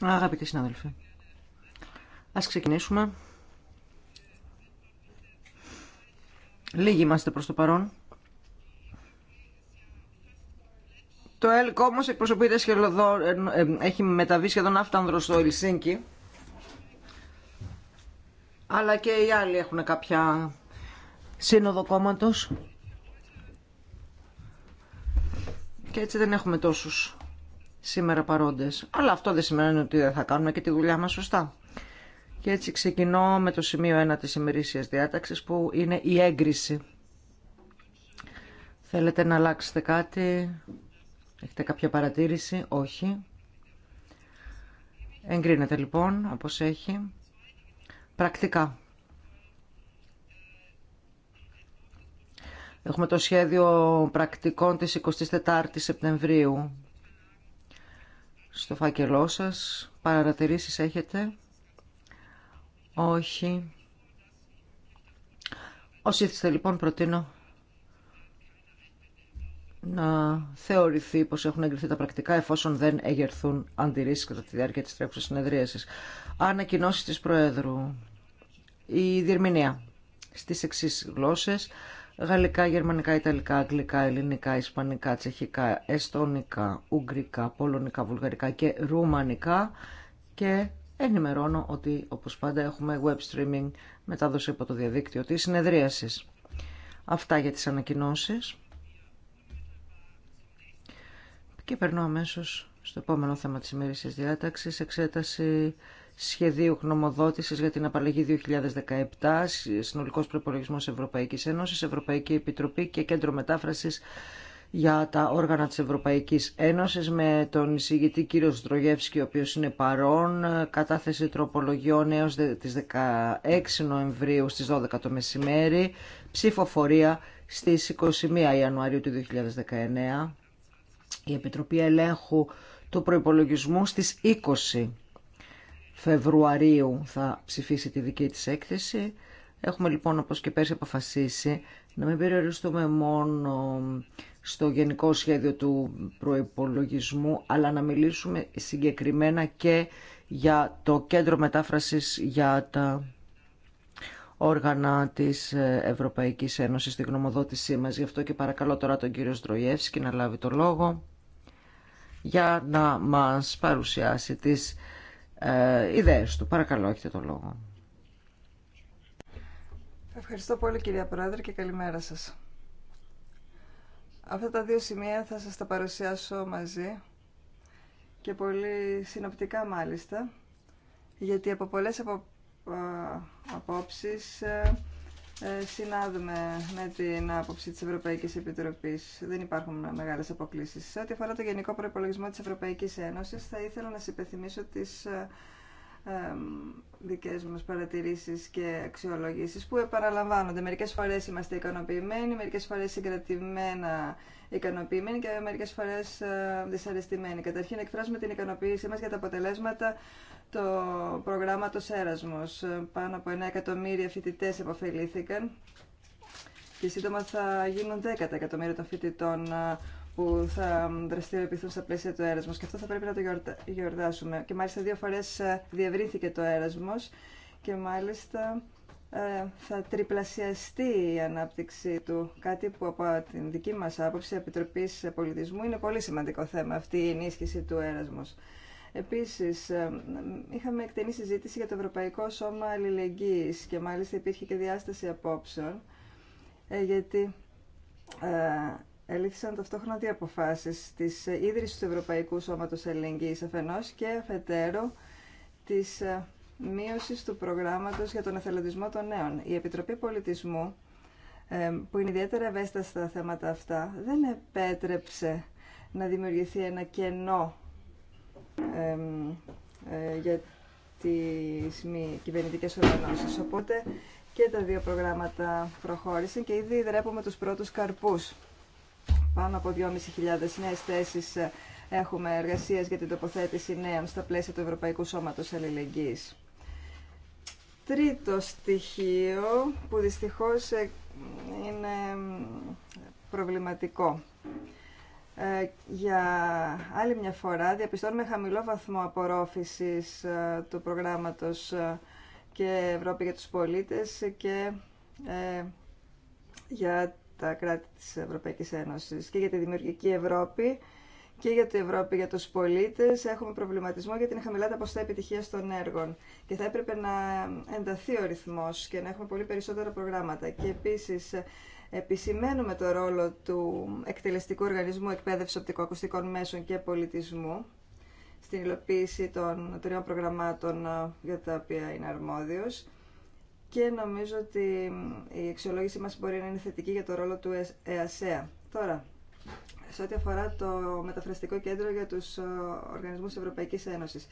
Αγαπητοί συνάδελφοι, ας ξεκινήσουμε. Λίγοι είμαστε προς το παρόν. Το ΕΛΚ όμως εκπροσωπείται σχεδόν, ε, ε, έχει μεταβεί σχεδόν αυτάνδρο στο Ελσίνκι. Αλλά και οι άλλοι έχουν κάποια σύνοδο κόμματος. Και έτσι δεν έχουμε τόσους σήμερα παρόντες. Αλλά αυτό δεν σημαίνει ότι δεν θα κάνουμε και τη δουλειά μας σωστά. Και έτσι ξεκινώ με το σημείο 1 της ημερήσιας διάταξης που είναι η έγκριση. Θέλετε να αλλάξετε κάτι, έχετε κάποια παρατήρηση, όχι. Εγκρίνεται λοιπόν, όπως έχει. Πρακτικά. Έχουμε το σχέδιο πρακτικών της 24ης Σεπτεμβρίου στο φάκελό σας. Παρατηρήσεις έχετε. Όχι. Όσοι ήθιστε λοιπόν προτείνω να θεωρηθεί πως έχουν εγκριθεί τα πρακτικά εφόσον δεν εγερθούν αντιρρήσεις κατά τη διάρκεια της τρέχουσας συνεδρίασης. Ανακοινώσεις της Προέδρου. Η διερμηνία στις εξής γλώσσες γαλλικά, γερμανικά, ιταλικά, αγγλικά, ελληνικά, ισπανικά, τσεχικά, εστονικά, ουγγρικά, πολωνικά, βουλγαρικά και ρουμανικά και ενημερώνω ότι όπως πάντα έχουμε web streaming μετάδοση από το διαδίκτυο της συνεδρίασης. Αυτά για τις ανακοινώσεις. Και περνώ αμέσως στο επόμενο θέμα της ημερήσης διάταξης, εξέταση σχεδίου γνωμοδότησης για την απαλλαγή 2017, συνολικός προϋπολογισμός Ευρωπαϊκής Ένωσης, Ευρωπαϊκή Επιτροπή και Κέντρο Μετάφρασης για τα όργανα της Ευρωπαϊκής Ένωσης με τον εισηγητή κύριο Στρογεύσκη, ο οποίος είναι παρόν, κατάθεση τροπολογιών έως τις 16 Νοεμβρίου στις 12 το μεσημέρι, ψηφοφορία στις 21 Ιανουαρίου του 2019, η Επιτροπή Ελέγχου του Προϋπολογισμού στις 20 Φεβρουαρίου θα ψηφίσει τη δική της έκθεση. Έχουμε λοιπόν όπως και πέρσι αποφασίσει να μην περιοριστούμε μόνο στο γενικό σχέδιο του προϋπολογισμού αλλά να μιλήσουμε συγκεκριμένα και για το κέντρο μετάφρασης για τα όργανα της Ευρωπαϊκής Ένωσης τη γνωμοδότησή μας. Γι' αυτό και παρακαλώ τώρα τον κύριο Στροιεύσκη να λάβει το λόγο για να μας παρουσιάσει τις ε, ιδέες του. Παρακαλώ, έχετε το λόγο. Ευχαριστώ πολύ κυρία Πρόεδρε και καλημέρα σας. Αυτά τα δύο σημεία θα σας τα παρουσιάσω μαζί και πολύ συνοπτικά μάλιστα, γιατί από πολλές απο... Ε, απόψεις ε, ε, συνάδουμε με την άποψη της Ευρωπαϊκής Επιτροπής. Δεν υπάρχουν μεγάλες αποκλήσεις. Σε ό,τι αφορά το Γενικό Προϋπολογισμό της Ευρωπαϊκής Ένωσης, θα ήθελα να σας υπενθυμίσω τις ε, ε, δικές μας παρατηρήσεις και αξιολογήσεις που επαναλαμβάνονται. Μερικές φορές είμαστε ικανοποιημένοι, μερικές φορές συγκρατημένα ικανοποιημένοι και μερικές φορές ε, δυσαρεστημένοι. Καταρχήν εκφράζουμε την ικανοποίησή μας για τα αποτελέσματα το προγράμματο Έρασμος. Πάνω από 1 εκατομμύρια φοιτητέ αποφελήθηκαν και σύντομα θα γίνουν 10 εκατομμύρια των φοιτητών ε, που θα δραστηριοποιηθούν στα πλαίσια του Έρασμος και αυτό θα πρέπει να το γιορτάσουμε. Και μάλιστα δύο φορές ε, διευρύνθηκε το Έρασμος και μάλιστα ε, θα τριπλασιαστεί η ανάπτυξη του, κάτι που από την δική μας άποψη Επιτροπής Πολιτισμού είναι πολύ σημαντικό θέμα αυτή η ενίσχυση του Έρασμος. Επίσης, ε, είχαμε εκτενή συζήτηση για το Ευρωπαϊκό Σώμα Αλληλεγγύη και μάλιστα υπήρχε και διάσταση απόψεων, ε, γιατί ε, Ελήφθησαν ταυτόχρονα δύο αποφάσει της ίδρυσης του Ευρωπαϊκού Σώματος Αλληλεγγύη αφενός και αφετέρου της μείωσης του προγράμματος για τον εθελοντισμό των νέων. Η Επιτροπή Πολιτισμού, που είναι ιδιαίτερα ευαίσθητα στα θέματα αυτά, δεν επέτρεψε να δημιουργηθεί ένα κενό ε, για τις μη κυβερνητικές οργανώσεις. Οπότε και τα δύο προγράμματα προχώρησαν και ήδη δρέπουμε τους πρώτους καρπούς. Πάνω από 2.500 νέες θέσεις ε, έχουμε εργασίες για την τοποθέτηση νέων στα πλαίσια του Ευρωπαϊκού Σώματος Αλληλεγγύης. Τρίτο στοιχείο που δυστυχώς ε, είναι προβληματικό ε, για άλλη μια φορά διαπιστώνουμε χαμηλό βαθμό απορρόφησης ε, του προγράμματος ε, και Ευρώπη για τους πολίτες και για τα κράτη της Ευρωπαϊκής Ένωσης και για τη Δημιουργική Ευρώπη και για την Ευρώπη για τους πολίτες έχουμε προβληματισμό γιατί την χαμηλά τα ποστά επιτυχίας των έργων και θα έπρεπε να ενταθεί ο ρυθμός και να έχουμε πολύ περισσότερα προγράμματα και επίσης επισημαίνουμε το ρόλο του εκτελεστικού οργανισμού εκπαίδευση οπτικοακουστικών μέσων και πολιτισμού στην υλοποίηση των τριών προγραμμάτων ε, για τα οποία είναι αρμόδιος και νομίζω ότι ε, η αξιολόγηση μας μπορεί να είναι θετική για το ρόλο του ΕΑΣΕΑ. Τώρα, σε ό,τι αφορά το Μεταφραστικό Κέντρο για τους ε, Οργανισμούς Ευρωπαϊκής Ένωσης.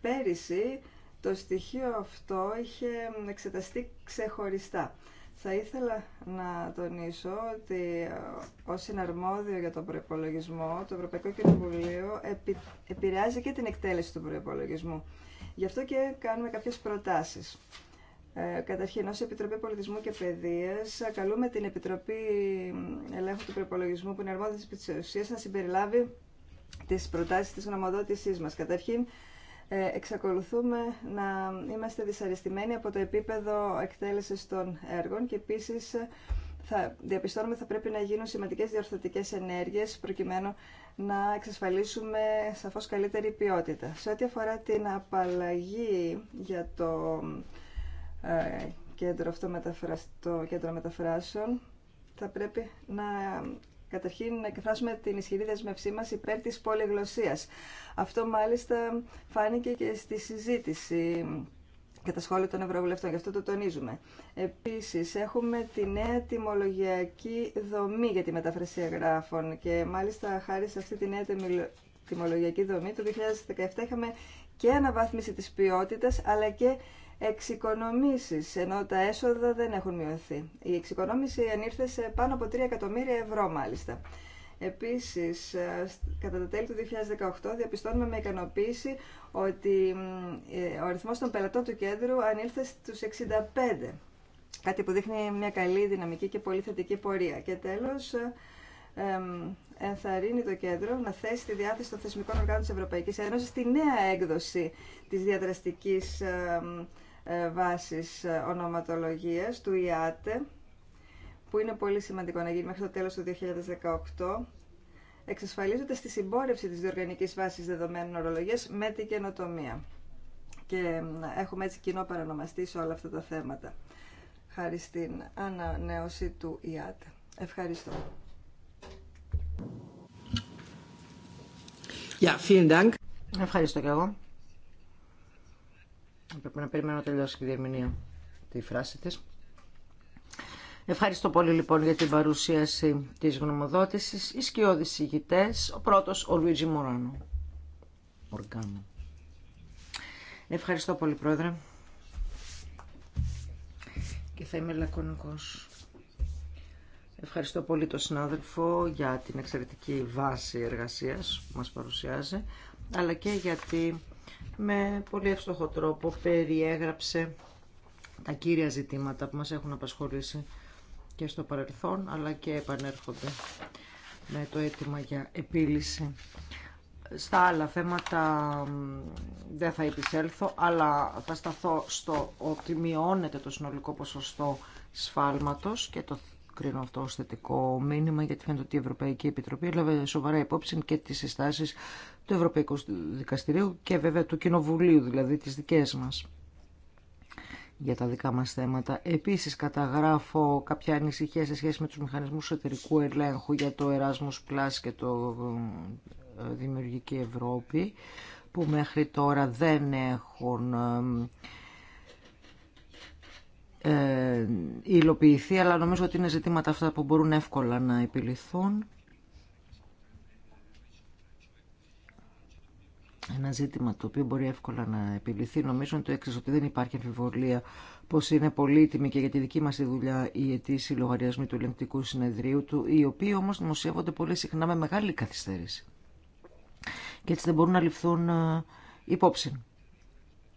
Πέρυσι το στοιχείο αυτό είχε εξεταστεί ξεχωριστά. Θα ήθελα να τονίσω ότι ε, ω συναρμόδιο για τον προπολογισμό, το Ευρωπαϊκό Κοινοβουλίο επηρεάζει και την εκτέλεση του προπολογισμού. Γι' αυτό και κάνουμε κάποιε προτάσει. Ε, καταρχήν, ω Επιτροπή Πολιτισμού και Παιδείας, καλούμε την Επιτροπή Ελέγχου του Προπολογισμού, που είναι αρμόδια τη ουσία, να συμπεριλάβει τι προτάσει τη γνωμοδότησή μα. Καταρχήν, ε, εξακολουθούμε να είμαστε δυσαρεστημένοι από το επίπεδο εκτέλεσης των έργων και επίσης ε, θα διαπιστώνουμε ότι θα πρέπει να γίνουν σημαντικές διορθωτικές ενέργειες προκειμένου να εξασφαλίσουμε σαφώς καλύτερη ποιότητα. Σε ό,τι αφορά την απαλλαγή για το ε, κέντρο, αυτό το κέντρο μεταφράσεων, θα πρέπει να Καταρχήν, να εκφράσουμε την ισχυρή δεσμευσή μα υπέρ τη πολυγλωσία. Αυτό μάλιστα φάνηκε και στη συζήτηση και τα σχόλια των Ευρωβουλευτών, γι' αυτό το τονίζουμε. Επίσης, έχουμε τη νέα τιμολογιακή δομή για τη μεταφρασία γράφων και μάλιστα χάρη σε αυτή τη νέα τιμολογιακή δομή, το 2017 είχαμε και αναβάθμιση της ποιότητας, αλλά και εξοικονομήσει, ενώ τα έσοδα δεν έχουν μειωθεί. Η εξοικονόμηση ανήρθε σε πάνω από 3 εκατομμύρια ευρώ μάλιστα. Επίσης, κατά τα τέλη του 2018 διαπιστώνουμε με ικανοποίηση ότι ε, ο αριθμός των πελατών του κέντρου ανήλθε στους 65, κάτι που δείχνει μια καλή δυναμική και πολύ θετική πορεία. Και τέλος, ενθαρρύνει το κέντρο να θέσει τη διάθεση των θεσμικών οργάνων της Ευρωπαϊκής Ένωσης στη νέα έκδοση της διαδραστικής ε, βάσης ε, ονοματολογίας του ΙΑΤΕ που είναι πολύ σημαντικό να γίνει μέχρι το τέλος του 2018 εξασφαλίζονται στη συμπόρευση της διοργανικής βάσης δεδομένων ορολογίας με την καινοτομία. Και έχουμε έτσι κοινό παρανομαστή σε όλα αυτά τα θέματα. Χάρη στην ανανέωση του ΙΑΤΕ. Ευχαριστώ. Ja vielen Dank. Ευχαριστώ και εγώ. Πρέπει να περιμένω τελειώσει η διερμηνία τη φράση της. Ευχαριστώ πολύ λοιπόν για την παρουσίαση της γνωμοδότησης. Οι σκιώδεις ηγητές, ο πρώτος ο Λουίτζι Μωράνο. Ευχαριστώ πολύ πρόεδρε. Και θα είμαι λακωνικός. Ευχαριστώ πολύ τον συνάδελφο για την εξαιρετική βάση εργασίας που μας παρουσιάζει, αλλά και γιατί με πολύ εύστοχο τρόπο περιέγραψε τα κύρια ζητήματα που μας έχουν απασχολήσει και στο παρελθόν αλλά και επανέρχονται με το αίτημα για επίλυση. Στα άλλα θέματα δεν θα επισέλθω, αλλά θα σταθώ στο ότι μειώνεται το συνολικό ποσοστό σφάλματος και το κρίνω αυτό ως θετικό μήνυμα γιατί φαίνεται ότι η Ευρωπαϊκή Επιτροπή έλαβε σοβαρά υπόψη και τις συστάσεις του Ευρωπαϊκού Δικαστηρίου και βέβαια του Κοινοβουλίου, δηλαδή τις δικές μας για τα δικά μας θέματα. Επίσης καταγράφω κάποια ανησυχία σε σχέση με τους μηχανισμούς εταιρικού ελέγχου για το Erasmus Plus και το ε, Δημιουργική Ευρώπη που μέχρι τώρα δεν έχουν ε, ε, υλοποιηθεί, αλλά νομίζω ότι είναι ζητήματα αυτά που μπορούν εύκολα να επιληθούν. Ένα ζήτημα το οποίο μπορεί εύκολα να επιληθεί νομίζω είναι το έξω ότι δεν υπάρχει αμφιβολία πώ είναι πολύτιμη και για τη δική μα τη δουλειά η αιτήσει λογαριασμοί του ελεγκτικού συνεδρίου του, οι οποίοι όμω δημοσιεύονται πολύ συχνά με μεγάλη καθυστέρηση. Και έτσι δεν μπορούν να ληφθούν ε, υπόψη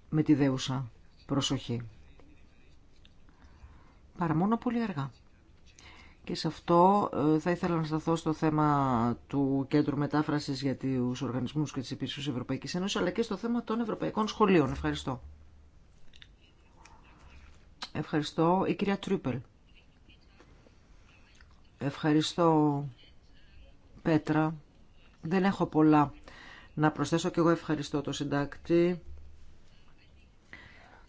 με τη δέουσα προσοχή παρά μόνο πολύ αργά. Και σε αυτό ε, θα ήθελα να σταθώ στο θέμα του Κέντρου Μετάφρασης για του Οργανισμούς και τι Υπηρεσίε Ευρωπαϊκής Ένωση, αλλά και στο θέμα των Ευρωπαϊκών Σχολείων. Ευχαριστώ. Ευχαριστώ. Η κυρία Τρίπελ. Ευχαριστώ, Πέτρα. Δεν έχω πολλά να προσθέσω και εγώ ευχαριστώ το συντάκτη.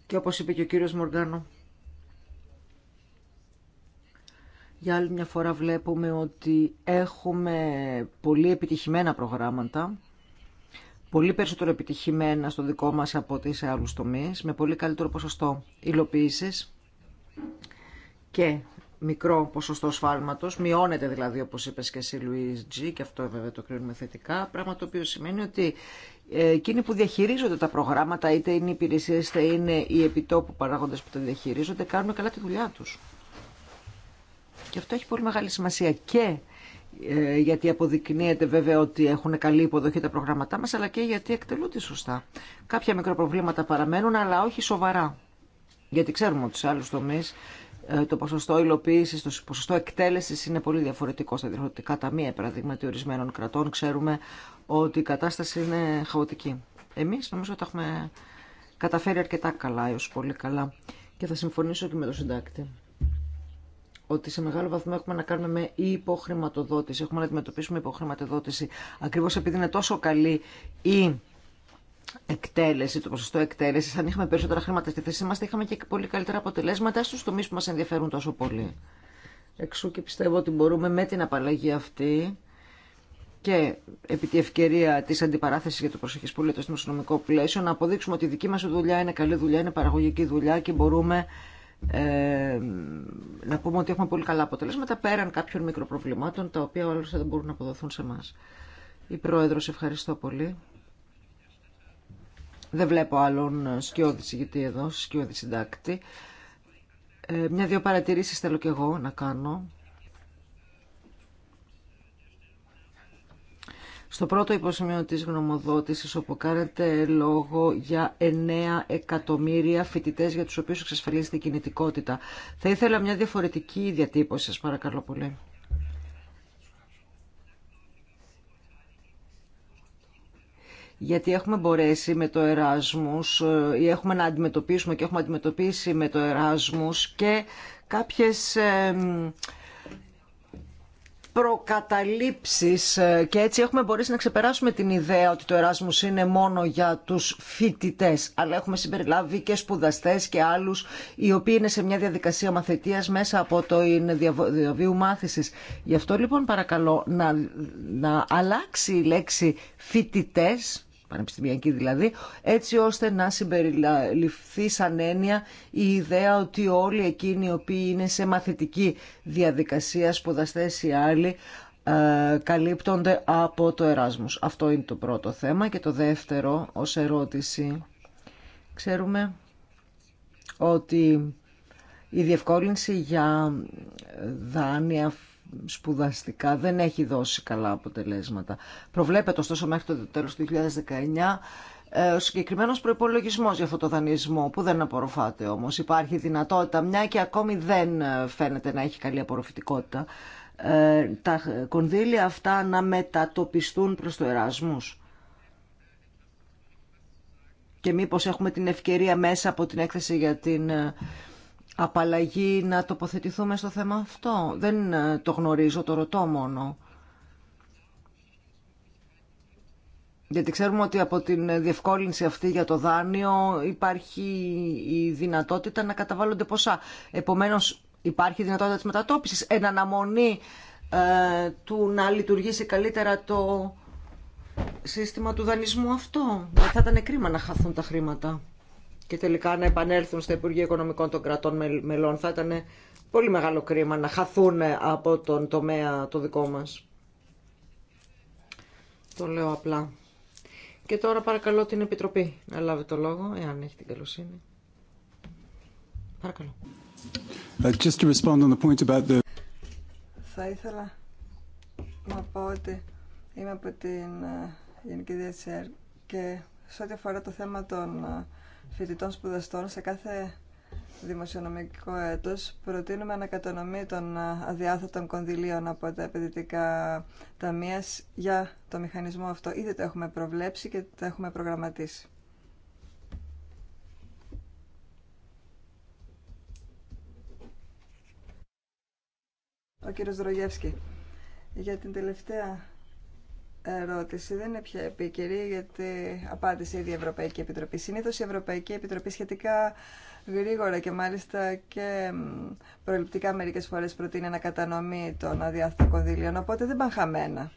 Και όπως είπε και ο κύριος Μοργάνο, Για άλλη μια φορά βλέπουμε ότι έχουμε πολύ επιτυχημένα προγράμματα, πολύ περισσότερο επιτυχημένα στο δικό μας από ό,τι σε άλλους τομείς, με πολύ καλύτερο ποσοστό υλοποίησης και μικρό ποσοστό σφάλματος, μειώνεται δηλαδή όπως είπες και εσύ Τζι και αυτό βέβαια το κρίνουμε θετικά, πράγμα το οποίο σημαίνει ότι ε, εκείνοι που διαχειρίζονται τα προγράμματα, είτε είναι οι υπηρεσίες, είτε είναι οι επιτόπου παράγοντες που τα διαχειρίζονται, κάνουν καλά τη δουλειά τους. Και αυτό έχει πολύ μεγάλη σημασία και ε, γιατί αποδεικνύεται βέβαια ότι έχουν καλή υποδοχή τα προγράμματά μας, αλλά και γιατί εκτελούνται σωστά. Κάποια μικροπροβλήματα παραμένουν, αλλά όχι σοβαρά. Γιατί ξέρουμε ότι σε άλλους τομείς ε, το ποσοστό υλοποίηση, το ποσοστό εκτέλεση είναι πολύ διαφορετικό στα διευθυντικά ταμεία, παραδείγματι ορισμένων κρατών. Ξέρουμε ότι η κατάσταση είναι χαοτική. Εμεί νομίζω ότι έχουμε καταφέρει αρκετά καλά, έω πολύ καλά. Και θα συμφωνήσω και με τον συντάκτη ότι σε μεγάλο βαθμό έχουμε να κάνουμε με υποχρηματοδότηση, έχουμε να αντιμετωπίσουμε υποχρηματοδότηση. Ακριβώς επειδή είναι τόσο καλή η εκτέλεση, το ποσοστό εκτέλεση, αν είχαμε περισσότερα χρήματα στη θέση μα, θα είχαμε και πολύ καλύτερα αποτελέσματα στου τομεί που μα ενδιαφέρουν τόσο πολύ. Εξού και πιστεύω ότι μπορούμε με την απαλλαγή αυτή και επί τη ευκαιρία τη αντιπαράθεση για το προσεχή πολίτε στο νομικό πλαίσιο να αποδείξουμε ότι η δική μα δουλειά είναι καλή δουλειά, είναι παραγωγική δουλειά και μπορούμε ε, να πούμε ότι έχουμε πολύ καλά αποτελέσματα πέραν κάποιων μικροπροβλημάτων τα οποία όλες δεν μπορούν να αποδοθούν σε εμά. Η Πρόεδρος, ευχαριστώ πολύ. Δεν βλέπω άλλον σκιώδη συγγητή εδώ, σκιώδη συντάκτη. Ε, Μια-δύο παρατηρήσεις θέλω και εγώ να κάνω. στο πρώτο υποσημείο της γνωμοδότησης όπου κάνετε λόγο για 9 εκατομμύρια φοιτητέ για τους οποίους εξασφαλίζεται η κινητικότητα. Θα ήθελα μια διαφορετική διατύπωση, σας παρακαλώ πολύ. γιατί έχουμε μπορέσει με το Εράσμους ε, ή έχουμε να αντιμετωπίσουμε και έχουμε αντιμετωπίσει με το Εράσμους και κάποιες ε, προκαταλήψεις ε, και έτσι έχουμε μπορέσει να ξεπεράσουμε την ιδέα ότι το Εράσμους είναι μόνο για τους φοιτητέ, αλλά έχουμε συμπεριλάβει και σπουδαστές και άλλους οι οποίοι είναι σε μια διαδικασία μαθητείας μέσα από το διαβίου μάθησης. Γι' αυτό λοιπόν παρακαλώ να, να αλλάξει η λέξη φοιτητέ πανεπιστημιακή δηλαδή, έτσι ώστε να συμπεριληφθεί σαν έννοια η ιδέα ότι όλοι εκείνοι οι οποίοι είναι σε μαθητική διαδικασία, σπουδαστέ ή άλλοι, ε, καλύπτονται από το εράσμο. Αυτό είναι το πρώτο θέμα και το δεύτερο ως ερώτηση. Ξέρουμε ότι η διευκόλυνση για δάνεια σπουδαστικά δεν έχει δώσει καλά αποτελέσματα. Προβλέπεται ωστόσο μέχρι το τέλος του 2019 ε, ο συγκεκριμένος προϋπολογισμός για αυτό το δανεισμό που δεν απορροφάται όμως. Υπάρχει δυνατότητα, μια και ακόμη δεν ε, φαίνεται να έχει καλή απορροφητικότητα, ε, τα κονδύλια αυτά να μετατοπιστούν προς το Εράσμους. Και μήπως έχουμε την ευκαιρία μέσα από την έκθεση για την απαλλαγή να τοποθετηθούμε στο θέμα αυτό. Δεν ε, το γνωρίζω, το ρωτώ μόνο. Γιατί ξέρουμε ότι από την διευκόλυνση αυτή για το δάνειο υπάρχει η δυνατότητα να καταβάλλονται ποσά. Επομένως υπάρχει δυνατότητα της μετατόπισης, εν αναμονή ε, του να λειτουργήσει καλύτερα το σύστημα του δανεισμού αυτό. Δεν θα ήταν κρίμα να χαθούν τα χρήματα και τελικά να επανέλθουν στα Υπουργεία Οικονομικών των κρατών μελών. Θα ήταν πολύ μεγάλο κρίμα να χαθούν από τον τομέα το δικό μας. Το λέω απλά. Και τώρα παρακαλώ την Επιτροπή να λάβει το λόγο, εάν έχει την καλοσύνη. Παρακαλώ. Uh, to respond on the point about the... Θα ήθελα να πω ότι είμαι από την ε, Γενική Διεθνή και σε ό,τι αφορά το θέμα των ε, φοιτητών σπουδαστών σε κάθε δημοσιονομικό έτος προτείνουμε ανακατανομή των αδιάθετων κονδυλίων από τα επενδυτικά ταμεία για το μηχανισμό αυτό. Ήδη το έχουμε προβλέψει και το έχουμε προγραμματίσει. Ο κύριος Δρογεύσκη, για την τελευταία ερώτηση δεν είναι πια επίκαιρη γιατί απάντησε ήδη η Ευρωπαϊκή Επιτροπή. Συνήθως η Ευρωπαϊκή Επιτροπή σχετικά γρήγορα και μάλιστα και προληπτικά μερικές φορές προτείνει ανακατανομή των αδιάθετων κονδύλιων, οπότε δεν πάνε χαμένα.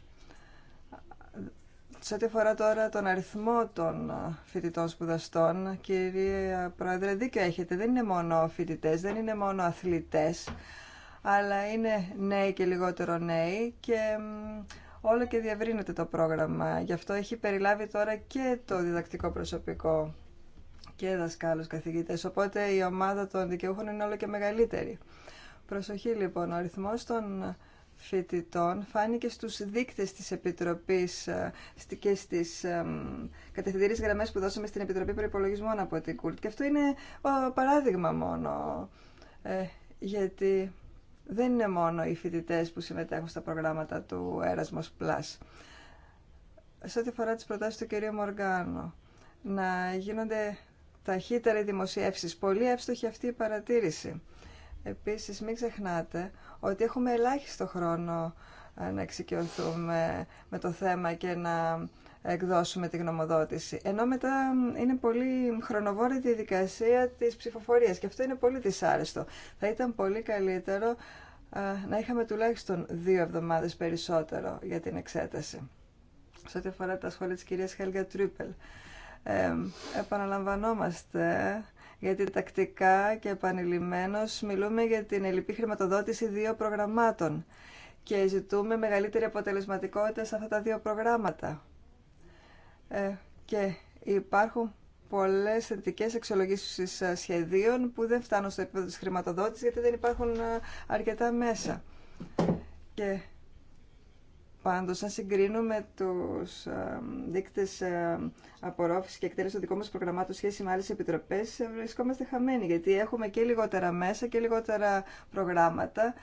Σε ό,τι αφορά τώρα τον αριθμό των φοιτητών σπουδαστών, κύριε Πρόεδρε, δίκιο έχετε. Δεν είναι μόνο φοιτητέ, δεν είναι μόνο αθλητέ, αλλά είναι νέοι και λιγότερο νέοι και όλο και διευρύνεται το πρόγραμμα. Γι' αυτό έχει περιλάβει τώρα και το διδακτικό προσωπικό και δασκάλους καθηγητές, οπότε η ομάδα των δικαιούχων είναι όλο και μεγαλύτερη. Προσοχή λοιπόν, ο αριθμός των φοιτητών φάνηκε στους δείκτες της Επιτροπής ε, και στις κατευθυντήριες γραμμές που δώσαμε στην Επιτροπή Προϋπολογισμών από την ΚΟΥΛΤ. Και αυτό είναι ε, παράδειγμα μόνο, ε, γιατί δεν είναι μόνο οι φοιτητέ που συμμετέχουν στα προγράμματα του Erasmus Plus. Σε ό,τι αφορά τι προτάσει του κυρίου Μοργάνο, να γίνονται ταχύτερα οι δημοσιεύσεις. Πολύ εύστοχη αυτή η παρατήρηση. Επίσης, μην ξεχνάτε ότι έχουμε ελάχιστο χρόνο ε, να εξοικειωθούμε με το θέμα και να εκδώσουμε τη γνωμοδότηση. Ενώ μετά είναι πολύ χρονοβόρη διαδικασία της ψηφοφορίας και αυτό είναι πολύ δυσάρεστο. Θα ήταν πολύ καλύτερο να είχαμε τουλάχιστον δύο εβδομάδες περισσότερο για την εξέταση. Σε ό,τι αφορά τα σχόλια της κυρίας Χέλγα Τρίπελ. Ε, επαναλαμβανόμαστε γιατί τακτικά και επανειλημμένως μιλούμε για την ελληπή χρηματοδότηση δύο προγραμμάτων και ζητούμε μεγαλύτερη αποτελεσματικότητα σε αυτά τα δύο προγράμματα. Ε, και υπάρχουν πολλές θετικέ αξιολογήσεις ε, σχεδίων που δεν φτάνουν στο επίπεδο τη χρηματοδότηση γιατί δεν υπάρχουν ε, αρκετά μέσα. Και πάντως, αν συγκρίνουμε τους δείκτες απορρόφησης και εκτέλεση των δικών μας προγραμμάτων σχέση με άλλε επιτροπές, βρισκόμαστε χαμένοι γιατί έχουμε και λιγότερα μέσα και λιγότερα προγράμματα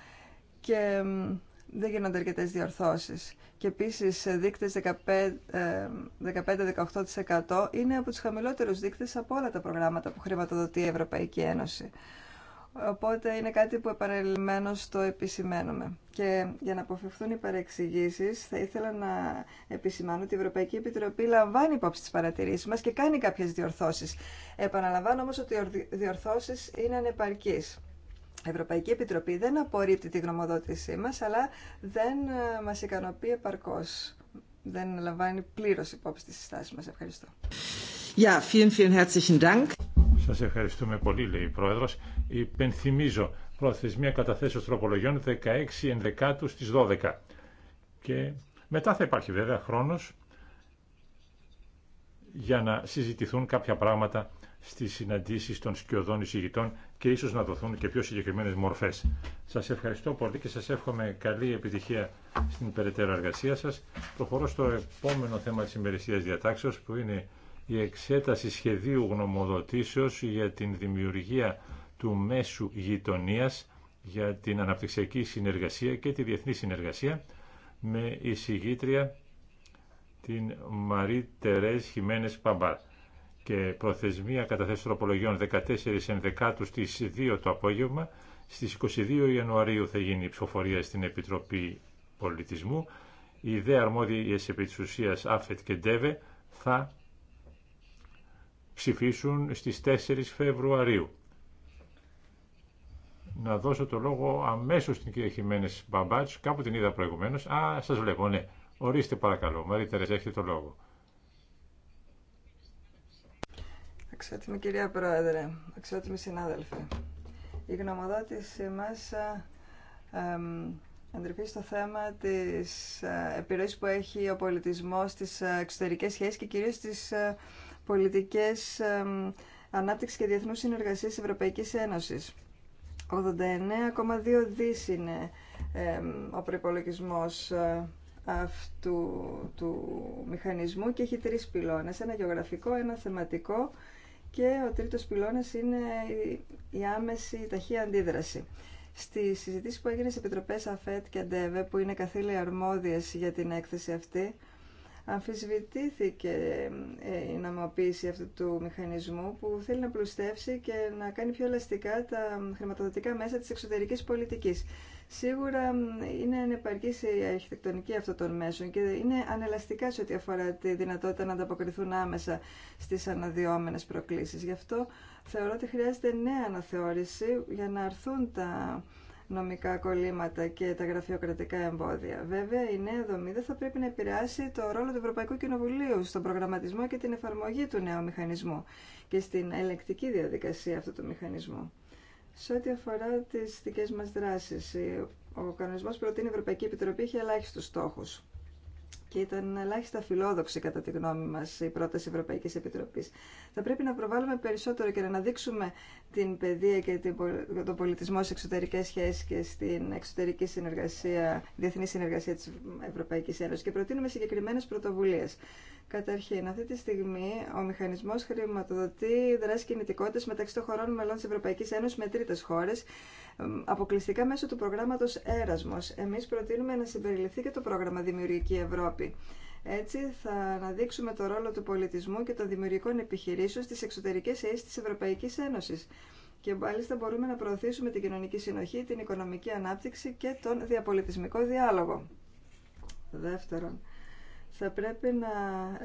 και δεν γίνονται αρκετές διορθώσεις. Και επίσης δείκτες 15-18% ε, είναι από τους χαμηλότερους δείκτες από όλα τα προγράμματα που χρηματοδοτεί η Ευρωπαϊκή Ένωση. Οπότε είναι κάτι που επαναλημμένως το επισημαίνουμε. Και για να αποφευθούν οι παρεξηγήσεις θα ήθελα να επισημάνω ότι η Ευρωπαϊκή Επιτροπή λαμβάνει υπόψη τις παρατηρήσεις μας και κάνει κάποιες διορθώσεις. Επαναλαμβάνω όμως ότι οι διορθώσεις είναι ανεπαρκείς. Η Ευρωπαϊκή Επιτροπή δεν απορρίπτει τη γνωμοδότησή μας, αλλά δεν ε, μας ικανοποιεί επαρκώς. Δεν λαμβάνει πλήρως υπόψη τις συστάσεις μας. Ευχαριστώ. Ja, vielen, vielen herzlichen Dank. Σας ευχαριστούμε πολύ, λέει η Πρόεδρος. Υπενθυμίζω, προθεσμία καταθέσεως τροπολογιών 16 ενδεκάτου στις 12. Και μετά θα υπάρχει βέβαια χρόνος για να συζητηθούν κάποια πράγματα στις συναντήσεις των σκιωδών εισηγητών και ίσως να δοθούν και πιο συγκεκριμένες μορφές. Σας ευχαριστώ πολύ και σας εύχομαι καλή επιτυχία στην περαιτέρω εργασία σας. Προχωρώ στο επόμενο θέμα της ημερησίας διατάξεως που είναι η εξέταση σχεδίου γνωμοδοτήσεως για την δημιουργία του μέσου γειτονία για την αναπτυξιακή συνεργασία και τη διεθνή συνεργασία με εισηγήτρια την Μαρή Τερέζ Χιμένες Παμπάρ και προθεσμία καταθέσεων τροπολογιών 14 ενδεκάτου στις 2 το απόγευμα. Στις 22 Ιανουαρίου θα γίνει η ψηφοφορία στην Επιτροπή Πολιτισμού. Οι δε αρμόδιες επί της ΑΦΕΤ και ΝΤΕΒΕ θα ψηφίσουν στις 4 Φεβρουαρίου. Να δώσω το λόγο αμέσως στην κυρία Χιμένες Μπαμπάτς. Κάπου την είδα προηγουμένως. Α, σας βλέπω, ναι. Ορίστε παρακαλώ. Μαρίτερε, έχετε το λόγο. Αξιότιμη κυρία Πρόεδρε, αξιότιμοι συνάδελφοι. Η γνωμοδότησή μας αντρυπεί ε, στο θέμα της ε, επιρροής που έχει ο πολιτισμός στις ε, εξωτερικές σχέσεις και κυρίως στις πολιτικές ανάπτυξη και διεθνούς της Ευρωπαϊκής Ένωσης. 89,2 δις είναι ο προπολογισμό αυτού του μηχανισμού και έχει τρεις πυλώνες, ένα γεωγραφικό, ένα θεματικό και ο τρίτος πυλώνας είναι η άμεση ταχεία αντίδραση. Στη συζητήση που έγινε σε επιτροπέ ΑΦΕΤ και ΑΝΤΕΒΕ, που είναι καθήλια αρμόδιε για την έκθεση αυτή, αμφισβητήθηκε ε, η νομοποίηση αυτού του μηχανισμού που θέλει να πλουστεύσει και να κάνει πιο ελαστικά τα χρηματοδοτικά μέσα της εξωτερικής πολιτικής. Σίγουρα είναι ανεπαρκή η αρχιτεκτονική αυτών των μέσων και είναι ανελαστικά σε ό,τι αφορά τη δυνατότητα να ανταποκριθούν άμεσα στι αναδυόμενε προκλήσει. Γι' αυτό θεωρώ ότι χρειάζεται νέα αναθεώρηση για να αρθούν τα νομικά κολλήματα και τα γραφειοκρατικά εμπόδια. Βέβαια, η νέα δομή δεν θα πρέπει να επηρεάσει το ρόλο του Ευρωπαϊκού Κοινοβουλίου στον προγραμματισμό και την εφαρμογή του νέου μηχανισμού και στην ελεκτική διαδικασία αυτού του μηχανισμού. Σε ό,τι αφορά τι δικέ μα δράσει, ο κανονισμό προτείνει η Ευρωπαϊκή Επιτροπή έχει ελάχιστου στόχου και ήταν ελάχιστα φιλόδοξη κατά τη γνώμη μας η πρόταση Ευρωπαϊκή Επιτροπής. Θα πρέπει να προβάλλουμε περισσότερο και να αναδείξουμε την παιδεία και τον πολιτισμό σε εξωτερικές σχέσεις και στην εξωτερική συνεργασία, διεθνή συνεργασία της Ευρωπαϊκής Ένωσης και προτείνουμε συγκεκριμένες πρωτοβουλίες. Καταρχήν, αυτή τη στιγμή ο μηχανισμό χρηματοδοτεί δράσει κινητικότητα μεταξύ των χωρών μελών τη Ευρωπαϊκή Ένωση με τρίτε χώρε, αποκλειστικά μέσω του προγράμματο Έρασμο. Εμεί προτείνουμε να συμπεριληφθεί και το πρόγραμμα Δημιουργική Ευρώπη έτσι θα αναδείξουμε το ρόλο του πολιτισμού και των δημιουργικών επιχειρήσεων στις εξωτερικές αίσθησει τη Ευρωπαϊκής Ένωσης. Και μάλιστα μπορούμε να προωθήσουμε την κοινωνική συνοχή, την οικονομική ανάπτυξη και τον διαπολιτισμικό διάλογο. Δεύτερον, θα πρέπει να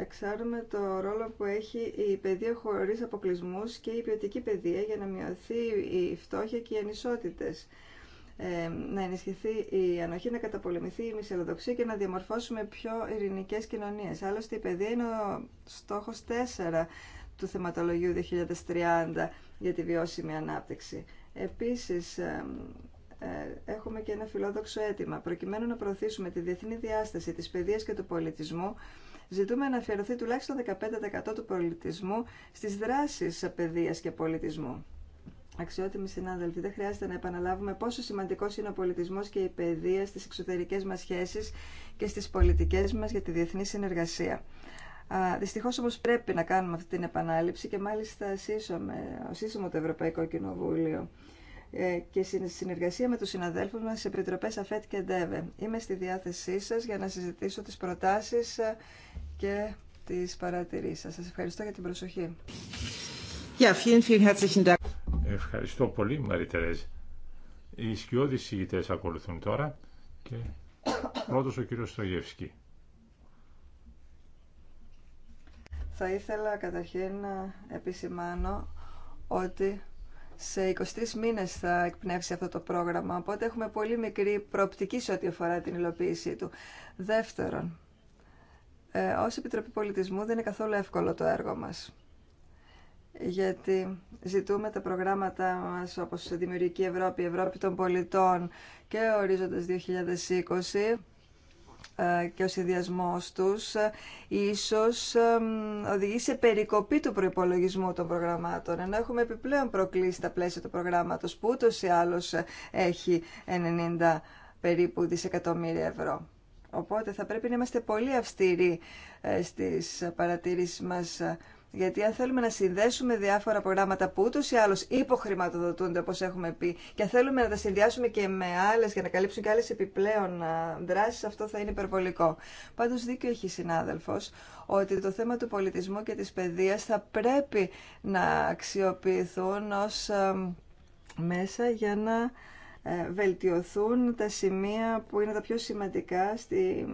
εξάρουμε το ρόλο που έχει η παιδεία χωρίς αποκλεισμούς και η ποιοτική παιδεία για να μειωθεί η φτώχεια και οι ανισότητες. Ε, να ενισχυθεί η ανοχή, να καταπολεμηθεί η μισελοδοξία και να διαμορφώσουμε πιο ειρηνικέ κοινωνίε. Άλλωστε η παιδεία είναι ο στόχο 4 του θεματολογίου 2030 για τη βιώσιμη ανάπτυξη. Επίσης, ε, ε, έχουμε και ένα φιλόδοξο αίτημα. Προκειμένου να προωθήσουμε τη διεθνή διάσταση τη παιδεία και του πολιτισμού, ζητούμε να αφιερωθεί τουλάχιστον 15% του πολιτισμού στι δράσει παιδεία και πολιτισμού. Αξιότιμοι συνάδελφοι, δεν χρειάζεται να επαναλάβουμε πόσο σημαντικό είναι ο πολιτισμό και η παιδεία στι εξωτερικέ μα σχέσει και στι πολιτικέ μα για τη διεθνή συνεργασία. Δυστυχώ όμω πρέπει να κάνουμε αυτή την επανάληψη και μάλιστα σύσσωμο το Ευρωπαϊκό Κοινοβούλιο ε, και στη συνεργασία με τους συναδέλφους μας σε επιτροπές ΑΦΕΤ και ΔΕΒΕ. Είμαι στη διάθεσή σας για να συζητήσω τις προτάσεις ε, και τις παρατηρήσεις σας. Σα ευχαριστώ για την προσοχή. Ja, vielen, vielen herzlichen Dank. Ευχαριστώ πολύ, Μαρή Τερέζ. Οι σκιώδεις ηγητές ακολουθούν τώρα και πρώτος ο κύριος Στογεύσκη. Θα ήθελα καταρχήν να επισημάνω ότι σε 23 μήνες θα εκπνεύσει αυτό το πρόγραμμα, οπότε έχουμε πολύ μικρή προοπτική σε ό,τι αφορά την υλοποίησή του. Δεύτερον, ε, ως Επιτροπή Πολιτισμού δεν είναι καθόλου εύκολο το έργο μας γιατί ζητούμε τα προγράμματα μας όπως Δημιουργική Ευρώπη, Ευρώπη των Πολιτών και Ορίζοντας 2020 ε, και ο συνδυασμό τους ε, ίσως ε, οδηγεί σε περικοπή του προϋπολογισμού των προγραμμάτων ενώ έχουμε επιπλέον προκλήσει τα πλαίσια του προγράμματος που ούτως ή άλλως έχει 90 περίπου δισεκατομμύρια ευρώ. Οπότε θα πρέπει να είμαστε πολύ αυστηροί στις παρατηρήσεις μας γιατί αν θέλουμε να συνδέσουμε διάφορα προγράμματα που ούτω ή άλλω υποχρηματοδοτούνται, όπω έχουμε πει, και αν θέλουμε να τα συνδυάσουμε και με άλλε για να καλύψουν και άλλε επιπλέον δράσει, αυτό θα είναι υπερβολικό. Πάντω, δίκιο έχει συνάδελφο ότι το θέμα του πολιτισμού και τη παιδεία θα πρέπει να αξιοποιηθούν ω μέσα για να ε, βελτιωθούν τα σημεία που είναι τα πιο σημαντικά στη,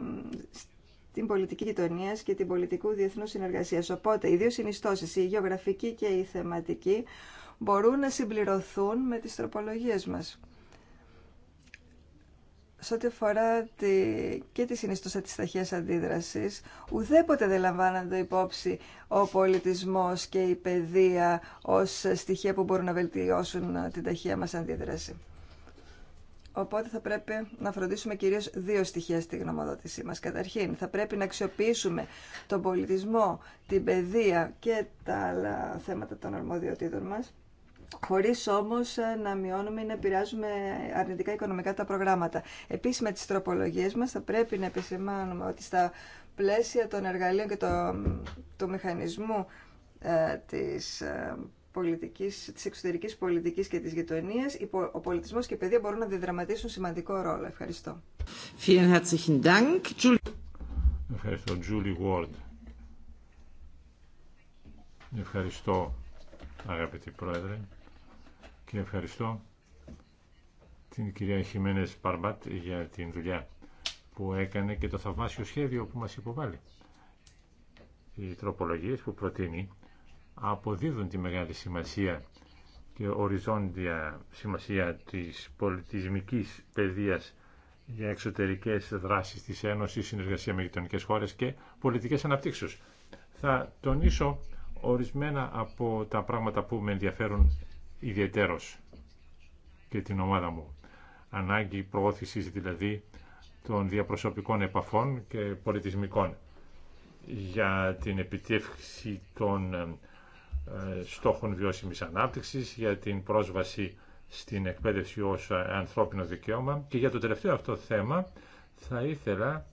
την πολιτική γειτονία και την πολιτικού διεθνού συνεργασία. Οπότε, οι δύο συνιστώσει, η γεωγραφική και η θεματική, μπορούν να συμπληρωθούν με τις τροπολογίες μας. Σε ό,τι αφορά και τη συνιστώσα τη ταχεία αντίδραση, ουδέποτε δεν λαμβάνονται υπόψη ο πολιτισμός και η παιδεία ω στοιχεία που μπορούν να βελτιώσουν την ταχεία μα αντίδραση. Οπότε θα πρέπει να φροντίσουμε κυρίως δύο στοιχεία στη γνωμοδότησή μας. Καταρχήν, θα πρέπει να αξιοποιήσουμε τον πολιτισμό, την παιδεία και τα άλλα θέματα των αρμοδιοτήτων μα, χωρί όμω ε, να μειώνουμε ή να επηρεάζουμε αρνητικά οικονομικά τα προγράμματα. Επίσης, με τις τροπολογίες μας θα πρέπει να επισημάνουμε ότι στα πλαίσια των εργαλείων και του το μηχανισμού ε, της ε, πολιτικής, της εξωτερικής πολιτικής και της γειτονίας, ο πολιτισμός και η παιδεία μπορούν να διδραματίσουν σημαντικό ρόλο. Ευχαριστώ. Ευχαριστώ, Τζούλι Ward. Ευχαριστώ, αγαπητή Πρόεδρε, και ευχαριστώ την κυρία Χιμένες Παρμπάτ για την δουλειά που έκανε και το θαυμάσιο σχέδιο που μας υποβάλλει. Οι τροπολογίες που προτείνει αποδίδουν τη μεγάλη σημασία και οριζόντια σημασία της πολιτισμικής παιδείας για εξωτερικές δράσεις της Ένωσης, συνεργασία με γειτονικέ χώρες και πολιτικές αναπτύξεις. Θα τονίσω ορισμένα από τα πράγματα που με ενδιαφέρουν ιδιαίτερος και την ομάδα μου. Ανάγκη προώθησης δηλαδή των διαπροσωπικών επαφών και πολιτισμικών για την επιτεύξη των ε, στόχων βιώσιμης ανάπτυξης, για την πρόσβαση στην εκπαίδευση ως ε, ανθρώπινο δικαίωμα και για το τελευταίο αυτό θέμα θα ήθελα,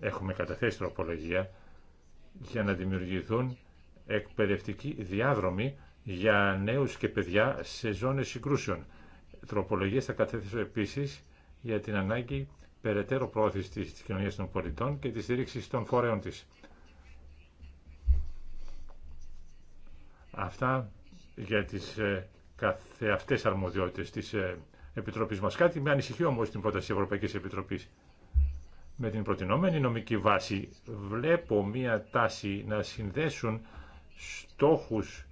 έχουμε καταθέσει τροπολογία, για να δημιουργηθούν εκπαιδευτικοί διάδρομοι για νέους και παιδιά σε ζώνες συγκρούσεων. Τροπολογίες θα καταθέσω επίσης για την ανάγκη περαιτέρω πρόθεση της κοινωνίας των πολιτών και τη στήριξη των φορέων της. Αυτά για τις ε, καθεαυτές αρμοδιότητες της ε, Επιτροπής μας. Κάτι με ανησυχεί όμως την πρόταση της Ευρωπαϊκής Επιτροπής. Με την προτινόμενη νομική βάση βλέπω μία τάση να συνδέσουν στόχους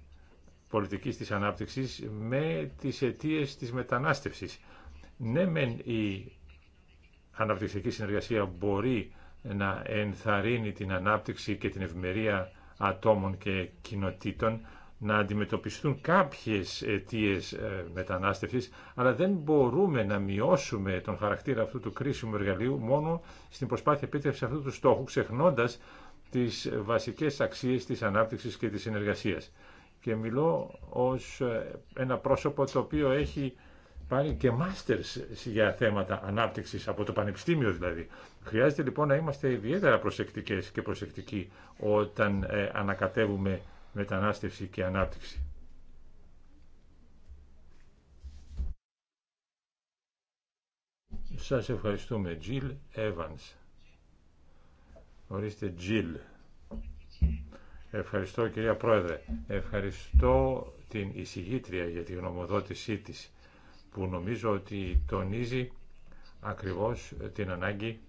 πολιτικής της ανάπτυξης με τις αιτίε της μετανάστευσης. Ναι, η αναπτυξιακή συνεργασία μπορεί να ενθαρρύνει την ανάπτυξη και την ευμερία ατόμων και κοινοτήτων, να αντιμετωπιστούν κάποιες αιτίε ε, μετανάστευσης, αλλά δεν μπορούμε να μειώσουμε τον χαρακτήρα αυτού του κρίσιμου εργαλείου μόνο στην προσπάθεια επίτευξης αυτού του στόχου, ξεχνώντας τις βασικές αξίες της ανάπτυξης και της συνεργασίας. Και μιλώ ως ε, ένα πρόσωπο το οποίο έχει πάρει και μάστερς για θέματα ανάπτυξης, από το πανεπιστήμιο δηλαδή. Χρειάζεται λοιπόν να είμαστε ιδιαίτερα προσεκτικές και προσεκτικοί όταν ε, ανακατεύουμε μετανάστευση και ανάπτυξη. Σας ευχαριστούμε. Jill Evans. Ορίστε Jill. Ευχαριστώ κυρία Πρόεδρε. Ευχαριστώ την εισηγήτρια για τη γνωμοδότησή της που νομίζω ότι τονίζει ακριβώς την ανάγκη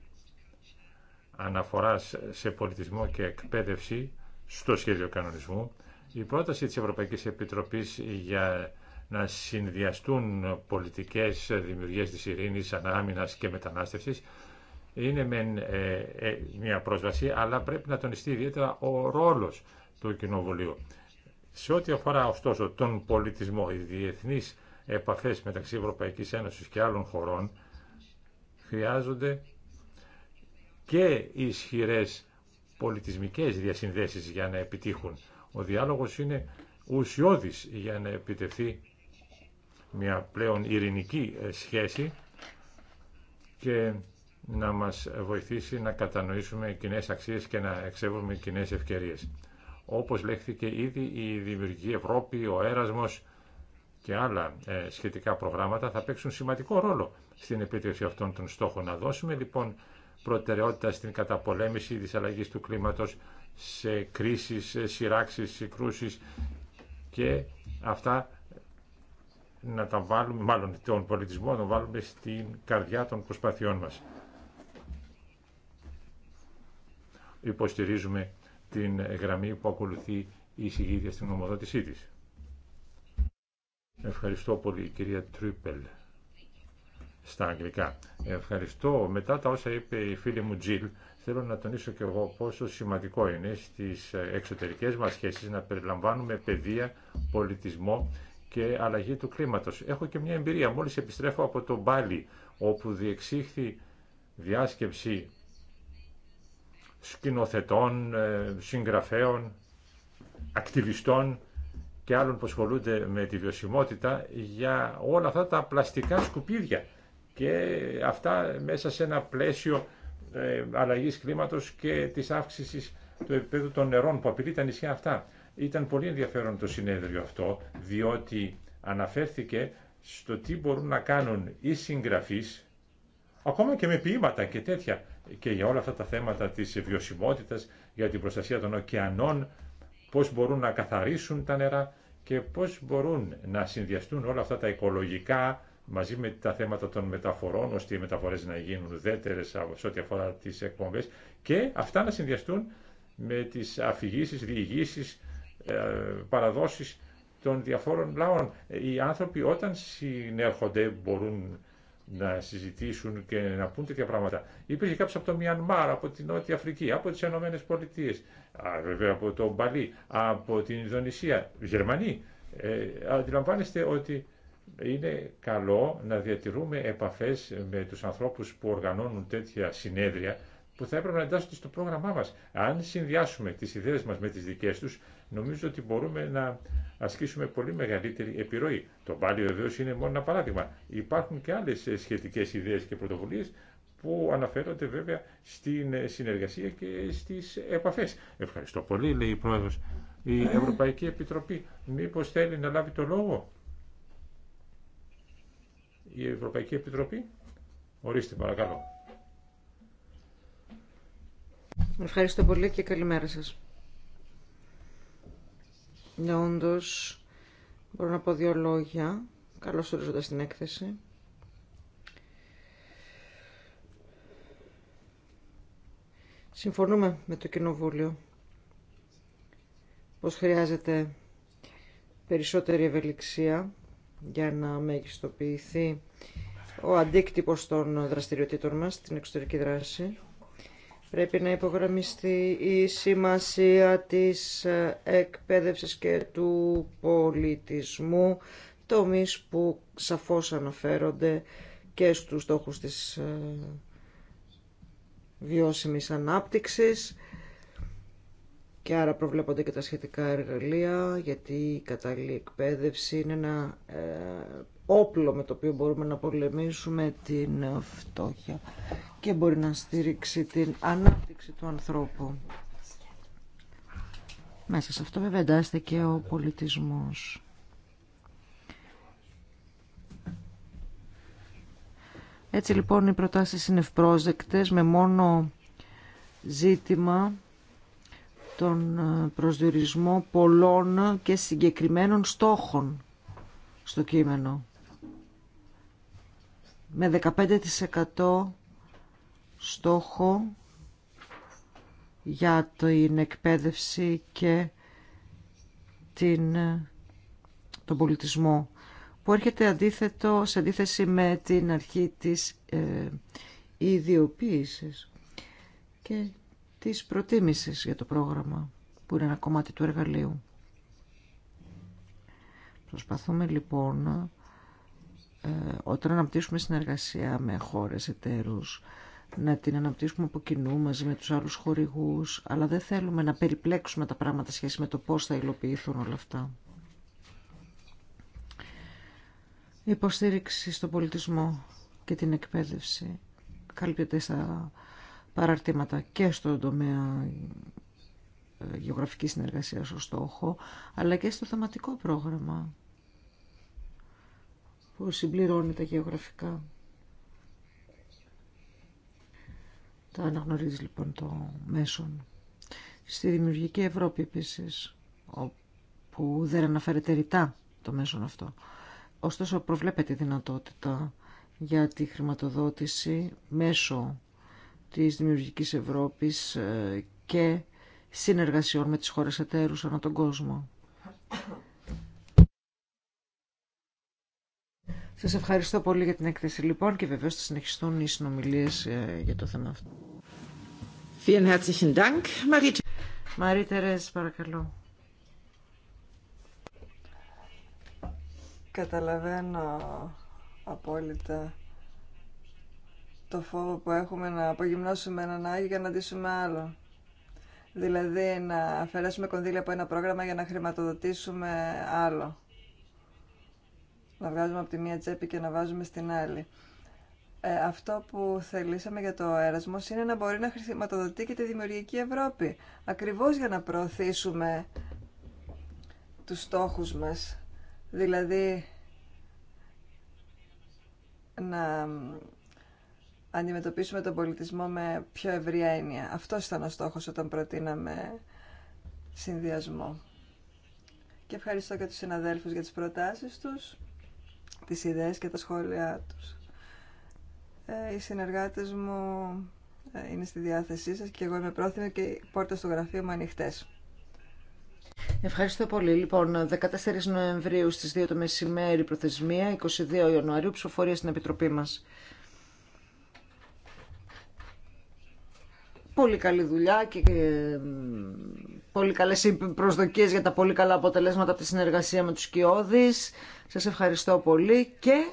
αναφοράς σε πολιτισμό και εκπαίδευση στο σχέδιο κανονισμού. Η πρόταση της Ευρωπαϊκής Επιτροπής για να συνδυαστούν πολιτικές δημιουργίες της ειρήνης, ανάμυνας και μετανάστευσης είναι με ε, ε, μια πρόσβαση, αλλά πρέπει να τονιστεί ιδιαίτερα ο ρόλος του Κοινοβουλίου. Σε ό,τι αφορά ωστόσο τον πολιτισμό, οι διεθνείς επαφές μεταξύ Ευρωπαϊκής Ένωσης και άλλων χωρών χρειάζονται και ισχυρές πολιτισμικές διασυνδέσεις για να επιτύχουν. Ο διάλογος είναι ουσιώδης για να επιτευθεί μια πλέον ειρηνική ε, σχέση και να μας βοηθήσει να κατανοήσουμε κοινέ αξίες και να εξεύουμε κοινέ ευκαιρίες. Όπως λέχθηκε ήδη η Δημιουργική Ευρώπη, ο Έρασμος και άλλα ε, σχετικά προγράμματα θα παίξουν σημαντικό ρόλο στην επίτευξη αυτών των στόχων. Να δώσουμε λοιπόν προτεραιότητα στην καταπολέμηση της αλλαγής του κλίματος σε κρίσεις, σειράξεις, συγκρούσεις και αυτά να τα βάλουμε, μάλλον τον πολιτισμό να τον βάλουμε στην καρδιά των προσπαθειών μας. Υποστηρίζουμε την γραμμή που ακολουθεί η εισηγήτρια στην ομοδότησή της. Ευχαριστώ πολύ κυρία Τρίπελ στα αγγλικά. Ευχαριστώ. Μετά τα όσα είπε η φίλη μου Τζιλ, θέλω να τονίσω και εγώ πόσο σημαντικό είναι στις ε, εξωτερικές μας σχέσεις να περιλαμβάνουμε παιδεία, πολιτισμό και αλλαγή του κλίματος. Έχω και μια εμπειρία. Μόλις επιστρέφω από το Μπάλι, όπου διεξήχθη διάσκεψη σκηνοθετών, ε, συγγραφέων, ακτιβιστών και άλλων που ασχολούνται με τη βιωσιμότητα για όλα αυτά τα πλαστικά σκουπίδια και αυτά μέσα σε ένα πλαίσιο ε, αλλαγής κλίματος και της αύξησης του επίπεδου των νερών που απειλεί τα νησιά αυτά. Ήταν πολύ ενδιαφέρον το συνέδριο αυτό, διότι αναφέρθηκε στο τι μπορούν να κάνουν οι συγγραφείς, ακόμα και με ποίηματα και τέτοια, και για όλα αυτά τα θέματα της βιωσιμότητας, για την προστασία των ωκεανών, πώς μπορούν να καθαρίσουν τα νερά και πώς μπορούν να συνδυαστούν όλα αυτά τα οικολογικά, μαζί με τα θέματα των μεταφορών, ώστε οι μεταφορές να γίνουν δέτερες σε ό,τι αφορά τις εκπομπές και αυτά να συνδυαστούν με τις αφηγήσει, διηγήσει, ε, παραδόσεις των διαφόρων λαών. Οι άνθρωποι όταν συνέρχονται μπορούν να συζητήσουν και να πούν τέτοια πράγματα. Υπήρχε κάποιο από το Μιανμάρ, από την Νότια Αφρική, από τι Ηνωμένε Πολιτείε, βέβαια από το Μπαλί, από την Ινδονησία, Γερμανοί. Ε, αντιλαμβάνεστε ότι είναι καλό να διατηρούμε επαφές με τους ανθρώπους που οργανώνουν τέτοια συνέδρια που θα έπρεπε να εντάσσονται στο πρόγραμμά μας. Αν συνδυάσουμε τις ιδέες μας με τις δικές τους, νομίζω ότι μπορούμε να ασκήσουμε πολύ μεγαλύτερη επιρροή. Το πάλι βεβαίω είναι μόνο ένα παράδειγμα. Υπάρχουν και άλλες σχετικές ιδέες και πρωτοβουλίες που αναφέρονται βέβαια στην συνεργασία και στις επαφές. Ευχαριστώ πολύ, λέει η Πρόεδρος. Η Ευρωπαϊκή Επιτροπή μήπως θέλει να λάβει το λόγο η Ευρωπαϊκή Επιτροπή. Ορίστε παρακαλώ. Ευχαριστώ πολύ και καλημέρα σας. Ναι, όντως, μπορώ να πω δύο λόγια, καλώς ορίζοντας την έκθεση. Συμφωνούμε με το Κοινοβούλιο πως χρειάζεται περισσότερη ευελιξία για να μεγιστοποιηθεί ο αντίκτυπος των δραστηριοτήτων μας στην εξωτερική δράση. Πρέπει να υπογραμμιστεί η σημασία της εκπαίδευσης και του πολιτισμού, τομείς που σαφώς αναφέρονται και στους στόχους της ε, βιώσιμης ανάπτυξης και άρα προβλέπονται και τα σχετικά εργαλεία γιατί η κατάλληλη εκπαίδευση είναι ένα ε, όπλο με το οποίο μπορούμε να πολεμήσουμε την φτώχεια και μπορεί να στήριξει την ανάπτυξη του ανθρώπου. Μέσα σε αυτό βέβαια εντάσσεται και ο πολιτισμός. Έτσι λοιπόν οι προτάσεις είναι ευπρόσδεκτες με μόνο ζήτημα τον προσδιορισμό πολλών και συγκεκριμένων στόχων στο κείμενο. Με 15% στόχο για την εκπαίδευση και την, τον πολιτισμό που έρχεται αντίθετο, σε αντίθεση με την αρχή της ε, ιδιοποίησης. Και της προτίμησης για το πρόγραμμα που είναι ένα κομμάτι του εργαλείου. Προσπαθούμε λοιπόν ε, όταν αναπτύσσουμε συνεργασία με χώρες εταίρους να την αναπτύσσουμε από κοινού μαζί με τους άλλους χορηγούς αλλά δεν θέλουμε να περιπλέξουμε τα πράγματα σχέση με το πώς θα υλοποιηθούν όλα αυτά. υποστήριξη στον πολιτισμό και την εκπαίδευση καλύπτεται στα παραρτήματα και στον τομέα ε, γεωγραφική συνεργασία ως στόχο, αλλά και στο θεματικό πρόγραμμα που συμπληρώνει τα γεωγραφικά. Τα αναγνωρίζει λοιπόν το μέσον. Στη δημιουργική Ευρώπη επίσης, που δεν αναφέρεται ρητά το μέσον αυτό. Ωστόσο προβλέπεται η δυνατότητα για τη χρηματοδότηση μέσω της Δημιουργικής Ευρώπης ε, και συνεργασιών με τις χώρες εταίρους ανά τον κόσμο. Σας ευχαριστώ πολύ για την έκθεση λοιπόν και βεβαίως θα συνεχιστούν οι συνομιλίες ε, για το θέμα αυτό. Vielen herzlichen Dank, παρακαλώ. Καταλαβαίνω απόλυτα το φόβο που έχουμε να απογυμνώσουμε έναν Άγιο για να ντύσουμε άλλο. Δηλαδή να αφαιρέσουμε κονδύλια από ένα πρόγραμμα για να χρηματοδοτήσουμε άλλο. Να βγάζουμε από τη μία τσέπη και να βάζουμε στην άλλη. Ε, αυτό που θελήσαμε για το έρασμό είναι να μπορεί να χρηματοδοτεί και τη δημιουργική Ευρώπη. Ακριβώς για να προωθήσουμε τους στόχους μας. Δηλαδή να αντιμετωπίσουμε τον πολιτισμό με πιο ευρία έννοια. Αυτός ήταν ο στόχος όταν προτείναμε συνδυασμό. Και ευχαριστώ και τους συναδέλφους για τις προτάσεις τους, τις ιδέες και τα σχόλιά τους. Ε, οι συνεργάτες μου ε, είναι στη διάθεσή σας και εγώ είμαι πρόθυμη και οι πόρτες στο γραφείο μου ανοιχτέ. Ευχαριστώ πολύ. Λοιπόν, 14 Νοεμβρίου στις 2 το μεσημέρι προθεσμία, 22 Ιανουαρίου ψηφοφορία στην Επιτροπή μας. πολύ καλή δουλειά και πολύ καλές προσδοκίες για τα πολύ καλά αποτελέσματα από τη συνεργασία με τους Κιώδης. Σας ευχαριστώ πολύ και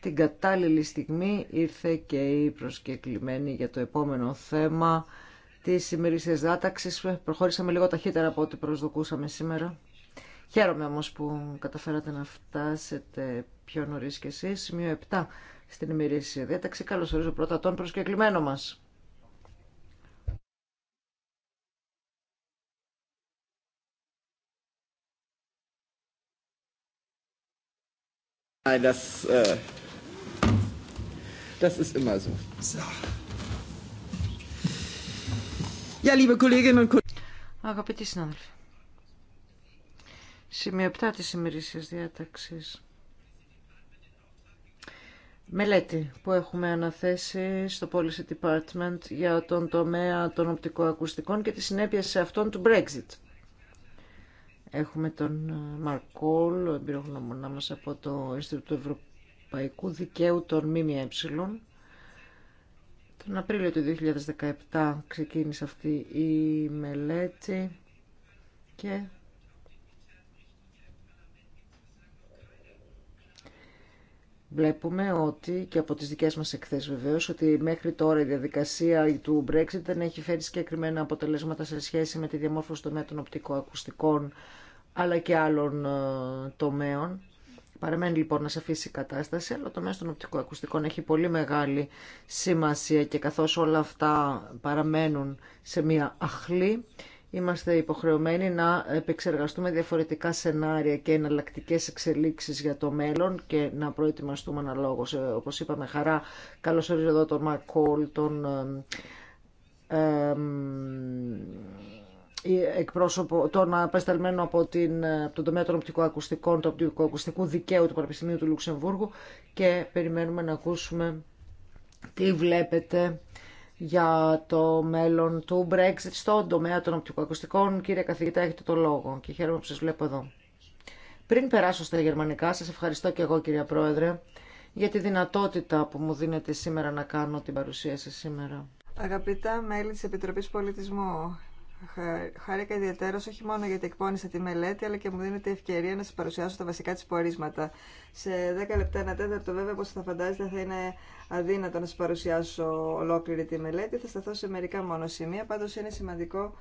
την κατάλληλη στιγμή ήρθε και η προσκεκλημένη για το επόμενο θέμα της ημερήσιας δάταξης. Προχώρησαμε λίγο ταχύτερα από ό,τι προσδοκούσαμε σήμερα. Χαίρομαι όμως που καταφέρατε να φτάσετε πιο νωρίς κι εσείς. Σημείο 7 στην ημερήσια διάταξη. Καλώς ορίζω πρώτα τον προσκεκλημένο μας. Nein, das, äh, das ist immer so. so. Ja, liebe Kolleginnen und Kollegen. Αγαπητοί συνάδελφοι, σημείο 7 της ημερήσιας διάταξης. Μελέτη που έχουμε αναθέσει στο Policy Department για τον τομέα των οπτικοακουστικών και τις συνέπειες σε αυτόν του Brexit. Έχουμε τον Μαρκόλ, ε, εμπειρογνώμονά μας από το Ινστιτούτο Ευρωπαϊκού Δικαίου των ΜΜΕ. Τον Απρίλιο του 2017 ξεκίνησε αυτή η μελέτη και Βλέπουμε ότι και από τις δικές μας εκθέσεις βεβαίως ότι μέχρι τώρα η διαδικασία του Brexit δεν έχει φέρει συγκεκριμένα αποτελέσματα σε σχέση με τη διαμόρφωση των των οπτικοακουστικών αλλά και άλλων ε, τομέων. Παραμένει λοιπόν να σε αφήσει η κατάσταση, αλλά το μέσο των οπτικοακουστικών έχει πολύ μεγάλη σημασία και καθώς όλα αυτά παραμένουν σε μια αχλή, είμαστε υποχρεωμένοι να επεξεργαστούμε διαφορετικά σενάρια και εναλλακτικέ εξελίξεις για το μέλλον και να προετοιμαστούμε αναλόγως. Ε, όπως είπαμε, χαρά, καλώ ορίζω εδώ τον Μαρκ Κόλ, τον ε, εκπρόσωπο, τον απεσταλμένο από, την, ε, από τον τομέα των οπτικοακουστικών, του οπτικοακουστικού δικαίου του Πανεπιστημίου του Λουξεμβούργου και περιμένουμε να ακούσουμε τι βλέπετε για το μέλλον του Brexit στον τομέα των οπτικοακουστικών. Κύριε καθηγητά, έχετε το λόγο και χαίρομαι που σας βλέπω εδώ. Πριν περάσω στα γερμανικά, σας ευχαριστώ και εγώ κυρία Πρόεδρε για τη δυνατότητα που μου δίνετε σήμερα να κάνω την παρουσίαση σήμερα. Αγαπητά μέλη της Επιτροπής Πολιτισμού, Χάρηκα ιδιαίτερω όχι μόνο γιατί εκπώνησα τη μελέτη, αλλά και μου δίνεται ευκαιρία να σα παρουσιάσω τα βασικά τη πορίσματα. Σε 10 λεπτά, ένα τέταρτο, βέβαια, όπω θα φαντάζεστε, θα είναι αδύνατο να σα παρουσιάσω ολόκληρη τη μελέτη. Θα σταθώ σε μερικά μόνο σημεία. Πάντω, είναι σημαντικό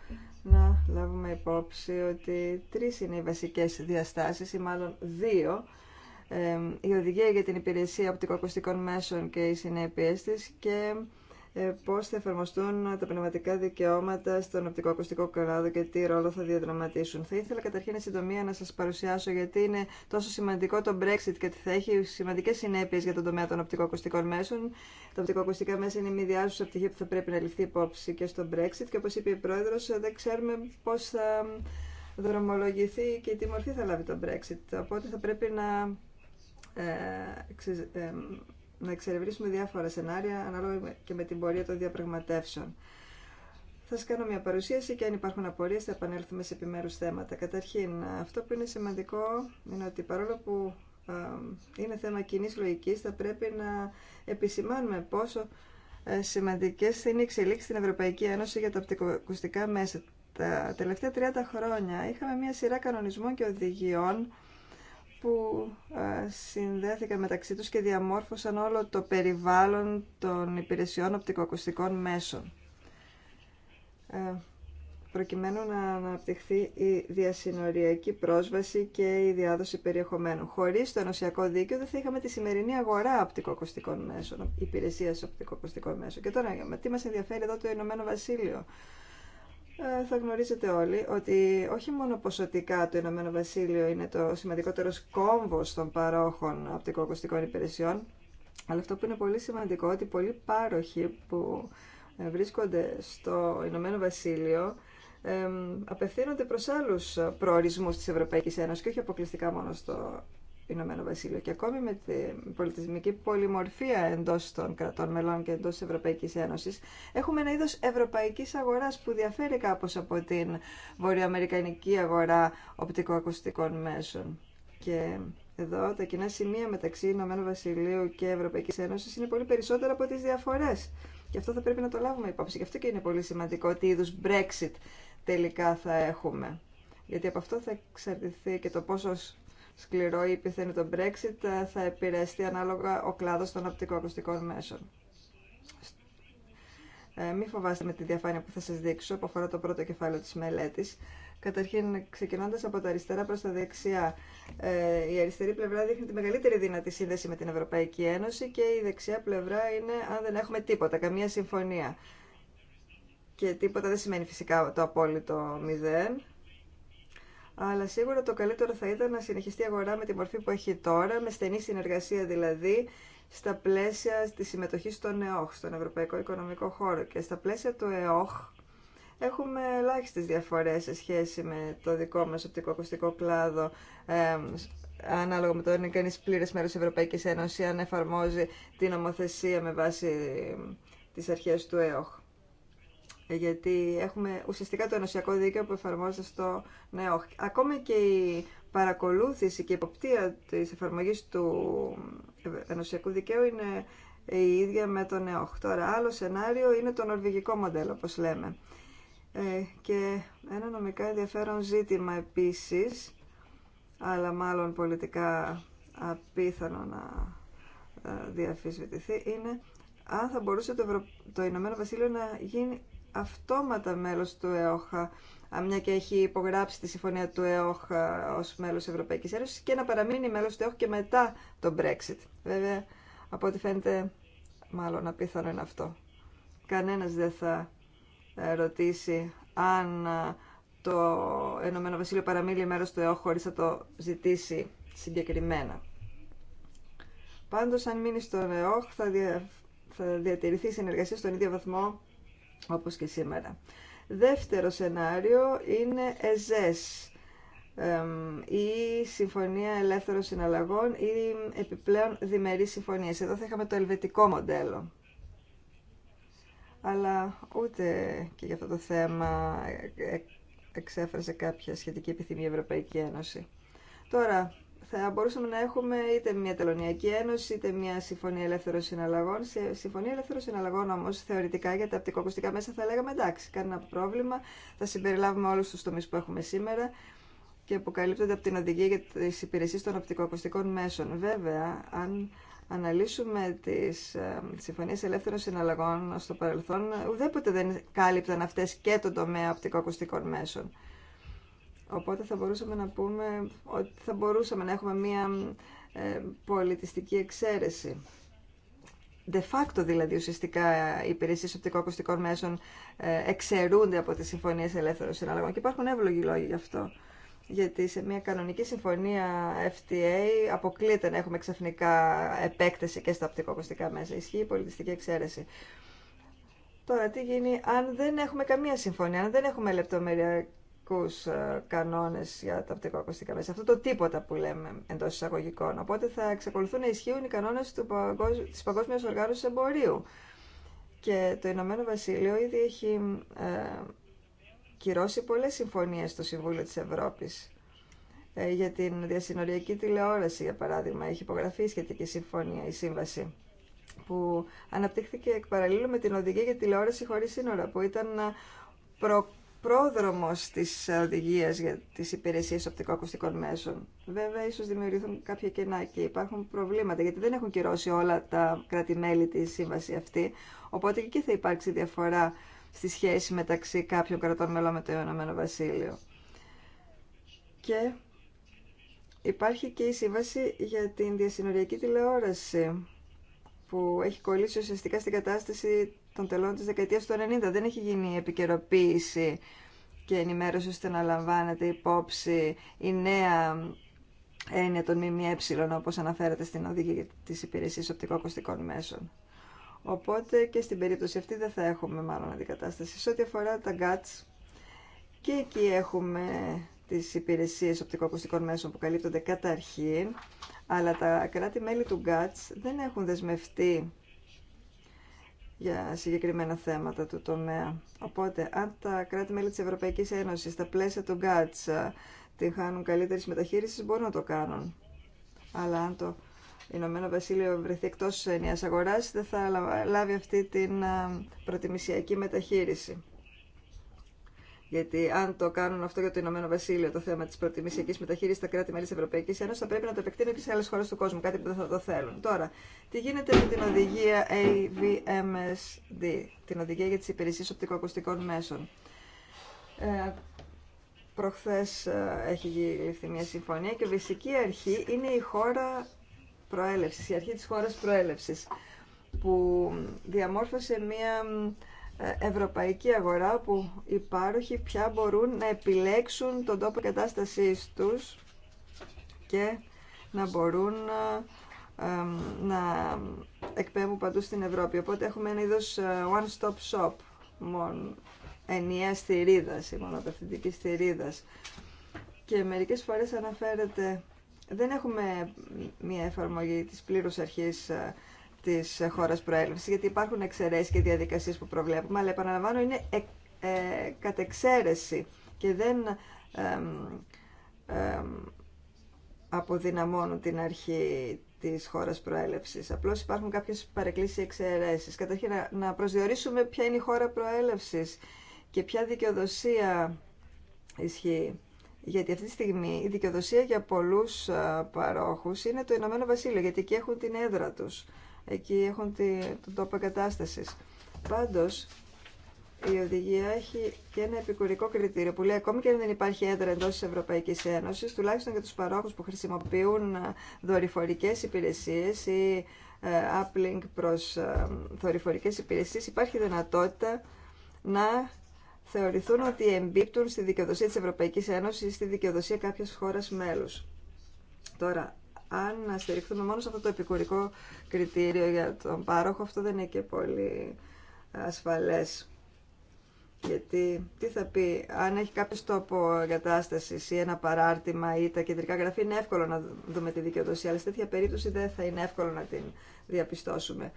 να λάβουμε υπόψη ότι τρει είναι οι βασικέ διαστάσει, ή μάλλον δύο. η οδηγία για την υπηρεσία οπτικοακουστικών μέσων και οι συνέπειε τη και ε, πώς θα εφαρμοστούν τα πνευματικά δικαιώματα στον οπτικοακουστικό κλάδο και τι ρόλο θα διαδραματίσουν. Θα ήθελα καταρχήν εν συντομία να σας παρουσιάσω γιατί είναι τόσο σημαντικό το Brexit και ότι θα έχει σημαντικές συνέπειες για τον τομέα των οπτικοακουστικών μέσων. Τα οπτικοακουστικά μέσα είναι μη διάσουσα πτυχή που θα πρέπει να ληφθεί υπόψη και στο Brexit και όπως είπε η Πρόεδρος δεν ξέρουμε πώς θα δρομολογηθεί και τι μορφή θα λάβει το Brexit. Οπότε θα πρέπει να ε, ε, να εξερευνήσουμε διάφορα σενάρια ανάλογα και με την πορεία των διαπραγματεύσεων. Θα σα κάνω μια παρουσίαση και αν υπάρχουν απορίε θα επανέλθουμε σε επιμέρου θέματα. Καταρχήν, αυτό που είναι σημαντικό είναι ότι παρόλο που είναι θέμα κοινή λογική, θα πρέπει να επισημάνουμε πόσο ε, σημαντικέ είναι οι εξελίξει στην Ευρωπαϊκή Ένωση για τα οπτικοακουστικά μέσα. Τα τελευταία 30 χρόνια είχαμε μια σειρά κανονισμών και οδηγιών που συνδέθηκαν μεταξύ τους και διαμόρφωσαν όλο το περιβάλλον των υπηρεσιών οπτικοακουστικών μέσων ε, προκειμένου να αναπτυχθεί η διασυνοριακή πρόσβαση και η διάδοση περιεχομένου. Χωρίς το ενωσιακό δίκαιο δεν θα είχαμε τη σημερινή αγορά οπτικοακουστικών μέσων, υπηρεσία οπτικοακουστικών μέσων. Και τώρα, τι μας ενδιαφέρει εδώ το Ηνωμένο Βασίλειο. Ε, θα γνωρίζετε όλοι ότι όχι μόνο ποσοτικά το Ηνωμένο Βασίλειο είναι το σημαντικότερο κόμβο των παρόχων οπτικοακουστικών υπηρεσιών, αλλά αυτό που είναι πολύ σημαντικό ότι πολλοί πάροχοι που ε, βρίσκονται στο Ηνωμένο Βασίλειο ε, απευθύνονται προς άλλους προορισμούς της Ευρωπαϊκής Ένωσης και όχι αποκλειστικά μόνο στο Ηνωμένο Βασίλειο και ακόμη με την πολιτισμική πολυμορφία εντό των κρατών μελών και εντό της Ευρωπαϊκής Ένωσης έχουμε ένα είδο Ευρωπαϊκή Αγορά που διαφέρει κάπω από την βορειοαμερικανική αγορά οπτικοακουστικών μέσων. Και εδώ τα κοινά σημεία μεταξύ Ηνωμένου Βασιλείου και Ευρωπαϊκή Ένωση είναι πολύ περισσότερα από τι διαφορέ. Και αυτό θα πρέπει να το λάβουμε υπόψη. Γι' αυτό και είναι πολύ σημαντικό τι είδου Brexit τελικά θα έχουμε. Γιατί από αυτό θα εξαρτηθεί και το πόσο σκληρό ή επιθένει το Brexit ε, θα επηρεαστεί ανάλογα ο κλάδος των οπτικοακουστικών μέσων. Ε, μην φοβάστε με τη διαφάνεια που θα σας δείξω, που αφορά το πρώτο κεφάλαιο της μελέτης. Καταρχήν, ξεκινώντας από τα αριστερά προς τα δεξιά, ε, η αριστερή πλευρά δείχνει τη μεγαλύτερη δυνατή σύνδεση με την Ευρωπαϊκή Ένωση και η δεξιά πλευρά είναι αν δεν έχουμε τίποτα, καμία συμφωνία. Και τίποτα δεν σημαίνει φυσικά το απόλυτο μηδέν αλλά σίγουρα το καλύτερο θα ήταν να συνεχιστεί η αγορά με τη μορφή που έχει τώρα, με στενή συνεργασία δηλαδή, στα πλαίσια τη συμμετοχή στον ΕΟΧ, στον Ευρωπαϊκό Οικονομικό Χώρο. Και στα πλαίσια του ΕΟΧ έχουμε ελάχιστε διαφορέ σε σχέση με το δικό μα οπτικοακουστικό κλάδο. Ε, Ανάλογα με το αν είναι κανεί πλήρε μέρο Ευρωπαϊκή Ένωση, αν εφαρμόζει την ομοθεσία με βάση τι αρχέ του ΕΟΧ γιατί έχουμε ουσιαστικά το ενωσιακό δίκαιο που εφαρμόζεται στο νέο. Ακόμη και η παρακολούθηση και η υποπτία της εφαρμογής του ενωσιακού δικαίου είναι η ίδια με το ΝΕΟΧ. Τώρα, άλλο σενάριο είναι το νορβηγικό μοντέλο, όπως λέμε. Ε, και ένα νομικά ενδιαφέρον ζήτημα επίσης, αλλά μάλλον πολιτικά απίθανο να ε, διαφυσβητηθεί, είναι αν θα μπορούσε το, το Ηνωμένο Βασίλειο να γίνει αυτόματα μέλος του ΕΟΧΑ, μια και έχει υπογράψει τη συμφωνία του ΕΟΧΑ ως μέλος Ευρωπαϊκής Ένωσης και να παραμείνει μέλος του ΕΟΧ και μετά τον Brexit. Βέβαια, από ό,τι φαίνεται, μάλλον απίθανο είναι αυτό. Κανένας δεν θα ε, ρωτήσει αν ε, το Ενωμένο Βασίλειο παραμείνει μέλος του ΕΟΧ χωρίς να το ζητήσει συγκεκριμένα. Πάντως, αν μείνει στον ΕΟΧ, θα, θα διατηρηθεί η συνεργασία στον ίδιο βαθμό όπως και σήμερα. Δεύτερο σενάριο είναι ΕΖΕΣ, η Συμφωνία Ελεύθερων Συναλλαγών ή επιπλέον διμερή συμφωνία. Εδώ θα είχαμε το ελβετικό μοντέλο. Αλλά ούτε και για αυτό το θέμα ε, ε, εξέφρασε κάποια σχετική επιθυμία η Ευρωπαϊκή Ένωση. Τώρα, θα μπορούσαμε να έχουμε είτε μια τελωνιακή ένωση, είτε μια συμφωνία ελεύθερων συναλλαγών. Σε συμφωνία ελεύθερων συναλλαγών όμω, θεωρητικά για τα οπτικοκοστικά μέσα θα λέγαμε εντάξει, κανένα πρόβλημα, θα συμπεριλάβουμε όλου του τομεί που έχουμε σήμερα και που καλύπτονται από την οδηγία για τι υπηρεσίε των οπτικοακουστικών μέσων. Βέβαια, αν αναλύσουμε τι ε, συμφωνίε ελεύθερων συναλλαγών στο παρελθόν, ουδέποτε δεν κάλυπταν αυτέ και τον τομέα οπτικοακουστικών μέσων. Οπότε θα μπορούσαμε να πούμε ότι θα μπορούσαμε να έχουμε μία ε, πολιτιστική εξαίρεση. De facto δηλαδή ουσιαστικά οι υπηρεσίε οπτικοακουστικών μέσων ε, εξαιρούνται από τις συμφωνίες ελεύθερων συναλλαγών και υπάρχουν εύλογοι λόγοι γι' αυτό. Γιατί σε μια κανονική συμφωνία FTA αποκλείεται να έχουμε ξαφνικά επέκταση και στα οπτικοακουστικά μέσα. Ισχύει η πολιτιστική εξαίρεση. Τώρα, τι γίνει αν δεν έχουμε καμία συμφωνία, αν δεν έχουμε λεπτομέρεια ειδικούς ε, κανόνες για τα οπτικοακουστικά μέσα. Αυτό το τίποτα που λέμε εντός εισαγωγικών. Οπότε θα εξακολουθούν να ισχύουν οι κανόνες του παγκόσμ... της Παγκόσμιας Οργάνωσης Εμπορίου. Και το Ηνωμένο Βασίλειο ήδη έχει ε, κυρώσει πολλές συμφωνίες στο Συμβούλιο της Ευρώπης. Ε, για την διασυνοριακή τηλεόραση, για παράδειγμα, έχει υπογραφεί η σχετική συμφωνία, η σύμβαση που αναπτύχθηκε εκ παραλίλου με την οδηγία για τηλεόραση χωρίς σύνορα, που ήταν ε, προ πρόδρομος της οδηγίας για τις υπηρεσίες οπτικοακουστικών μέσων. Βέβαια, ίσως δημιουργηθούν κάποια κενά και υπάρχουν προβλήματα, γιατί δεν έχουν κυρώσει όλα τα κράτη-μέλη τη σύμβαση αυτή, οπότε και εκεί θα υπάρξει διαφορά στη σχέση μεταξύ κάποιων κρατών μελών με το Ηνωμένο Βασίλειο. Και υπάρχει και η σύμβαση για την διασυνοριακή τηλεόραση, που έχει κολλήσει ουσιαστικά στην κατάσταση των τελών της δεκαετίας του 90. Δεν έχει γίνει επικαιροποίηση και ενημέρωση ώστε να λαμβάνεται υπόψη η νέα έννοια των ΜΜΕ, όπως αναφέρεται στην οδηγία της υπηρεσίας οπτικοακουστικών μέσων. Οπότε και στην περίπτωση αυτή δεν θα έχουμε μάλλον αντικατάσταση. Σε ό,τι αφορά τα GATS, και εκεί έχουμε τις υπηρεσίες οπτικοακουστικών μέσων που καλύπτονται καταρχήν, αλλά τα κράτη-μέλη του GATS δεν έχουν δεσμευτεί για συγκεκριμένα θέματα του τομέα. Οπότε, αν τα κράτη-μέλη της Ευρωπαϊκής Ένωσης, στα πλαίσια του ΓΚΑΤΣ, την χάνουν καλύτερη μεταχείρισης, μπορούν να το κάνουν. Αλλά αν το Ηνωμένο Βασίλειο βρεθεί εκτός ενιαίας αγοράς, δεν θα λάβει αυτή την προτιμησιακή μεταχείριση. Γιατί αν το κάνουν αυτό για το Ηνωμένο Βασίλειο, το θέμα τη προτιμησιακή μεταχείριση στα κράτη-μέλη τη Ευρωπαϊκή Ένωση, θα πρέπει να το επεκτείνουν και σε άλλε χώρε του κόσμου. Κάτι που δεν θα το θέλουν. Τώρα, τι γίνεται με την οδηγία AVMSD, την οδηγία για τι υπηρεσίε οπτικοακουστικών μέσων. Ε, Προχθέ ε, έχει ληφθεί μια συμφωνία και η βασική αρχή είναι η χώρα προέλευση, η αρχή τη χώρα προέλευση, που διαμόρφωσε μια ευρωπαϊκή αγορά που οι πάροχοι πια μπορούν να επιλέξουν τον τόπο κατάστασή τους και να μπορούν ε, να εκπέμπουν παντού στην Ευρώπη. Οπότε έχουμε ένα είδος ε, one-stop shop, μόνο ενιαία θηρίδας, η μονοπευθυντική θηρίδας. Και μερικές φορές αναφέρεται, δεν έχουμε μια εφαρμογή της πλήρους αρχής ε, Τη χώρας προέλευση γιατί υπάρχουν εξαιρέσει και διαδικασίε που προβλέπουμε, αλλά επαναλαμβάνω είναι ε, ε, και δεν ε, αποδυναμώνουν την αρχή τη χώρα προέλευση. Απλώ υπάρχουν κάποιες παρεκκλήσεις εξαιρέσει Καταρχήν να, να προσδιορίσουμε ποια είναι η χώρα προέλευση και ποια δικαιοδοσία ισχύει. Γιατί αυτή τη στιγμή η δικαιοδοσία για πολλούς ε, παρόχους είναι το Ηνωμένο Βασίλειο, γιατί εκεί έχουν την έδρα τους εκεί έχουν τον τόπο εγκατάσταση. Πάντως, η οδηγία έχει και ένα επικουρικό κριτήριο που λέει ακόμη και αν δεν υπάρχει έδρα εντό τη Ευρωπαϊκή Ένωση, τουλάχιστον για τους παρόχου που χρησιμοποιούν ε, δορυφορικέ υπηρεσίες ή ε, uplink προς ε, δορυφορικές υπηρεσίες, υπάρχει δυνατότητα να θεωρηθούν ότι εμπίπτουν στη δικαιοδοσία της Ευρωπαϊκής Ένωσης ή στη δικαιοδοσία κάποιας χώρας μέλους. Τώρα, αν στηριχθούμε μόνο σε αυτό το επικουρικό κριτήριο για τον πάροχο, αυτό δεν είναι και πολύ ασφαλές. Γιατί τι θα πει, αν έχει κάποιο τόπο εγκατάσταση ή ένα παράρτημα ή τα κεντρικά γραφεία, είναι εύκολο να δούμε τη δικαιοδοσία, αλλά σε τέτοια περίπτωση δεν θα είναι εύκολο να την διαπιστώσουμε.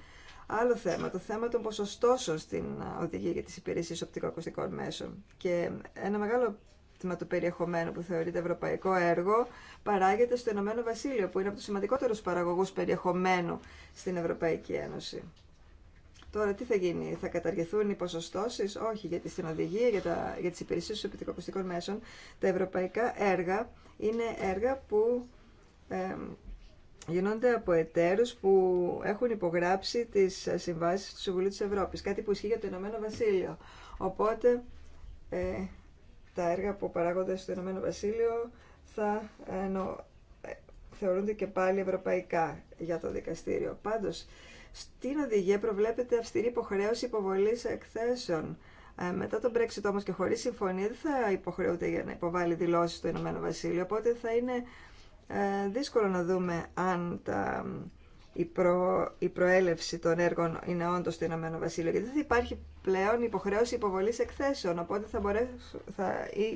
Άλλο θέμα, το θέμα των ποσοστώσεων στην οδηγία για τις υπηρεσίες οπτικοακουστικών μέσων. Και ένα μεγάλο τμήμα του περιεχομένου που θεωρείται ευρωπαϊκό έργο παράγεται στο Ηνωμένο Βασίλειο, που είναι από του σημαντικότερου παραγωγού περιεχομένου στην Ευρωπαϊκή Ένωση. Τώρα τι θα γίνει, θα καταργηθούν οι ποσοστώσει, όχι, γιατί στην οδηγία για, τα, για τι υπηρεσίε των επιτικοπιστικών μέσων τα ευρωπαϊκά έργα είναι έργα που ε, γίνονται από εταίρου που έχουν υπογράψει τι συμβάσει του Συμβουλίου τη Ευρώπη. Κάτι που ισχύει για το Ηνωμένο Βασίλειο. Οπότε ε, τα έργα που παράγονται στο Ηνωμένο Βασίλειο θα ε, ε, θεωρούνται και πάλι ευρωπαϊκά για το δικαστήριο. Πάντως, στην οδηγία προβλέπεται αυστηρή υποχρέωση υποβολής εκθέσεων. Ε, μετά τον Brexit όμως και χωρίς συμφωνία δεν θα υποχρεούται για να υποβάλει δηλώσεις στο Ηνωμένο Βασίλειο, οπότε θα είναι ε, δύσκολο να δούμε αν τα η, προ, η προέλευση των έργων είναι όντως το Ηνωμένο Βασίλειο γιατί δεν θα υπάρχει πλέον υποχρέωση υποβολής εκθέσεων οπότε θα, μπορέσω, θα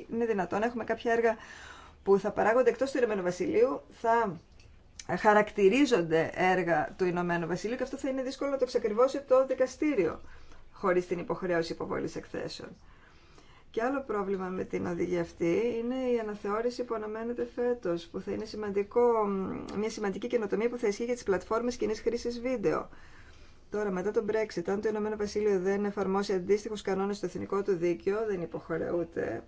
είναι δυνατόν να έχουμε κάποια έργα που θα παράγονται εκτός του Ηνωμένου Βασιλείου θα χαρακτηρίζονται έργα του Ηνωμένου Βασιλείου και αυτό θα είναι δύσκολο να το εξακριβώσει το δικαστήριο χωρίς την υποχρέωση υποβολής εκθέσεων. Και άλλο πρόβλημα με την οδηγία αυτή είναι η αναθεώρηση που αναμένεται φέτο, που θα είναι σημαντικό, μια σημαντική καινοτομία που θα ισχύει για τι πλατφόρμε κοινή χρήση βίντεο. Τώρα, μετά τον Brexit, αν το Ηνωμένο Βασίλειο δεν εφαρμόσει αντίστοιχου κανόνε στο εθνικό του δίκαιο, δεν υποχρεούται.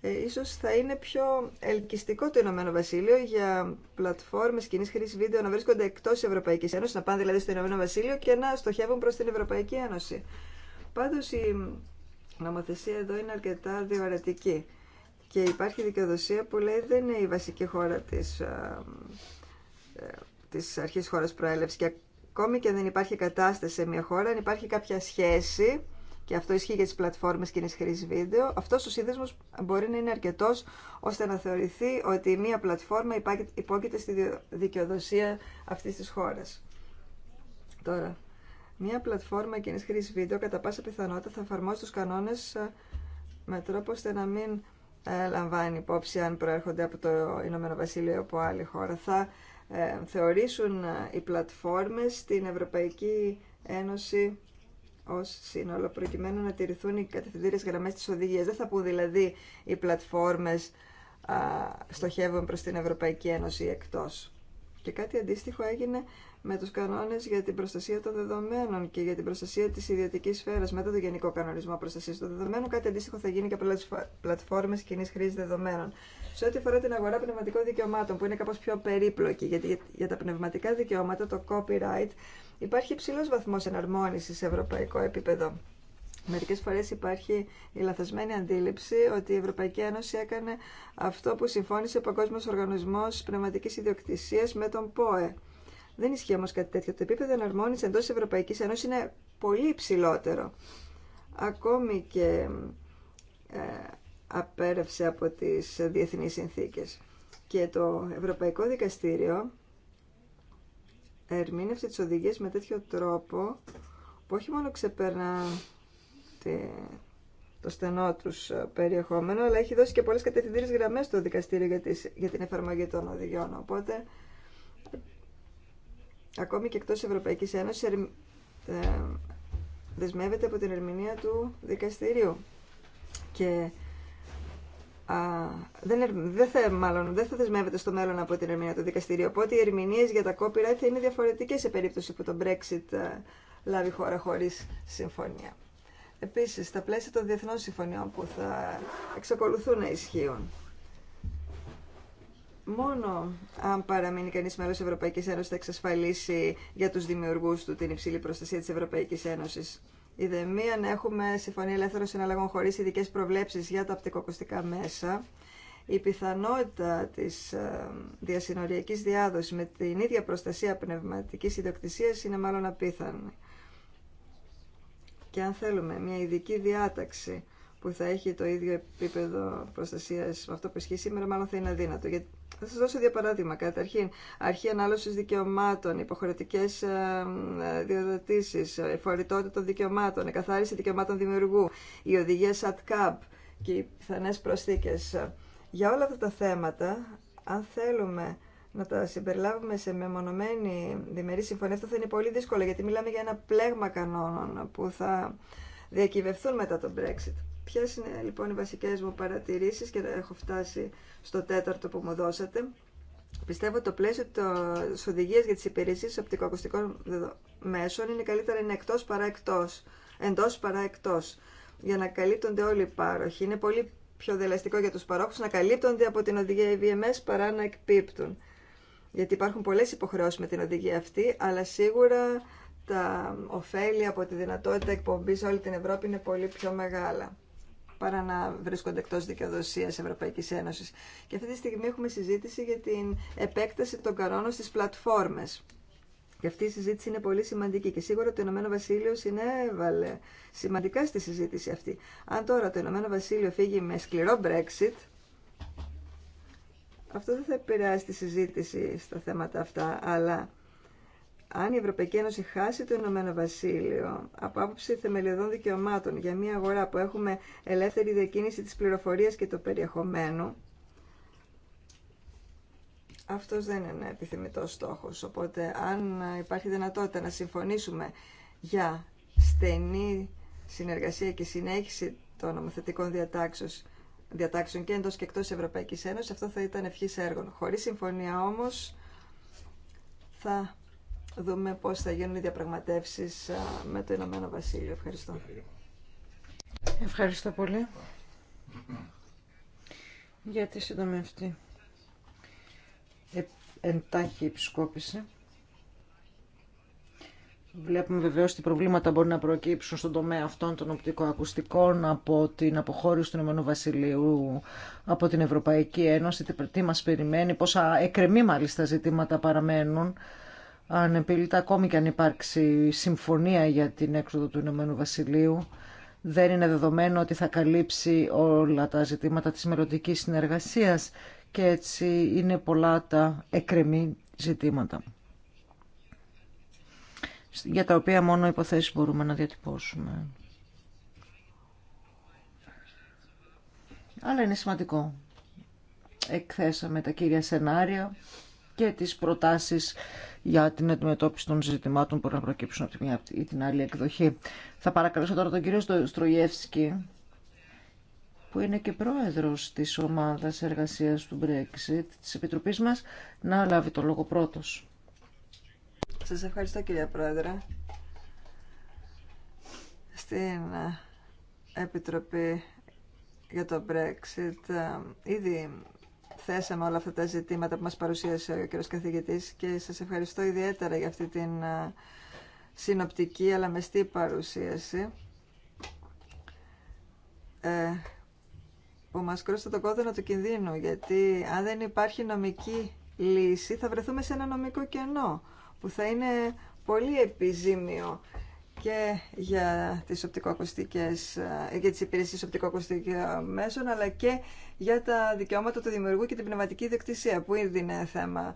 Ε, ίσως θα είναι πιο ελκυστικό το Ηνωμένο Βασίλειο για πλατφόρμε κοινή χρήση βίντεο να βρίσκονται εκτό Ευρωπαϊκή Ένωση, να πάνε δηλαδή στο Ηνωμένο Βασίλειο και να στοχεύουν προ την Ευρωπαϊκή Ένωση. Πάντω, η νομοθεσία εδώ είναι αρκετά διορατική και υπάρχει δικαιοδοσία που λέει δεν είναι η βασική χώρα της, α, ε, ε, της αρχής χώρας προέλευσης και ακόμη και δεν υπάρχει κατάσταση σε μια χώρα, αν υπάρχει κάποια σχέση και αυτό ισχύει για τις πλατφόρμες κοινής χρήσης βίντεο, αυτός ο σύνδεσμος μπορεί να είναι αρκετός ώστε να θεωρηθεί ότι μια πλατφόρμα υπόκειται στη δικαιοδοσία αυτής της χώρας. Τώρα, Μία πλατφόρμα κοινή χρήση βίντεο κατά πάσα πιθανότητα θα εφαρμόσει του κανόνε ε, με τρόπο ώστε να μην ε, λαμβάνει υπόψη αν προέρχονται από το Ηνωμένο Βασίλειο ή από άλλη χώρα. Θα ε, θεωρήσουν οι πλατφόρμες την Ευρωπαϊκή Ένωση ω σύνολο, προκειμένου να τηρηθούν οι κατευθυντήριε γραμμέ τη οδηγία. Δεν θα πούν δηλαδή οι πλατφόρμε στοχεύουν προ την Ευρωπαϊκή Ένωση εκτό. Και κάτι αντίστοιχο έγινε με τους κανόνες για την προστασία των δεδομένων και για την προστασία της ιδιωτικής σφαίρας μετά το Γενικό Κανονισμό Προστασίας των Δεδομένων. Κάτι αντίστοιχο θα γίνει και από πλατφόρμες κοινή χρήση δεδομένων. Σε ό,τι αφορά την αγορά πνευματικών δικαιωμάτων, που είναι κάπως πιο περίπλοκη, γιατί για τα πνευματικά δικαιώματα, το copyright, υπάρχει υψηλό βαθμός εναρμόνισης σε ευρωπαϊκό επίπεδο. Μερικέ φορέ υπάρχει η λαθασμένη αντίληψη ότι η Ευρωπαϊκή Ένωση έκανε αυτό που συμφώνησε ο Παγκόσμιο Οργανισμό Πνευματική Ιδιοκτησία με τον ΠΟΕ. Δεν ισχύει όμω κάτι τέτοιο. Το επίπεδο εναρμόνιση εντό Ευρωπαϊκή Ένωση είναι πολύ υψηλότερο. Ακόμη και ε, απέρευσε από τις διεθνείς συνθήκες. Και το Ευρωπαϊκό Δικαστήριο ερμήνευσε τις οδηγίες με τέτοιο τρόπο που όχι μόνο ξεπερνά το στενό τους περιεχόμενο, αλλά έχει δώσει και πολλές κατευθυντήρες γραμμές στο δικαστήριο για, την εφαρμογή των οδηγιών. Οπότε ακόμη και εκτός Ευρωπαϊκής Ένωσης ε, δεσμεύεται από την ερμηνεία του δικαστηρίου. Και α, δεν, δεν, θα, μάλλον, δεν θα δεσμεύεται στο μέλλον από την ερμηνεία του δικαστηρίου. Οπότε οι ερμηνείες για τα copyright θα είναι διαφορετικές σε περίπτωση που το Brexit ε, λάβει χώρα χωρίς συμφωνία. Επίσης, στα πλαίσια των διεθνών συμφωνιών που θα εξακολουθούν να ισχύουν μόνο αν παραμείνει κανεί μέλο της Ευρωπαϊκής Ένωσης θα εξασφαλίσει για του δημιουργού του την υψηλή προστασία τη Ευρωπαϊκή Ένωση. Η αν έχουμε συμφωνία ελεύθερων συναλλαγών χωρί ειδικέ προβλέψει για τα οπτικοακουστικά μέσα, η πιθανότητα τη ε, διασυνοριακή διάδοση με την ίδια προστασία πνευματική ιδιοκτησία είναι μάλλον απίθανη. Και αν θέλουμε μια ειδική διάταξη που θα έχει το ίδιο επίπεδο προστασία με αυτό που ισχύει σήμερα, μάλλον θα είναι αδύνατο. Γιατί θα σας δώσω δύο παράδειγμα. Καταρχήν, αρχή ανάλωσης δικαιωμάτων, υποχρεωτικές ε, ε, διοδοτήσεις, εφορητότητα των δικαιωμάτων, εκαθάριση δικαιωμάτων δημιουργού, οι οδηγίες ATCAP και οι πιθανές προσθήκες. Για όλα αυτά τα θέματα, αν θέλουμε να τα συμπεριλάβουμε σε μεμονωμένη διμερή συμφωνία, αυτό θα είναι πολύ δύσκολο, γιατί μιλάμε για ένα πλέγμα κανόνων που θα διακυβευθούν μετά τον Brexit. Ποιες είναι λοιπόν οι βασικές μου παρατηρήσεις και έχω φτάσει στο τέταρτο που μου δώσατε. Πιστεύω το πλαίσιο τη οδηγία για τι υπηρεσίε οπτικοακουστικών μέσων είναι καλύτερα είναι εκτό παρά εκτό. Εντό παρά εκτό. Για να καλύπτονται όλοι οι πάροχοι. Είναι πολύ πιο δελαστικό για του παρόχου να καλύπτονται από την οδηγία EVMS παρά να εκπίπτουν. Γιατί υπάρχουν πολλέ υποχρεώσει με την οδηγία αυτή, αλλά σίγουρα τα ωφέλη από τη δυνατότητα εκπομπή σε όλη την Ευρώπη είναι πολύ πιο μεγάλα παρά να βρίσκονται εκτό δικαιοδοσίας Ευρωπαϊκή Ένωση. Και αυτή τη στιγμή έχουμε συζήτηση για την επέκταση των κανόνων στι πλατφόρμες. Και αυτή η συζήτηση είναι πολύ σημαντική και σίγουρα το Ηνωμένο Βασίλειο συνέβαλε σημαντικά στη συζήτηση αυτή. Αν τώρα το Ηνωμένο Βασίλειο φύγει με σκληρό Brexit, αυτό δεν θα επηρεάσει τη συζήτηση στα θέματα αυτά, αλλά αν η Ευρωπαϊκή Ένωση χάσει το Ηνωμένο Βασίλειο από άποψη θεμελιωδών δικαιωμάτων για μια αγορά που έχουμε ελεύθερη διακίνηση της πληροφορίας και το περιεχομένου, αυτός δεν είναι επιθυμητός στόχος. Οπότε αν υπάρχει δυνατότητα να συμφωνήσουμε για στενή συνεργασία και συνέχιση των νομοθετικών διατάξεων και εντός και εκτός Ευρωπαϊκής Ένωσης, αυτό θα ήταν ευχής έργων. Χωρίς συμφωνία όμως θα δούμε πώς θα γίνουν οι διαπραγματεύσεις με το Ηνωμένο Βασίλειο. Ευχαριστώ. Ευχαριστώ πολύ για τη σύντομη αυτή ε, εντάχει επισκόπηση. Βλέπουμε βεβαίως ότι προβλήματα μπορεί να προκύψουν στον τομέα αυτών των οπτικοακουστικών από την αποχώρηση του Ηνωμένου Βασιλείου από την Ευρωπαϊκή Ένωση, τι μας περιμένει, πόσα εκρεμή μάλιστα ζητήματα παραμένουν ανεπίλητα ακόμη και αν υπάρξει συμφωνία για την έξοδο του Ηνωμένου Βασιλείου. Δεν είναι δεδομένο ότι θα καλύψει όλα τα ζητήματα της μελλοντική συνεργασίας και έτσι είναι πολλά τα εκρεμή ζητήματα για τα οποία μόνο υποθέσεις μπορούμε να διατυπώσουμε. Αλλά είναι σημαντικό. Εκθέσαμε τα κύρια σενάρια και τις προτάσεις για την αντιμετώπιση των ζητημάτων που να προκύψουν από τη την άλλη εκδοχή. Θα παρακαλέσω τώρα τον κύριο Στρογεύσκη, που είναι και πρόεδρος της ομάδας εργασίας του Brexit, της Επιτροπής μας, να λάβει το λόγο πρώτος. Σας ευχαριστώ κυρία Πρόεδρε. Στην ε, Επιτροπή για το Brexit ε, ήδη θέσαμε όλα αυτά τα ζητήματα που μας παρουσίασε ο κ. Καθηγητής και σας ευχαριστώ ιδιαίτερα για αυτή την ε, συνοπτική αλλά μεστή παρουσίαση ε, που μας κρούσε το κόδωνα του κινδύνου γιατί αν δεν υπάρχει νομική λύση θα βρεθούμε σε ένα νομικό κενό που θα είναι πολύ επιζήμιο και για τις οπτικοακουστικές, ε, για τις υπηρεσίες οπτικοακουστικών μέσων, αλλά και για τα δικαιώματα του δημιουργού και την πνευματική ιδιοκτησία, που ήδη είναι θέμα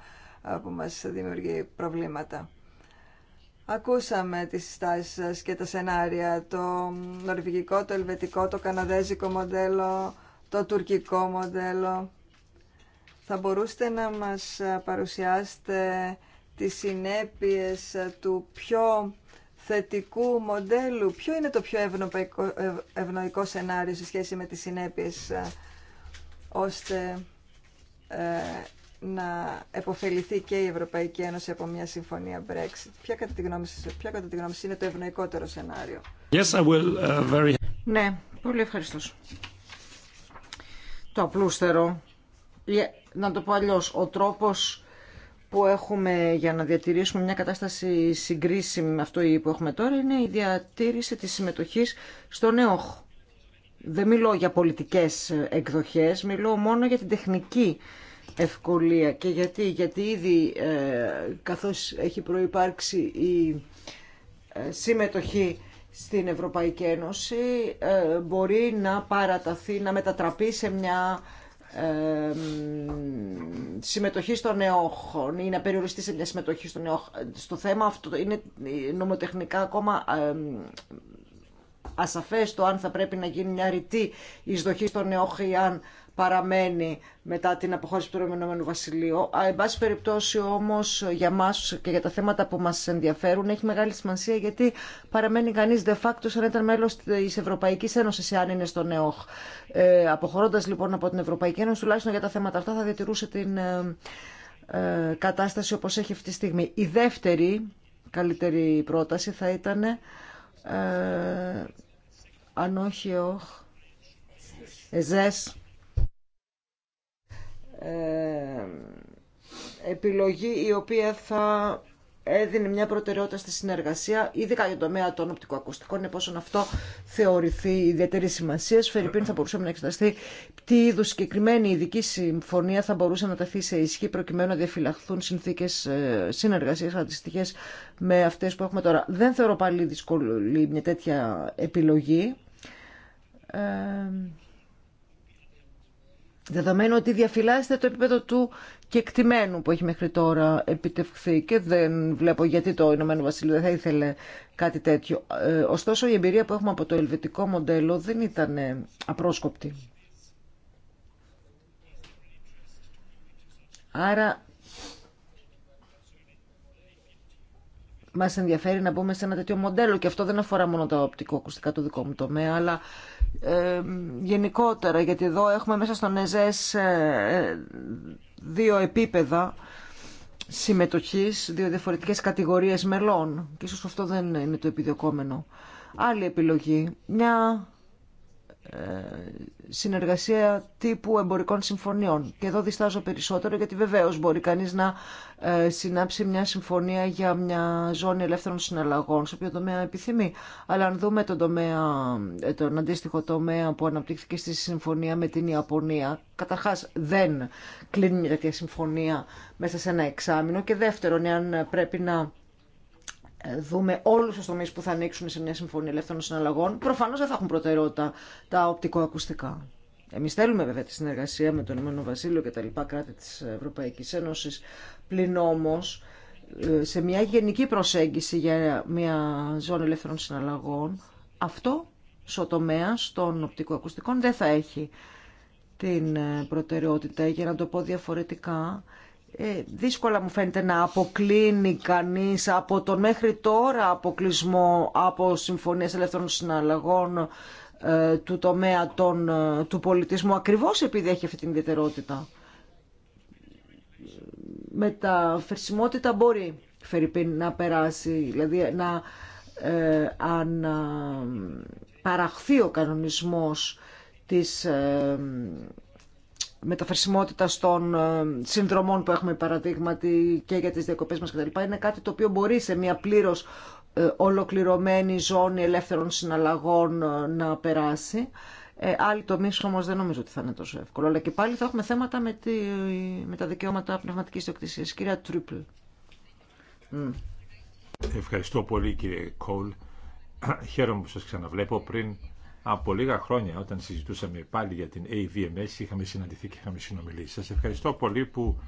ε, που μας δημιουργεί προβλήματα. Ακούσαμε τις στάσεις σας και τα σενάρια, το νορβηγικό, το ελβετικό, το καναδέζικο μοντέλο, το τουρκικό μοντέλο. Θα μπορούσατε να μας ε, παρουσιάσετε τις συνέπειες του πιο θετικού μοντέλου, ποιο είναι το πιο ευνοϊκό σενάριο σε σχέση με τις συνέπειες, ε, ώστε ε, να επωφεληθεί και η Ευρωπαϊκή Ένωση από μια συμφωνία Brexit. Ποια κατά τη γνώμη σας, ποια κατά τη γνώμη σας είναι το ευνοϊκότερο σενάριο. Yes, I will, uh, very... Ναι, πολύ ευχαριστώ. Το απλούστερο, να το πω αλλιώς, ο τρόπος που έχουμε για να διατηρήσουμε μια κατάσταση συγκρίσιμη με αυτό που έχουμε τώρα είναι η διατήρηση της συμμετοχής στον ΕΟΧ. Δεν μιλώ για πολιτικές εκδοχές, μιλώ μόνο για την τεχνική ευκολία. Και γιατί, γιατί ήδη ε, καθώς έχει προϋπάρξει η ε, συμμετοχή στην Ευρωπαϊκή Ένωση ε, μπορεί να παραταθεί, να μετατραπεί σε μια συμμετοχή των νεόχων ή να περιοριστεί σε μια συμμετοχή στον Στο θέμα αυτό είναι νομοτεχνικά ακόμα ασαφές το αν θα πρέπει να γίνει μια ρητή εισδοχή στον νεόχων ή αν παραμένει μετά την αποχώρηση του Ρωμανόμενου Βασιλείου. Εν πάση περιπτώσει όμως για μας και για τα θέματα που μας ενδιαφέρουν έχει μεγάλη σημασία γιατί παραμένει κανείς de facto σαν ήταν μέλος της Ευρωπαϊκής Ένωσης εάν είναι στο ΕΟΧ. Ε, αποχωρώντας λοιπόν από την Ευρωπαϊκή Ένωση τουλάχιστον για τα θέματα αυτά θα διατηρούσε την ε, ε κατάσταση όπως έχει αυτή τη στιγμή. Η δεύτερη καλύτερη πρόταση θα ήταν ε, αν όχι ΕΟΧ, ΕΖΕΣ, ε, επιλογή η οποία θα έδινε μια προτεραιότητα στη συνεργασία, ειδικά για το τομέα των οπτικοακουστικών, εφόσον αυτό θεωρηθεί ιδιαίτερη σημασία. Φερρυπίν θα μπορούσαμε να εξεταστεί τι είδου συγκεκριμένη ειδική συμφωνία θα μπορούσε να ταθεί σε ισχύ προκειμένου να διαφυλαχθούν συνθήκε συνεργασία αντιστοιχέ με αυτέ που έχουμε τώρα. Δεν θεωρώ πάλι δύσκολη μια τέτοια επιλογή. Ε, Δεδομένου ότι διαφυλάσσεται το επίπεδο του κεκτημένου που έχει μέχρι τώρα επιτευχθεί και δεν βλέπω γιατί το Ηνωμένο Βασίλειο δεν θα ήθελε κάτι τέτοιο. Ε, ωστόσο η εμπειρία που έχουμε από το ελβετικό μοντέλο δεν ήταν ε, απρόσκοπτη. Άρα Μα ενδιαφέρει να μπούμε σε ένα τέτοιο μοντέλο και αυτό δεν αφορά μόνο τα οπτικοακουστικά του δικό μου τομέα αλλά ε, γενικότερα γιατί εδώ έχουμε μέσα στον ΕΖΕΣ δύο επίπεδα συμμετοχή, δύο διαφορετικέ κατηγορίε μελών και ίσως αυτό δεν είναι το επιδιωκόμενο. Άλλη επιλογή, μια ε, συνεργασία τύπου εμπορικών συμφωνιών. Και εδώ διστάζω περισσότερο γιατί βεβαίως μπορεί κανείς να ε, συνάψει μια συμφωνία για μια ζώνη ελεύθερων συναλλαγών σε οποίο τομέα επιθυμεί. Αλλά αν δούμε τον, τομέα, ε, τον αντίστοιχο τομέα που αναπτύχθηκε στη συμφωνία με την Ιαπωνία, καταρχάς δεν κλείνει μια τέτοια συμφωνία μέσα σε ένα εξάμεινο και δεύτερον, εάν πρέπει να δούμε όλους τους τομείς που θα ανοίξουν σε μια συμφωνία ελεύθερων συναλλαγών, προφανώς δεν θα έχουν προτεραιότητα τα οπτικοακουστικά. Εμείς θέλουμε βέβαια τη συνεργασία με τον Ηνωμένο Βασίλειο και τα λοιπά κράτη της Ευρωπαϊκής Ένωσης, πλην όμως σε μια γενική προσέγγιση για μια ζώνη ελεύθερων συναλλαγών, αυτό στο τομέα των οπτικοακουστικών δεν θα έχει την προτεραιότητα. Για να το πω διαφορετικά, ε, δύσκολα μου φαίνεται να αποκλίνει κανείς από τον μέχρι τώρα αποκλεισμό από συμφωνίες ελεύθερων συναλλαγών ε, του τομέα των, ε, του πολιτισμού ακριβώς επειδή έχει αυτή την ιδιαιτερότητα. Με τα φερσιμότητα μπορεί Φερρυπίν να περάσει, δηλαδή να αν, παραχθεί ο κανονισμός της μεταφερσιμότητα των ε, συνδρομών που έχουμε παραδείγματι και για τις διακοπές μας κλπ. Είναι κάτι το οποίο μπορεί σε μια πλήρως ε, ολοκληρωμένη ζώνη ελεύθερων συναλλαγών ε, να περάσει. Ε, άλλοι τομείς όμως δεν νομίζω ότι θα είναι τόσο εύκολο. Αλλά και πάλι θα έχουμε θέματα με, τη, με τα δικαιώματα πνευματικής διοκτησίας. Κυρία Τρίπλ. Ευχαριστώ πολύ κύριε Κόλ. Χαίρομαι που σας ξαναβλέπω. Πριν από λίγα χρόνια όταν συζητούσαμε πάλι για την AVMS είχαμε συναντηθεί και είχαμε συνομιλήσει. Σας ευχαριστώ πολύ που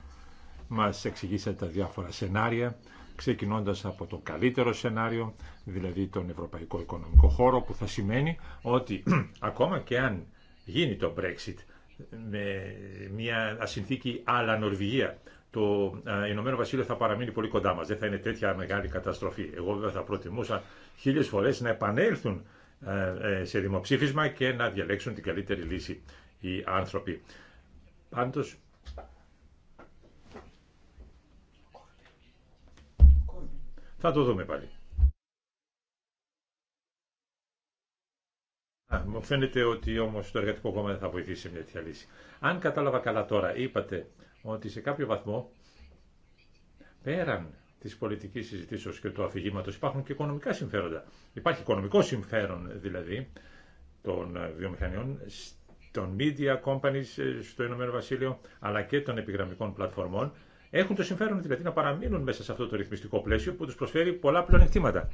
μας εξηγήσατε τα διάφορα σενάρια ξεκινώντας από το καλύτερο σενάριο, δηλαδή τον Ευρωπαϊκό Οικονομικό Χώρο, που θα σημαίνει ότι ακόμα και αν γίνει το Brexit με μια ασυνθήκη άλλα Νορβηγία, το Ηνωμένο Βασίλειο θα παραμείνει πολύ κοντά μας. Δεν θα είναι τέτοια μεγάλη καταστροφή. Εγώ βέβαια θα προτιμούσα χίλιες φορές να επανέλθουν ε, ε, σε δημοψήφισμα και να διαλέξουν την καλύτερη λύση οι άνθρωποι. Πάντως, θα το δούμε πάλι. Μου φαίνεται ότι όμως το εργατικό κόμμα δεν θα βοηθήσει σε μια τέτοια λύση. Αν κατάλαβα καλά τώρα, είπατε ότι σε κάποιο βαθμό πέραν Τη πολιτική συζητήσεως και του αφηγήματο υπάρχουν και οικονομικά συμφέροντα. Υπάρχει οικονομικό συμφέρον δηλαδή των ε, βιομηχανιών των media companies ε, στο Ηνωμένο Βασίλειο αλλά και των επιγραμμικών πλατφορμών έχουν το συμφέρον δηλαδή να παραμείνουν μέσα σε αυτό το ρυθμιστικό πλαίσιο που τους προσφέρει πολλά πλεονεκτήματα.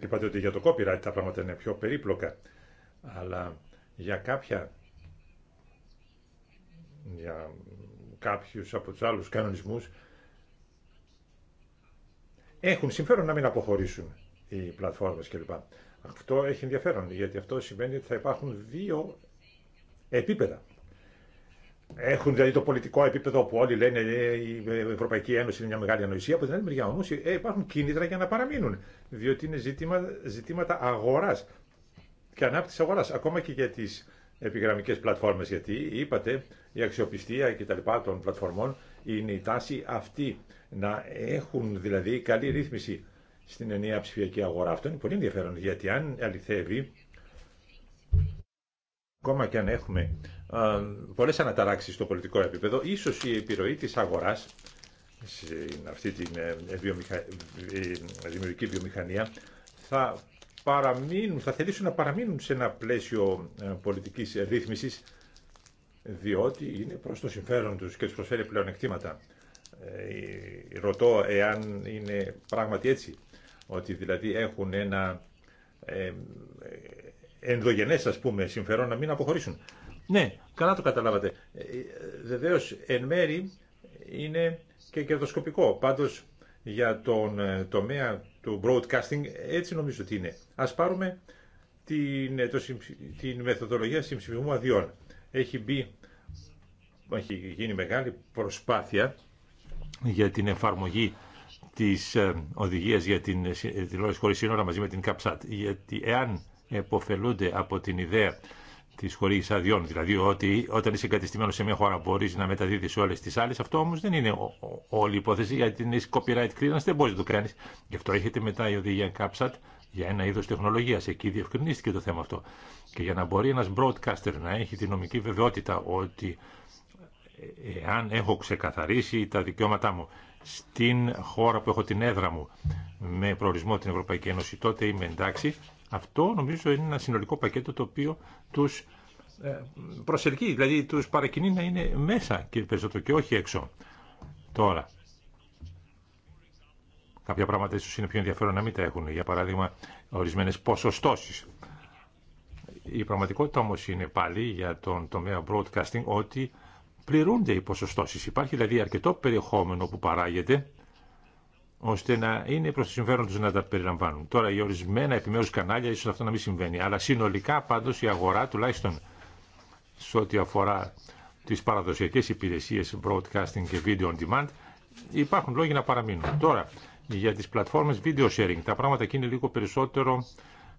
Είπατε ότι για το copyright τα πράγματα είναι πιο περίπλοκα, αλλά για κάποια για κάποιους από τους άλλους κανονισμού έχουν συμφέρον να μην αποχωρήσουν οι πλατφόρμες κλπ. Αυτό έχει ενδιαφέρον, γιατί αυτό σημαίνει ότι θα υπάρχουν δύο επίπεδα. Έχουν δηλαδή το πολιτικό επίπεδο που όλοι λένε «Ε, η Ευρωπαϊκή Ένωση είναι μια μεγάλη ανοησία. Από την άλλη μεριά όμω ε, υπάρχουν κίνητρα για να παραμείνουν. Διότι είναι ζητήμα, ζητήματα αγορά και ανάπτυξη αγορά. Ακόμα και για τι επιγραμμικές πλατφόρμες γιατί είπατε η αξιοπιστία και τα λοιπά των πλατφορμών είναι η τάση αυτή να έχουν δηλαδή καλή ρύθμιση στην ενιαία ψηφιακή αγορά. Αυτό είναι πολύ ενδιαφέρον γιατί αν αληθεύει ακόμα και αν έχουμε α, πολλές αναταράξεις στο πολιτικό επίπεδο ίσως η επιρροή της αγοράς σε αυτή τη ε, ε, ε, δημιουργική βιομηχανία θα παραμείνουν, θα θελήσουν να παραμείνουν σε ένα πλαίσιο ε, πολιτικής ε, ρύθμισης διότι είναι προς το συμφέρον τους και τους προσφέρει πλεονεκτήματα. Ε, ρωτώ εάν είναι πράγματι έτσι, ότι δηλαδή έχουν ένα ενδογενές ας πούμε συμφέρον να μην αποχωρήσουν. Ναι, καλά το καταλάβατε. Βεβαίω εν μέρη είναι και κερδοσκοπικό. Πάντως για τον τομέα το broadcasting, έτσι νομίζω ότι είναι. Ας πάρουμε την, ε, το, την μεθοδολογία συμψηφισμού αδειών. Έχει, μπει, έχει γίνει μεγάλη προσπάθεια για την εφαρμογή της ε, οδηγίας για την δηλώση ε, χωρίς σύνορα μαζί με την ΚΑΠΣΑΤ. Γιατί εάν εποφελούνται από την ιδέα τη χωρί αδειών. Δηλαδή ότι όταν είσαι εγκατεστημένο σε μια χώρα μπορεί να μεταδίδει σε όλε τι άλλε. Αυτό όμω δεν είναι όλη η υπόθεση γιατί είναι copyright clearance, δεν μπορεί να το κάνει. Γι' αυτό έχετε μετά η οδηγία CAPSAT για ένα είδο τεχνολογία. Εκεί διευκρινίστηκε το θέμα αυτό. Και για να μπορεί ένα broadcaster να έχει τη νομική βεβαιότητα ότι εάν έχω ξεκαθαρίσει τα δικαιώματά μου στην χώρα που έχω την έδρα μου με προορισμό την Ευρωπαϊκή Ένωση, τότε είμαι εντάξει αυτό νομίζω είναι ένα συνολικό πακέτο το οποίο τους ε, προσελκύει, δηλαδή τους παρακινεί να είναι μέσα και περισσότερο και όχι έξω. Τώρα, κάποια πράγματα ίσω είναι πιο ενδιαφέρον να μην τα έχουν, για παράδειγμα ορισμένες ποσοστώσεις. Η πραγματικότητα όμως είναι πάλι για τον τομέα broadcasting ότι πληρούνται οι ποσοστώσεις. Υπάρχει δηλαδή αρκετό περιεχόμενο που παράγεται ώστε να είναι προ το συμφέρον του να τα περιλαμβάνουν. Τώρα, οι ορισμένα επιμέρου κανάλια ίσω αυτό να μην συμβαίνει. Αλλά συνολικά πάντω η αγορά, τουλάχιστον σε ό,τι αφορά τι παραδοσιακέ υπηρεσίε broadcasting και video on demand, υπάρχουν λόγοι να παραμείνουν. Τώρα, για τι πλατφόρμες video sharing, τα πράγματα εκεί είναι λίγο περισσότερο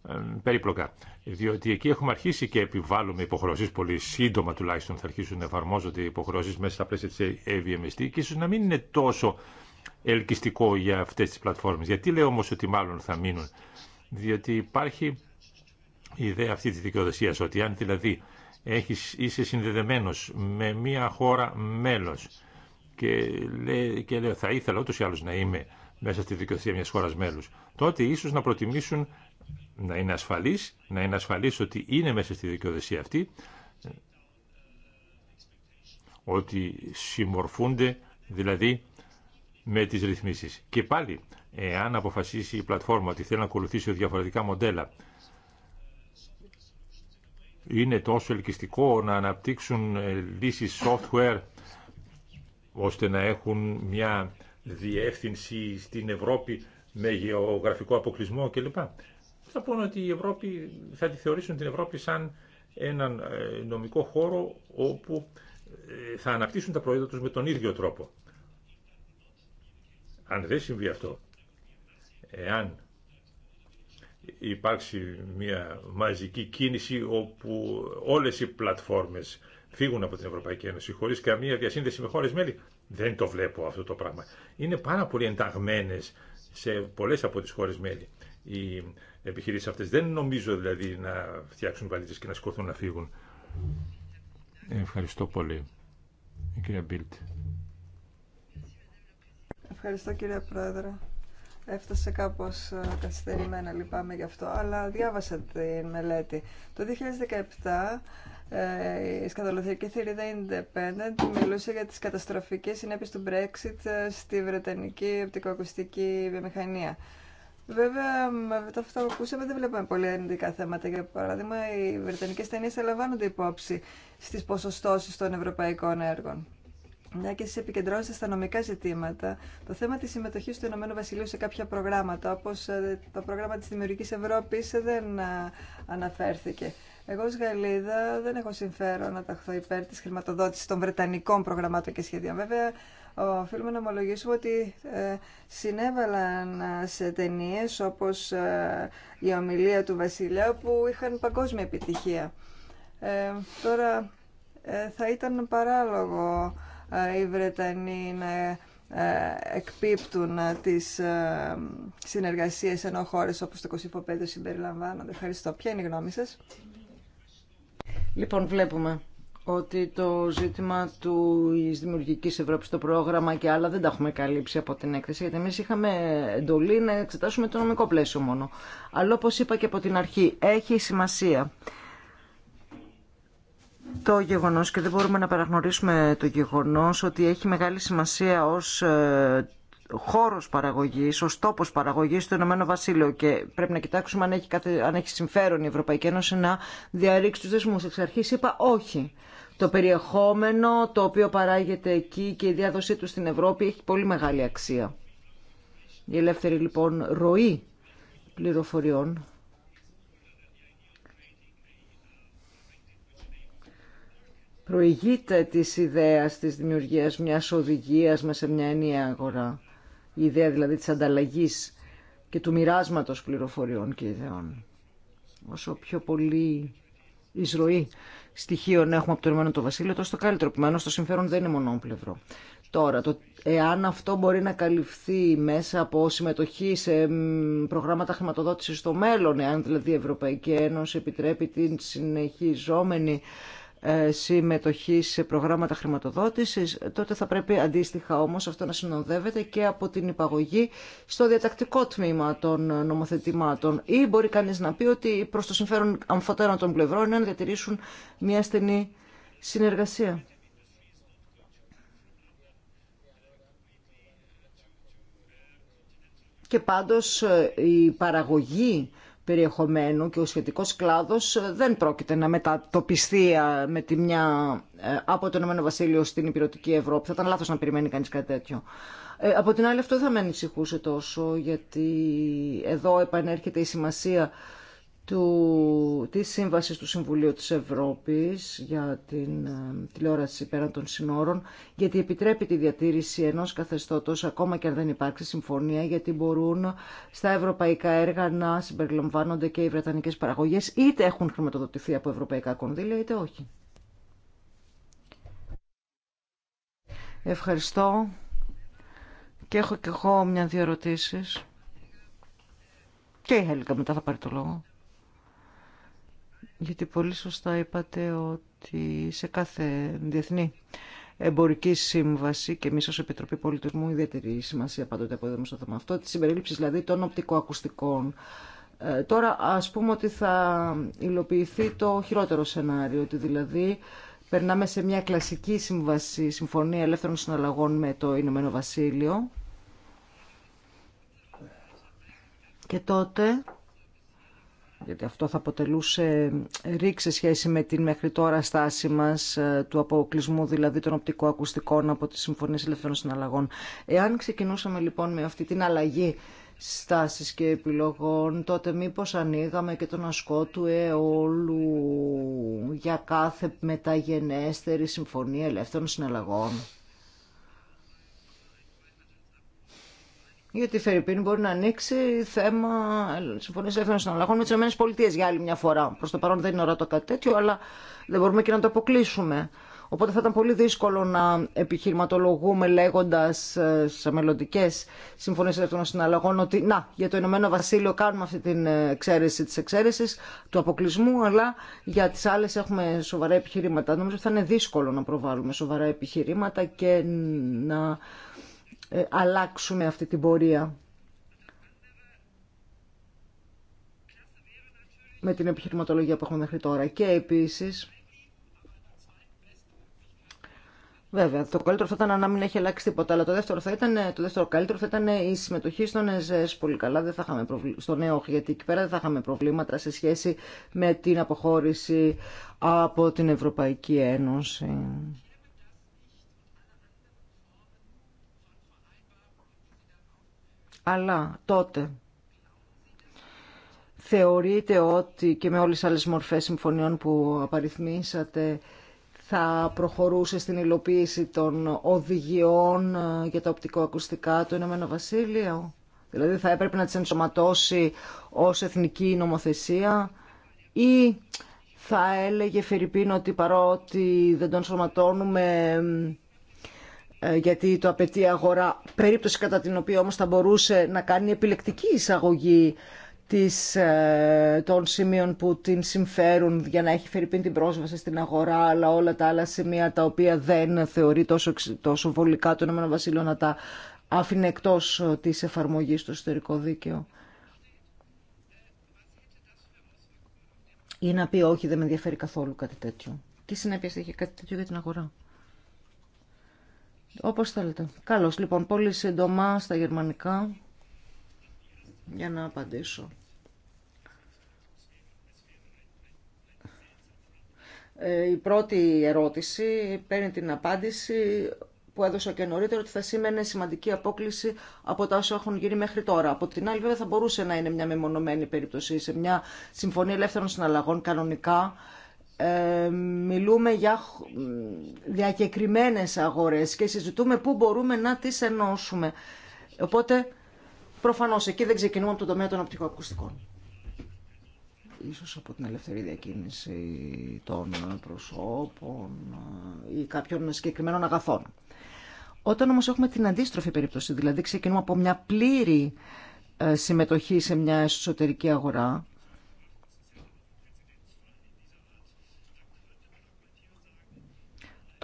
ε, περίπλοκα. Διότι εκεί έχουμε αρχίσει και επιβάλλουμε υποχρεώσει, πολύ σύντομα τουλάχιστον θα αρχίσουν να εφαρμόζονται οι υποχρεώσει μέσα στα πλαίσια τη AVMST και ίσω να μην είναι τόσο ελκυστικό για αυτές τις πλατφόρμες. Γιατί λέω όμως ότι μάλλον θα μείνουν. Διότι υπάρχει η ιδέα αυτή της δικαιοδοσία ότι αν δηλαδή έχεις, είσαι συνδεδεμένος με μια χώρα μέλος και, λέει, και λέω θα ήθελα ούτως ή άλλως να είμαι μέσα στη δικαιοδοσία μιας χώρας μέλους, τότε ίσως να προτιμήσουν να είναι ασφαλής, να είναι ασφαλής ότι είναι μέσα στη δικαιοδοσία αυτή, ότι συμμορφούνται δηλαδή με τις ρυθμίσεις. Και πάλι, εάν αποφασίσει η πλατφόρμα ότι θέλει να ακολουθήσει διαφορετικά μοντέλα, είναι τόσο ελκυστικό να αναπτύξουν ε, λύσεις software ώστε να έχουν μια διεύθυνση στην Ευρώπη με γεωγραφικό αποκλεισμό κλπ. Θα πούνε ότι η Ευρώπη, θα τη θεωρήσουν την Ευρώπη σαν έναν ε, νομικό χώρο όπου ε, θα αναπτύσσουν τα προϊόντα τους με τον ίδιο τρόπο. Αν δεν συμβεί αυτό, εάν υπάρξει μια μαζική κίνηση όπου όλες οι πλατφόρμες φύγουν από την Ευρωπαϊκή Ένωση χωρίς καμία διασύνδεση με χώρες μέλη, δεν το βλέπω αυτό το πράγμα. Είναι πάρα πολύ ενταγμένες σε πολλές από τις χώρες μέλη οι επιχειρήσεις αυτές. Δεν νομίζω δηλαδή να φτιάξουν βαλίτσες και να σκορθούν να φύγουν. Ευχαριστώ πολύ. κύριε Μπίλτ. Ευχαριστώ κύριε Πρόεδρε. Έφτασε κάπως ε, καθυστερημένα, λυπάμαι γι' αυτό, αλλά διάβασα τη μελέτη. Το 2017 ε, η σκαταλωθιακή θηρίδα Independent μιλούσε για τις καταστροφικές συνέπειες του Brexit ε, στη Βρετανική οπτικοακουστική βιομηχανία. Βέβαια, με αυτό που ακούσαμε δεν βλέπαμε πολύ αρνητικά θέματα. Για παράδειγμα, οι Βρετανικές ταινίες θα υπόψη στι ποσοστώσεις των ευρωπαϊκών έργων μια και εσεί επικεντρώνεστε στα νομικά ζητήματα, το θέμα της συμμετοχής του Ηνωμένου Βασιλείου σε κάποια προγράμματα, όπως ε, το πρόγραμμα τη Δημιουργική Ευρώπη, ε, δεν ε, αναφέρθηκε. Εγώ ως Γαλλίδα δεν έχω συμφέρον να ταχθώ υπέρ της χρηματοδότησης των Βρετανικών προγραμμάτων και σχεδίων. Βέβαια, οφείλουμε να ομολογήσουμε ότι συνέβαλαν σε ταινίε όπως η ομιλία του Βασιλιά που είχαν παγκόσμια επιτυχία. Ε, τώρα θα ήταν παράλογο ε, οι Βρετανοί να ε, εκπίπτουν ε, τις συνεργασίες ενώ χώρες όπως το 25 συμπεριλαμβάνονται. Ευχαριστώ. Ποια είναι η γνώμη σας? Λοιπόν, βλέπουμε ότι το ζήτημα του Δημιουργική Ευρώπη, το πρόγραμμα και άλλα δεν τα έχουμε καλύψει από την έκθεση, γιατί εμείς είχαμε εντολή να εξετάσουμε το νομικό πλαίσιο μόνο. Αλλά όπως είπα και από την αρχή, έχει σημασία το γεγονός και δεν μπορούμε να παραγνωρίσουμε το γεγονός ότι έχει μεγάλη σημασία ως ε, χώρος παραγωγής, ως τόπος παραγωγής στο Ηνωμένο Βασίλειο και πρέπει να κοιτάξουμε αν έχει, αν έχει συμφέρον η Ευρωπαϊκή Ένωση να διαρρήξει τους δεσμούς. Εξ αρχής είπα όχι. Το περιεχόμενο το οποίο παράγεται εκεί και η διάδοσή του στην Ευρώπη έχει πολύ μεγάλη αξία. Η ελεύθερη λοιπόν ροή πληροφοριών προηγείται της ιδέας της δημιουργίας μιας οδηγίας μέσα σε μια ενιαία αγορά. Η ιδέα δηλαδή της ανταλλαγής και του μοιράσματο πληροφοριών και ιδεών. Όσο πιο πολύ εισρωή στοιχείων έχουμε από το Ρωμανό το Βασίλειο, τόσο το καλύτερο. Επομένω, το συμφέρον δεν είναι μονόπλευρο. Τώρα, εάν αυτό μπορεί να καλυφθεί μέσα από συμμετοχή σε προγράμματα χρηματοδότηση στο μέλλον, εάν δηλαδή η Ευρωπαϊκή Ένωση επιτρέπει την συνεχιζόμενη ε, συμμετοχή σε προγράμματα χρηματοδότησης, τότε θα πρέπει αντίστοιχα όμως αυτό να συνοδεύεται και από την υπαγωγή στο διατακτικό τμήμα των νομοθετημάτων. Ή μπορεί κανείς να πει ότι προς το συμφέρον αμφωτέρων των πλευρών είναι να διατηρήσουν μια στενή συνεργασία. Και πάντως ε, η παραγωγή περιεχομένου και ο σχετικός κλάδος ε, δεν πρόκειται να μετατοπιστεί ε, με τη μια ε, από το Ηνωμένο Βασίλειο στην υπηρετική Ευρώπη. Θα ήταν λάθος να περιμένει κανείς κάτι τέτοιο. Ε, από την άλλη αυτό δεν θα με ανησυχούσε τόσο γιατί εδώ επανέρχεται η σημασία του, της Σύμβασης του Συμβουλίου της Ευρώπης για την ε, τηλεόραση πέραν των συνόρων, γιατί επιτρέπει τη διατήρηση ενός καθεστώτος, ακόμα και αν δεν υπάρξει συμφωνία, γιατί μπορούν στα ευρωπαϊκά έργα να συμπεριλαμβάνονται και οι βρετανικές παραγωγές, είτε έχουν χρηματοδοτηθεί από ευρωπαϊκά κονδύλια, είτε όχι. Ευχαριστώ. Και έχω και εγώ μια-δύο ερωτήσεις. Και η Ελίκα μετά θα πάρει το λόγο γιατί πολύ σωστά είπατε ότι σε κάθε διεθνή εμπορική σύμβαση και εμεί ω Επιτροπή Πολιτισμού ιδιαίτερη σημασία πάντοτε αποδίδουμε στο θέμα αυτό, τη συμπερίληψη δηλαδή των οπτικοακουστικών. Ε, τώρα ας πούμε ότι θα υλοποιηθεί το χειρότερο σενάριο, ότι δηλαδή περνάμε σε μια κλασική σύμβαση, συμφωνία ελεύθερων συναλλαγών με το Ηνωμένο Βασίλειο και τότε γιατί αυτό θα αποτελούσε ε, ρήξη σε σχέση με την μέχρι τώρα στάση μας ε, του αποκλεισμού δηλαδή των οπτικοακουστικών από τις συμφωνίες ελευθερών συναλλαγών. Εάν ξεκινούσαμε λοιπόν με αυτή την αλλαγή στάσεις και επιλογών, τότε μήπως ανοίγαμε και τον ασκό του εόλου για κάθε μεταγενέστερη συμφωνία ελεύθερων συναλλαγών. γιατί η Φερρυπίνη μπορεί να ανοίξει θέμα συμφωνία ελεύθερων συναλλαγών με τι ΗΠΑ για άλλη μια φορά. Προ το παρόν δεν είναι ορατό κάτι τέτοιο, αλλά δεν μπορούμε και να το αποκλείσουμε. Οπότε θα ήταν πολύ δύσκολο να επιχειρηματολογούμε λέγοντα ε, σε μελλοντικέ συμφωνίε ελεύθερων συναλλαγών ότι να, για το Ηνωμένο Βασίλειο κάνουμε αυτή την ε, εξαίρεση τη εξαίρεση του αποκλεισμού, αλλά για τι άλλε έχουμε σοβαρά επιχειρήματα. Νομίζω ότι θα είναι δύσκολο να προβάλλουμε σοβαρά επιχειρήματα και να ε, αλλάξουμε αυτή την πορεία. με την επιχειρηματολογία που έχουμε μέχρι τώρα. Και επίσης, Βέβαια, το καλύτερο θα ήταν να μην έχει αλλάξει τίποτα, αλλά το δεύτερο, θα ήταν, το δεύτερο καλύτερο θα ήταν η συμμετοχή στον ΕΖΕΣ πολύ καλά, δεν θα είχαμε στον ΕΟΧ, γιατί εκεί πέρα δεν θα είχαμε προβλήματα σε σχέση με την αποχώρηση από την Ευρωπαϊκή Ένωση. Αλλά τότε θεωρείτε ότι και με όλες τις άλλες μορφές συμφωνιών που απαριθμίσατε θα προχωρούσε στην υλοποίηση των οδηγιών ε, για τα οπτικοακουστικά του Ηνωμένου Βασίλειο. Δηλαδή θα έπρεπε να τις ενσωματώσει ως εθνική νομοθεσία ή θα έλεγε Φερρυπίν ότι παρότι δεν τον σωματώνουμε ε, γιατί το απαιτεί αγορά, περίπτωση κατά την οποία όμως θα μπορούσε να κάνει επιλεκτική εισαγωγή της, ε, των σημείων που την συμφέρουν για να έχει φερειπίν την πρόσβαση στην αγορά αλλά όλα τα άλλα σημεία τα οποία δεν θεωρεί τόσο, τόσο βολικά το ΕΒ Βασίλειο να τα άφηνε εκτός ε, της εφαρμογής στο εσωτερικό δίκαιο. Ή να πει όχι δεν με ενδιαφέρει καθόλου κάτι τέτοιο. Τι συνέπειες έχει κάτι τέτοιο για την αγορά. Όπως θέλετε. Καλώς. Λοιπόν, πολύ σύντομα στα γερμανικά για να απαντήσω. Ε, η πρώτη ερώτηση παίρνει την απάντηση που έδωσα και νωρίτερα ότι θα σήμαινε σημαντική απόκληση από τα όσα έχουν γίνει μέχρι τώρα. Από την άλλη, βέβαια, θα μπορούσε να είναι μια μεμονωμένη περίπτωση σε μια συμφωνία ελεύθερων συναλλαγών κανονικά ε, μιλούμε για διακεκριμένες αγορές και συζητούμε πού μπορούμε να τις ενώσουμε. Οπότε, προφανώς, εκεί δεν ξεκινούμε από τον τομέα των οπτικοακουστικών. Ίσως από την ελεύθερη διακίνηση των προσώπων ή κάποιων συγκεκριμένων αγαθών. Όταν όμως έχουμε την αντίστροφη περίπτωση, δηλαδή ξεκινούμε από μια πλήρη ε, συμμετοχή σε μια εσωτερική αγορά,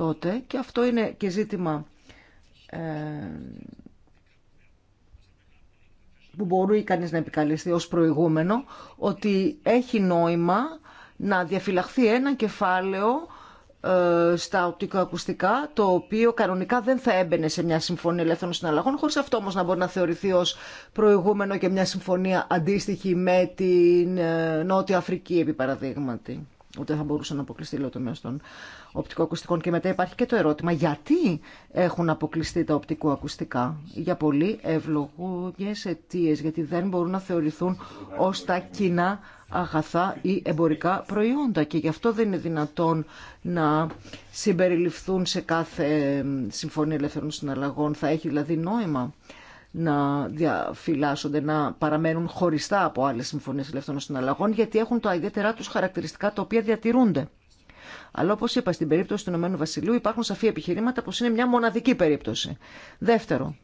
τότε και αυτό είναι και ζήτημα ε, που μπορεί κανείς να επικαλεστεί ως προηγούμενο ότι έχει νόημα να διαφυλαχθεί ένα κεφάλαιο ε, στα οπτικοακουστικά, το οποίο κανονικά δεν θα έμπαινε σε μια συμφωνία ελεύθερων συναλλαγών, χωρίς αυτό όμως να μπορεί να θεωρηθεί ως προηγούμενο και μια συμφωνία αντίστοιχη με την ε, Νότια Αφρική, επί παραδείγματι ούτε θα μπορούσε να αποκλειστεί το λοτομία των οπτικοακουστικών. Και μετά υπάρχει και το ερώτημα γιατί έχουν αποκλειστεί τα οπτικοακουστικά για πολύ ευλογέ αιτίε, γιατί δεν μπορούν να θεωρηθούν ω τα κοινά αγαθά ή εμπορικά προϊόντα και γι' αυτό δεν είναι δυνατόν να συμπεριληφθούν σε κάθε ε, συμφωνία ελεύθερων συναλλαγών. Θα έχει δηλαδή νόημα να διαφυλάσσονται, να παραμένουν χωριστά από άλλες συμφωνίες ελεύθερων συναλλαγών, γιατί έχουν τα ιδιαίτερά τους χαρακτηριστικά τα οποία διατηρούνται. Αλλά όπως είπα, στην περίπτωση του Ηνωμένου Βασιλείου υπάρχουν σαφή επιχειρήματα πως είναι μια μοναδική περίπτωση. Δεύτερο,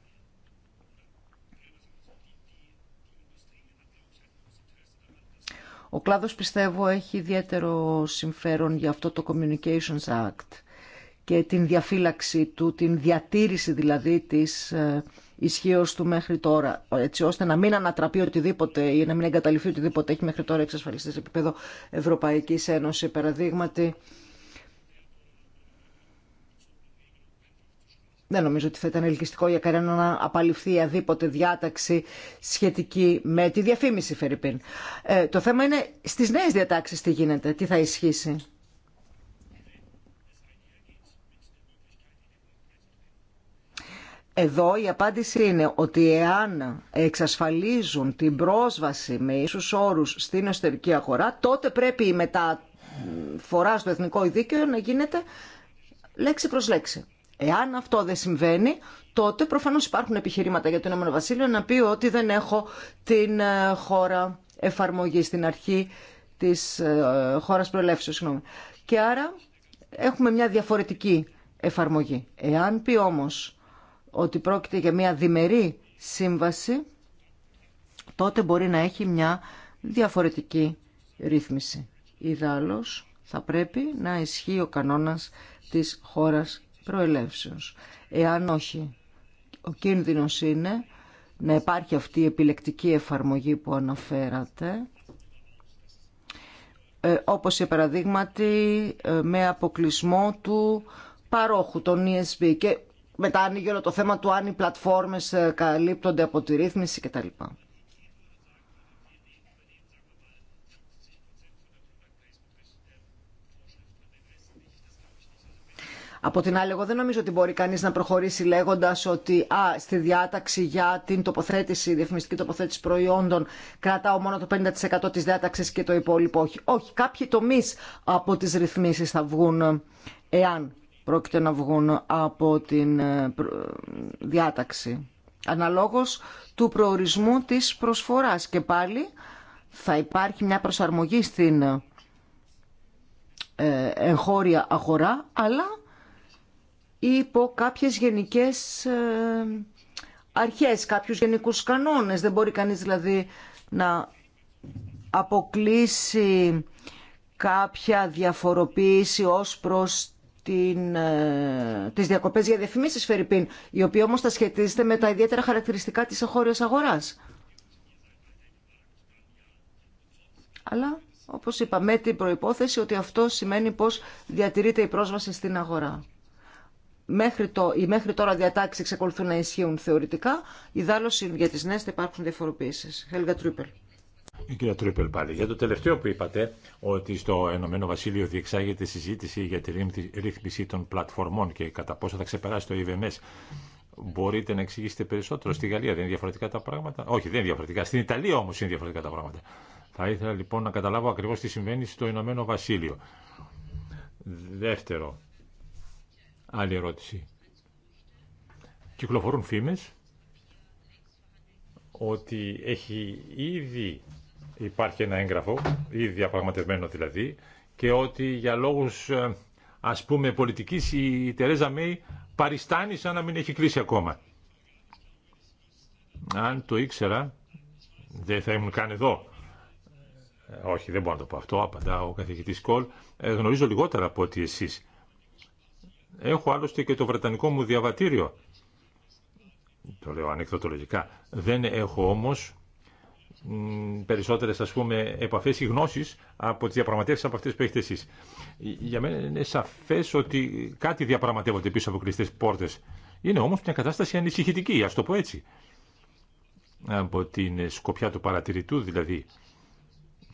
Ο κλάδος πιστεύω έχει ιδιαίτερο συμφέρον για αυτό το Communications Act και την διαφύλαξη του, την διατήρηση δηλαδή της ε, ισχύω του μέχρι τώρα, έτσι ώστε να μην ανατραπεί οτιδήποτε ή να μην εγκαταλειφθεί οτιδήποτε έχει μέχρι τώρα εξασφαλιστεί σε επίπεδο Ευρωπαϊκή Ένωση. Παραδείγματι, Δεν νομίζω ότι θα ήταν ελκυστικό για κανένα να απαλληφθεί αδίποτε διάταξη σχετική με τη διαφήμιση, Φερρυπίν. Ε, το θέμα είναι στις νέες διατάξεις τι γίνεται, τι θα ισχύσει. Εδώ η απάντηση είναι ότι εάν εξασφαλίζουν την πρόσβαση με ίσους όρους στην εσωτερική αγορά, τότε πρέπει η μεταφορά στο εθνικό δίκαιο να γίνεται λέξη προς λέξη. Εάν αυτό δεν συμβαίνει, τότε προφανώς υπάρχουν επιχειρήματα για το Ηνωμένο Βασίλειο να πει ότι δεν έχω την ε, χώρα εφαρμογή στην αρχή της ε, χώρας προελεύσεως. Και άρα έχουμε μια διαφορετική εφαρμογή. Εάν πει όμως ότι πρόκειται για μια διμερή σύμβαση, τότε μπορεί να έχει μια διαφορετική ρύθμιση. Ιδάλλως θα πρέπει να ισχύει ο κανόνας της χώρας προελεύσεως. Εάν όχι, ο κίνδυνος είναι να υπάρχει αυτή η επιλεκτική εφαρμογή που αναφέρατε, ε, όπως για παραδείγματι ε, με αποκλεισμό του παρόχου, των ESB. Και μετά ανοίγει όλο το θέμα του αν οι πλατφόρμες ε, καλύπτονται από τη ρύθμιση κτλ. Από την άλλη, εγώ δεν νομίζω ότι μπορεί κανείς να προχωρήσει λέγοντας ότι α, στη διάταξη για την τοποθέτηση, διαφημιστική τοποθέτηση προϊόντων κρατάω μόνο το 50% της διάταξης και το υπόλοιπο όχι. Όχι, κάποιοι τομείς από τις ρυθμίσεις θα βγουν ε, εάν πρόκειται να βγουν από την ε, διάταξη. Αναλόγως του προορισμού της προσφοράς και πάλι θα υπάρχει μια προσαρμογή στην ε, εγχώρια αγορά, αλλά υπό κάποιες γενικές ε, αρχές, κάποιους γενικούς κανόνες. Δεν μπορεί κανείς δηλαδή να αποκλείσει κάποια διαφοροποίηση ως προς την, διακοπέ ε, τις διακοπές για διαφημίσεις Φερρυπίν, η οποία όμως θα σχετίζεται με τα ιδιαίτερα χαρακτηριστικά της εγχώριας αγοράς. Αλλά, όπως είπα, με την προϋπόθεση ότι αυτό σημαίνει πως διατηρείται η πρόσβαση στην αγορά. Μέχρι το, οι μέχρι τώρα διατάξει εξακολουθούν να ισχύουν θεωρητικά, η δάλωση για τις νέες θα υπάρχουν διαφοροποίησεις. Χέλγα η κυρία πάλι. Για το τελευταίο που είπατε, ότι στο Ενωμένο Βασίλειο διεξάγεται συζήτηση για τη ρύθμιση των πλατφορμών και κατά πόσο θα ξεπεράσει το EVMS. Μπορείτε να εξηγήσετε περισσότερο. Στη Γαλλία δεν είναι διαφορετικά τα πράγματα. Όχι, δεν είναι διαφορετικά. Στην Ιταλία όμω είναι διαφορετικά τα πράγματα. Θα ήθελα λοιπόν να καταλάβω ακριβώ τι συμβαίνει στο Ηνωμένο Βασίλειο. Δεύτερο. Άλλη ερώτηση. Κυκλοφορούν φήμες ότι έχει ήδη υπάρχει ένα έγγραφο, ήδη διαπραγματευμένο δηλαδή, και ότι για λόγους ε, ας πούμε πολιτικής η Τερέζα Μέη παριστάνει σαν να μην έχει κλείσει ακόμα. Αν το ήξερα, δεν θα ήμουν καν εδώ. Ε, όχι, δεν μπορώ να το πω αυτό, απαντά ο καθηγητής Κολ. Ε, γνωρίζω λιγότερα από ότι εσείς. Έχω άλλωστε και το βρετανικό μου διαβατήριο. Το λέω ανεκδοτολογικά. Δεν έχω όμως περισσότερες ας πούμε επαφές ή γνώσει από τι διαπραγματεύσει από αυτέ που έχετε εσεί. Για μένα είναι σαφέ ότι κάτι διαπραγματεύονται πίσω από κλειστέ πόρτες. Είναι όμως μια κατάσταση ανησυχητική, α το πω έτσι. Από την σκοπιά του παρατηρητού δηλαδή.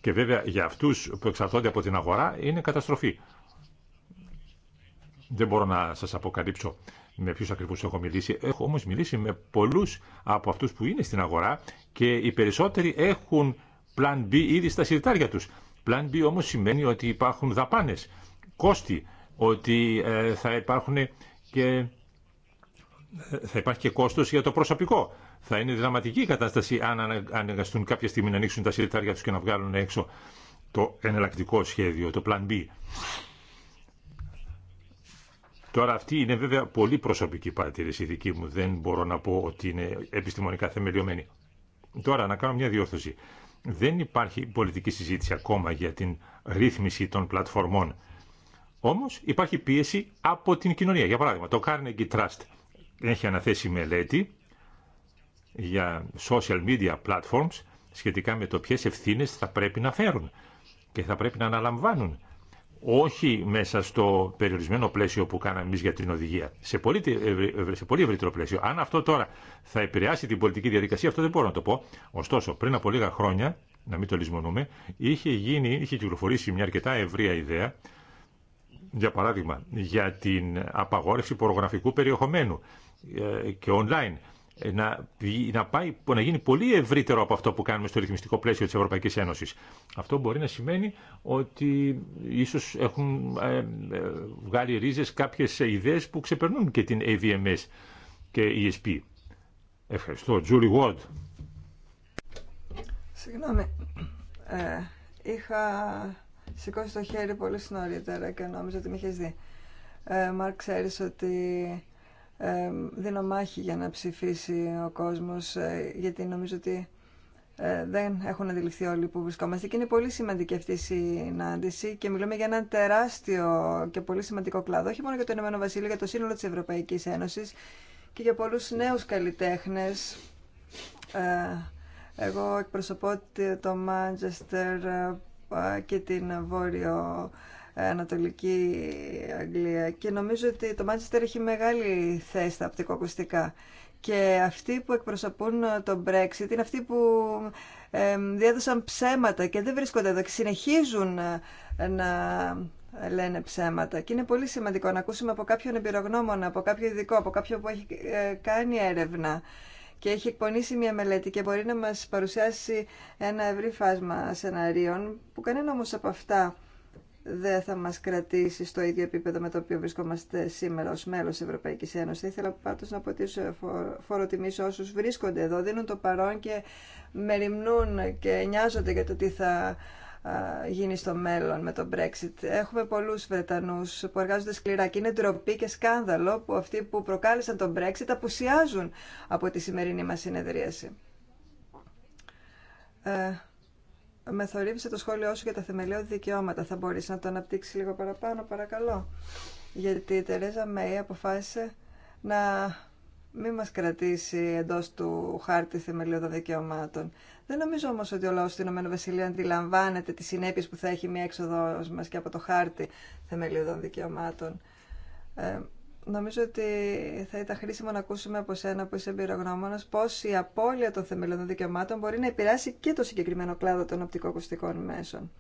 Και βέβαια για αυτούς που εξαρτώνται από την αγορά είναι καταστροφή. Δεν μπορώ να σας αποκαλύψω με ποιου ακριβώ έχω μιλήσει. Έχω όμως μιλήσει με πολλούς από αυτούς που είναι στην αγορά και οι περισσότεροι έχουν Plan B ήδη στα συρτάρια τους. Plan B όμως σημαίνει ότι υπάρχουν δαπάνες, κόστη, ότι ε, θα υπάρχουν και ε, θα υπάρχει και κόστος για το προσωπικό. Θα είναι δραματική η κατάσταση αν αναγκαστούν κάποια στιγμή να ανοίξουν τα συρτάρια τους και να βγάλουν έξω το εναλλακτικό σχέδιο, το Plan B. Τώρα αυτή είναι βέβαια πολύ προσωπική παρατήρηση δική μου. Δεν μπορώ να πω ότι είναι επιστημονικά θεμελιωμένη. Τώρα να κάνω μια διόρθωση. Δεν υπάρχει πολιτική συζήτηση ακόμα για την ρύθμιση των πλατφορμών. Όμω υπάρχει πίεση από την κοινωνία. Για παράδειγμα, το Carnegie Trust έχει αναθέσει μελέτη για social media platforms σχετικά με το ποιε ευθύνε θα πρέπει να φέρουν και θα πρέπει να αναλαμβάνουν όχι μέσα στο περιορισμένο πλαίσιο που κάναμε εμεί για την οδηγία, σε πολύ, σε πολύ ευρύτερο πλαίσιο. Αν αυτό τώρα θα επηρεάσει την πολιτική διαδικασία, αυτό δεν μπορώ να το πω. Ωστόσο, πριν από λίγα χρόνια, να μην το λησμονούμε, είχε, γίνει, είχε κυκλοφορήσει μια αρκετά ευρεία ιδέα, για παράδειγμα, για την απαγόρευση πορογραφικού περιεχομένου ε, και online. Ε, να, να, πάει, να γίνει πολύ ευρύτερο από αυτό που κάνουμε στο ρυθμιστικό πλαίσιο της Ευρωπαϊκής Ένωσης. Αυτό μπορεί να σημαίνει ότι ίσως έχουν ε, ε βγάλει ρίζες κάποιες ιδέες που ξεπερνούν και την AVMS και ESP. Ευχαριστώ. Τζούλι Ward. Συγγνώμη. Ε, είχα σηκώσει το χέρι πολύ νωρίτερα και νόμιζα ότι με είχες δει. Ε, Μαρκ, ξέρεις ότι ε, δίνω μάχη για να ψηφίσει ο κόσμος, ε, γιατί νομίζω ότι ε, δεν έχουν αντιληφθεί όλοι που βρισκόμαστε και είναι πολύ σημαντική αυτή η συνάντηση και μιλούμε για ένα τεράστιο και πολύ σημαντικό κλάδο, όχι μόνο για το Ηνωμένο Βασίλειο, για το σύνολο της Ευρωπαϊκής Ένωσης και για πολλούς νέους καλλιτέχνες. Εγώ εκπροσωπώ το Μάντζεστερ και την Βόρειο Ανατολική Αγγλία και νομίζω ότι το Μάντσεστερ έχει μεγάλη θέση στα οπτικοακουστικά και αυτοί που εκπροσωπούν ε, τον Brexit είναι αυτοί που διέδωσαν ψέματα και δεν βρίσκονται εδώ και συνεχίζουν ε, να λένε ψέματα. Και είναι πολύ σημαντικό να ακούσουμε από κάποιον εμπειρογνώμονα, από κάποιο ειδικό, από κάποιον που έχει ε, κάνει έρευνα και έχει εκπονήσει μια μελέτη και μπορεί να μας παρουσιάσει ένα ευρύ φάσμα σεναρίων που κανένα όμως από αυτά δεν θα μας κρατήσει στο ίδιο επίπεδο με το οποίο βρισκόμαστε σήμερα ως μέλος της Ευρωπαϊκής Ένωσης. Θα ήθελα πάντως να ποτίσω φόρο τιμής όσους βρίσκονται εδώ, δίνουν το παρόν και μεριμνούν και νοιάζονται για το τι θα γίνει στο μέλλον με το Brexit. Έχουμε πολλούς Βρετανούς που εργάζονται σκληρά και είναι ντροπή και σκάνδαλο που αυτοί που προκάλεσαν τον Brexit απουσιάζουν από τη σημερινή μας συνεδρίαση. Ε, θορύβησε το σχόλιο σου για τα θεμελιώδη δικαιώματα. Θα μπορείς να το αναπτύξει λίγο παραπάνω, παρακαλώ. Γιατί η Τερέζα Μέη αποφάσισε να μην μας κρατήσει εντός του χάρτη θεμελιώδων δικαιωμάτων. Δεν νομίζω όμως ότι ο λαός του Ηνωμένου Βασιλείου αντιλαμβάνεται τις συνέπειες που θα έχει μια έξοδος μας και από το χάρτη θεμελιώδων δικαιωμάτων. Ε, Νομίζω ότι θα ήταν χρήσιμο να ακούσουμε από σένα που είσαι εμπειρογνώμονα πώ η απώλεια των θεμελιωδών δικαιωμάτων μπορεί να επηρεάσει και το συγκεκριμένο κλάδο των οπτικοακουστικών μέσων.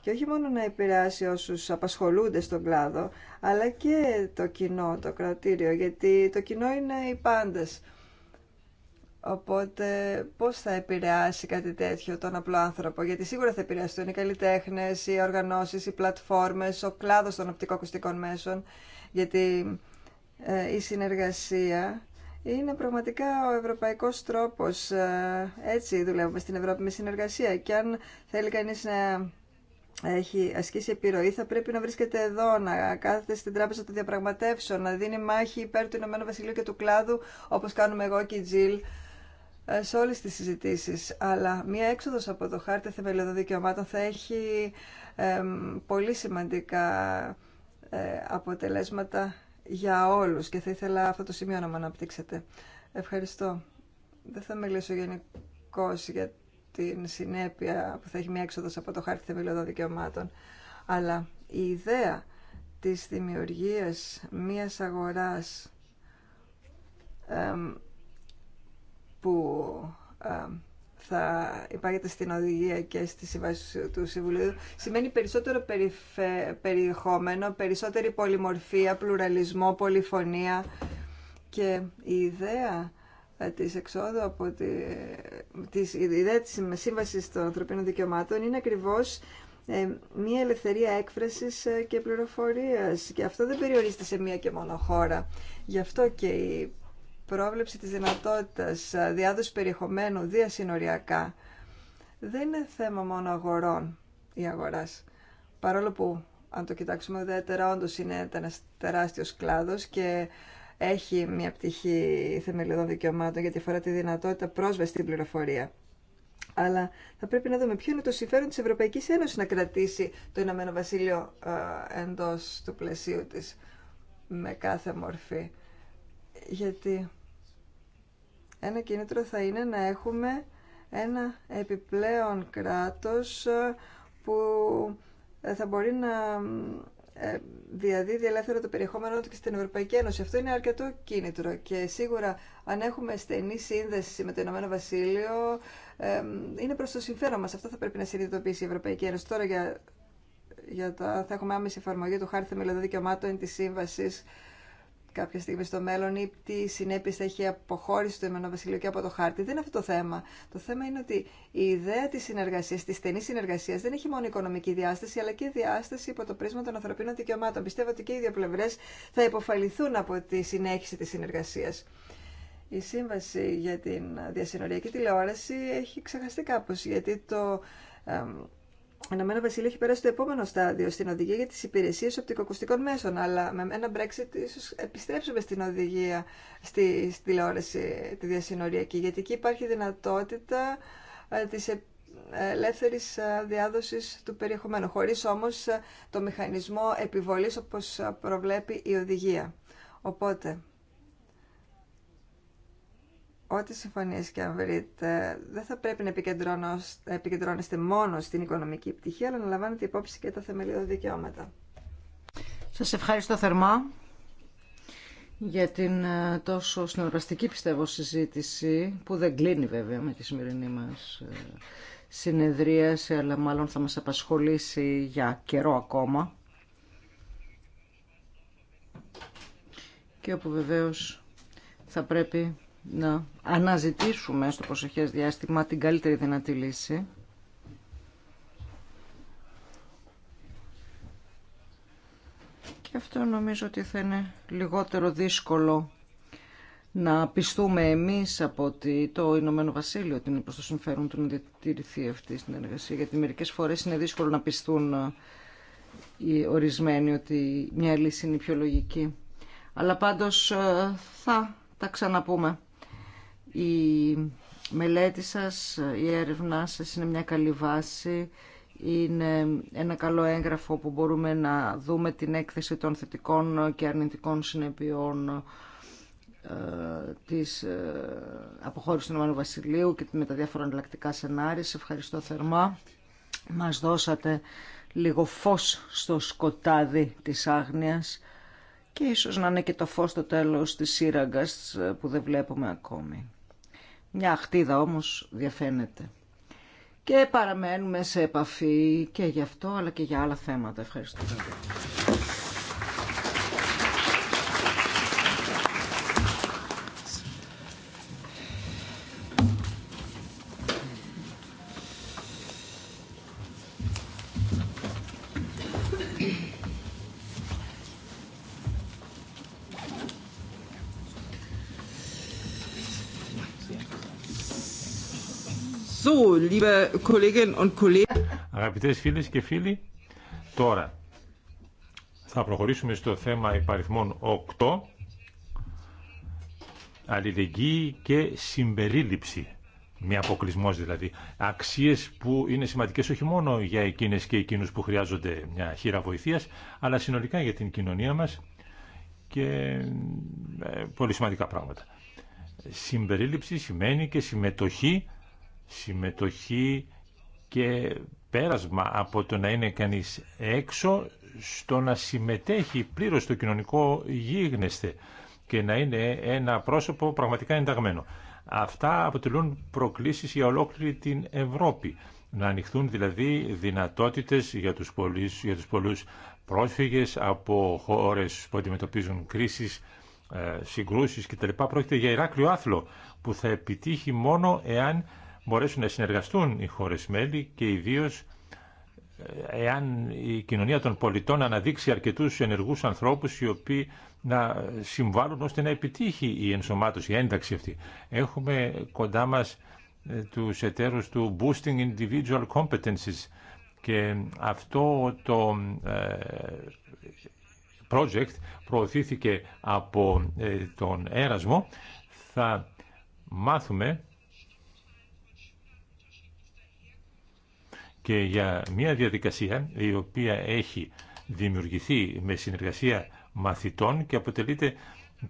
Και όχι μόνο να επηρεάσει όσου απασχολούνται στον κλάδο, αλλά και το κοινό, το κρατήριο, γιατί το κοινό είναι οι πάντε. Οπότε πώ θα επηρεάσει κάτι τέτοιο τον απλό άνθρωπο, γιατί σίγουρα θα επηρεαστούν οι καλλιτέχνε, οι οργανώσει, οι πλατφόρμε, ο κλάδο των οπτικοακουστικών μέσων, γιατί ε, η συνεργασία είναι πραγματικά ο ευρωπαϊκός τρόπος. Ε, έτσι δουλεύουμε στην Ευρώπη με συνεργασία. Και αν θέλει κανείς να έχει ασκήσει επιρροή, θα πρέπει να βρίσκεται εδώ, να κάθεται στην Τράπεζα του Διαπραγματεύσεων, να δίνει μάχη υπέρ του Ηνωμένου Βασιλείου και του κλάδου, όπως κάνουμε εγώ και η Τζιλ, ε, σε όλες τις συζητήσεις. Αλλά μία έξοδος από το χάρτη θεμελιωδών δικαιωμάτων θα έχει πολύ σημαντικά αποτελέσματα για όλους και θα ήθελα αυτό το σημείο να μου αναπτύξετε. Ευχαριστώ. Δεν θα μιλήσω γενικώ για την συνέπεια που θα έχει μια έξοδος από το χάρτη θεμελιωδών δικαιωμάτων, αλλά η ιδέα της δημιουργίας μιας αγοράς που θα υπάγεται στην οδηγία και στη συμβάση του Συμβουλίου σημαίνει περισσότερο περιεχόμενο, περισσότερη πολυμορφία, πλουραλισμό, πολυφωνία και η ιδέα ε, της εξόδου από τη, της, η ιδέα της σύμβασης των ανθρωπίνων δικαιωμάτων είναι ακριβώς ε, μία ελευθερία έκφρασης ε, και πληροφορίας και αυτό δεν περιορίζεται σε μία και μόνο χώρα. Γι' αυτό και πρόβλεψη της δυνατότητας διάδοση περιεχομένου διασυνοριακά δεν είναι θέμα μόνο αγορών ή αγοράς. Παρόλο που, αν το κοιτάξουμε ιδιαίτερα, όντω είναι ένα τεράστιο κλάδο και έχει μια πτυχή θεμελιωδών δικαιωμάτων γιατί αφορά τη δυνατότητα πρόσβαση στην πληροφορία. Αλλά θα πρέπει να δούμε ποιο είναι το συμφέρον τη Ευρωπαϊκή Ένωση να κρατήσει το Ηνωμένο Βασίλειο εντό του πλαισίου τη με κάθε μορφή. Γιατί ένα κίνητρο θα είναι να έχουμε ένα επιπλέον κράτος ε, που ε, θα μπορεί να ε, διαδίδει ελεύθερα το περιεχόμενο του και στην Ευρωπαϊκή Ένωση. Αυτό είναι αρκετό κίνητρο και σίγουρα αν έχουμε στενή σύνδεση με το Ηνωμένο Βασίλειο είναι προς το συμφέρον μας. Αυτό θα πρέπει να συνειδητοποιήσει η Ευρωπαϊκή Ένωση. Τώρα για, για θα έχουμε άμεση εφαρμογή του Χάρτη Θεμελιωδών Δικαιωμάτων της σύμβαση κάποια στιγμή στο μέλλον ή τι συνέπειε θα έχει αποχώρηση του Ηνωμένου Βασιλείου και από το χάρτη. Δεν είναι αυτό το θέμα. Το θέμα είναι ότι η ιδέα τη συνεργασία, τη στενή συνεργασία, δεν έχει μόνο οικονομική διάσταση, αλλά και διάσταση υπό το πρίσμα των ανθρωπίνων δικαιωμάτων. Πιστεύω ότι και οι δύο πλευρέ θα υποφαληθούν από τη συνέχιση τη συνεργασία. Η σύμβαση για την διασυνοριακή τηλεόραση έχει ξεχαστεί κάπω γιατί το Ηνωμένο Βασίλειο έχει περάσει το επόμενο στάδιο στην οδηγία για τι υπηρεσίε οπτικοακουστικών μέσων. Αλλά με ένα Brexit ίσω επιστρέψουμε στην οδηγία στη, τηλεόραση τη διασυνοριακή. Γιατί εκεί υπάρχει δυνατότητα ε, τη ε, ελεύθερη ε, διάδοση του περιεχομένου. Χωρί όμω το μηχανισμό επιβολή όπω προβλέπει η οδηγία. Οπότε ό,τι συμφωνίες και αν βρείτε, δεν θα πρέπει να επικεντρώνεστε μόνο στην οικονομική πτυχή, αλλά να λαμβάνετε υπόψη και τα θεμελιώδη δικαιώματα. Σας ευχαριστώ θερμά για την ε, τόσο συνεργαστική πιστεύω συζήτηση, που δεν κλείνει βέβαια με τη σημερινή μας ε, συνεδρίαση, αλλά μάλλον θα μας απασχολήσει για καιρό ακόμα. Και όπου βεβαίως θα πρέπει να αναζητήσουμε στο προσεχές διάστημα την καλύτερη δυνατή λύση. Και αυτό νομίζω ότι θα είναι λιγότερο δύσκολο να πιστούμε εμείς από ότι το Ηνωμένο Βασίλειο ότι είναι προς το συμφέρον του να διατηρηθεί αυτή στην συνεργασία γιατί μερικές φορές είναι δύσκολο να πιστούν ε, οι ορισμένοι ότι μια λύση είναι πιο λογική. Αλλά πάντως ε, θα τα ξαναπούμε. Η μελέτη σας, η έρευνά σας είναι μια καλή βάση, είναι ένα καλό έγγραφο που μπορούμε να δούμε την έκθεση των θετικών και αρνητικών συνεπειών ε, της ε, αποχώρησης του νομανού Βασιλείου και με τα διάφορα εναλλακτικά σενάρια. Σε ευχαριστώ θερμά. Μας δώσατε λίγο φως στο σκοτάδι της άγνοιας και ίσως να είναι και το φως στο τέλος της σύραγγας ε, που δεν βλέπουμε ακόμη. Μια αχτίδα όμως διαφαίνεται. Και παραμένουμε σε επαφή και γι' αυτό αλλά και για άλλα θέματα. Ευχαριστώ. Αγαπητέ φίλε Αγαπητές φίλες και φίλοι, τώρα θα προχωρήσουμε στο θέμα υπαριθμών 8, αλληλεγγύη και συμπερίληψη. Μια αποκλεισμό δηλαδή. Αξίε που είναι σημαντικέ όχι μόνο για εκείνε και εκείνου που χρειάζονται μια χείρα βοηθεία, αλλά συνολικά για την κοινωνία μα και ε, πολύ σημαντικά πράγματα. Συμπερίληψη σημαίνει και συμμετοχή συμμετοχή και πέρασμα από το να είναι κανείς έξω στο να συμμετέχει πλήρως στο κοινωνικό γίγνεσθε και να είναι ένα πρόσωπο πραγματικά ενταγμένο. Αυτά αποτελούν προκλήσεις για ολόκληρη την Ευρώπη. Να ανοιχθούν δηλαδή δυνατότητες για τους πολλούς, για τους πολλούς πρόσφυγες από χώρες που αντιμετωπίζουν κρίσεις, ε, συγκρούσεις κτλ. Πρόκειται για Ηράκλειο άθλο που θα επιτύχει μόνο εάν μπορέσουν να συνεργαστούν οι χώρες μέλη και ιδίως ε, εάν η κοινωνία των πολιτών αναδείξει αρκετούς ενεργούς ανθρώπους οι οποίοι να συμβάλλουν ώστε να επιτύχει η ενσωμάτωση, η ένταξη αυτή. Έχουμε κοντά μας ε, τους εταίρους του Boosting Individual Competencies και αυτό το ε, project προωθήθηκε από τον Έρασμο. Θα μάθουμε και για μια διαδικασία η οποία έχει δημιουργηθεί με συνεργασία μαθητών και αποτελείται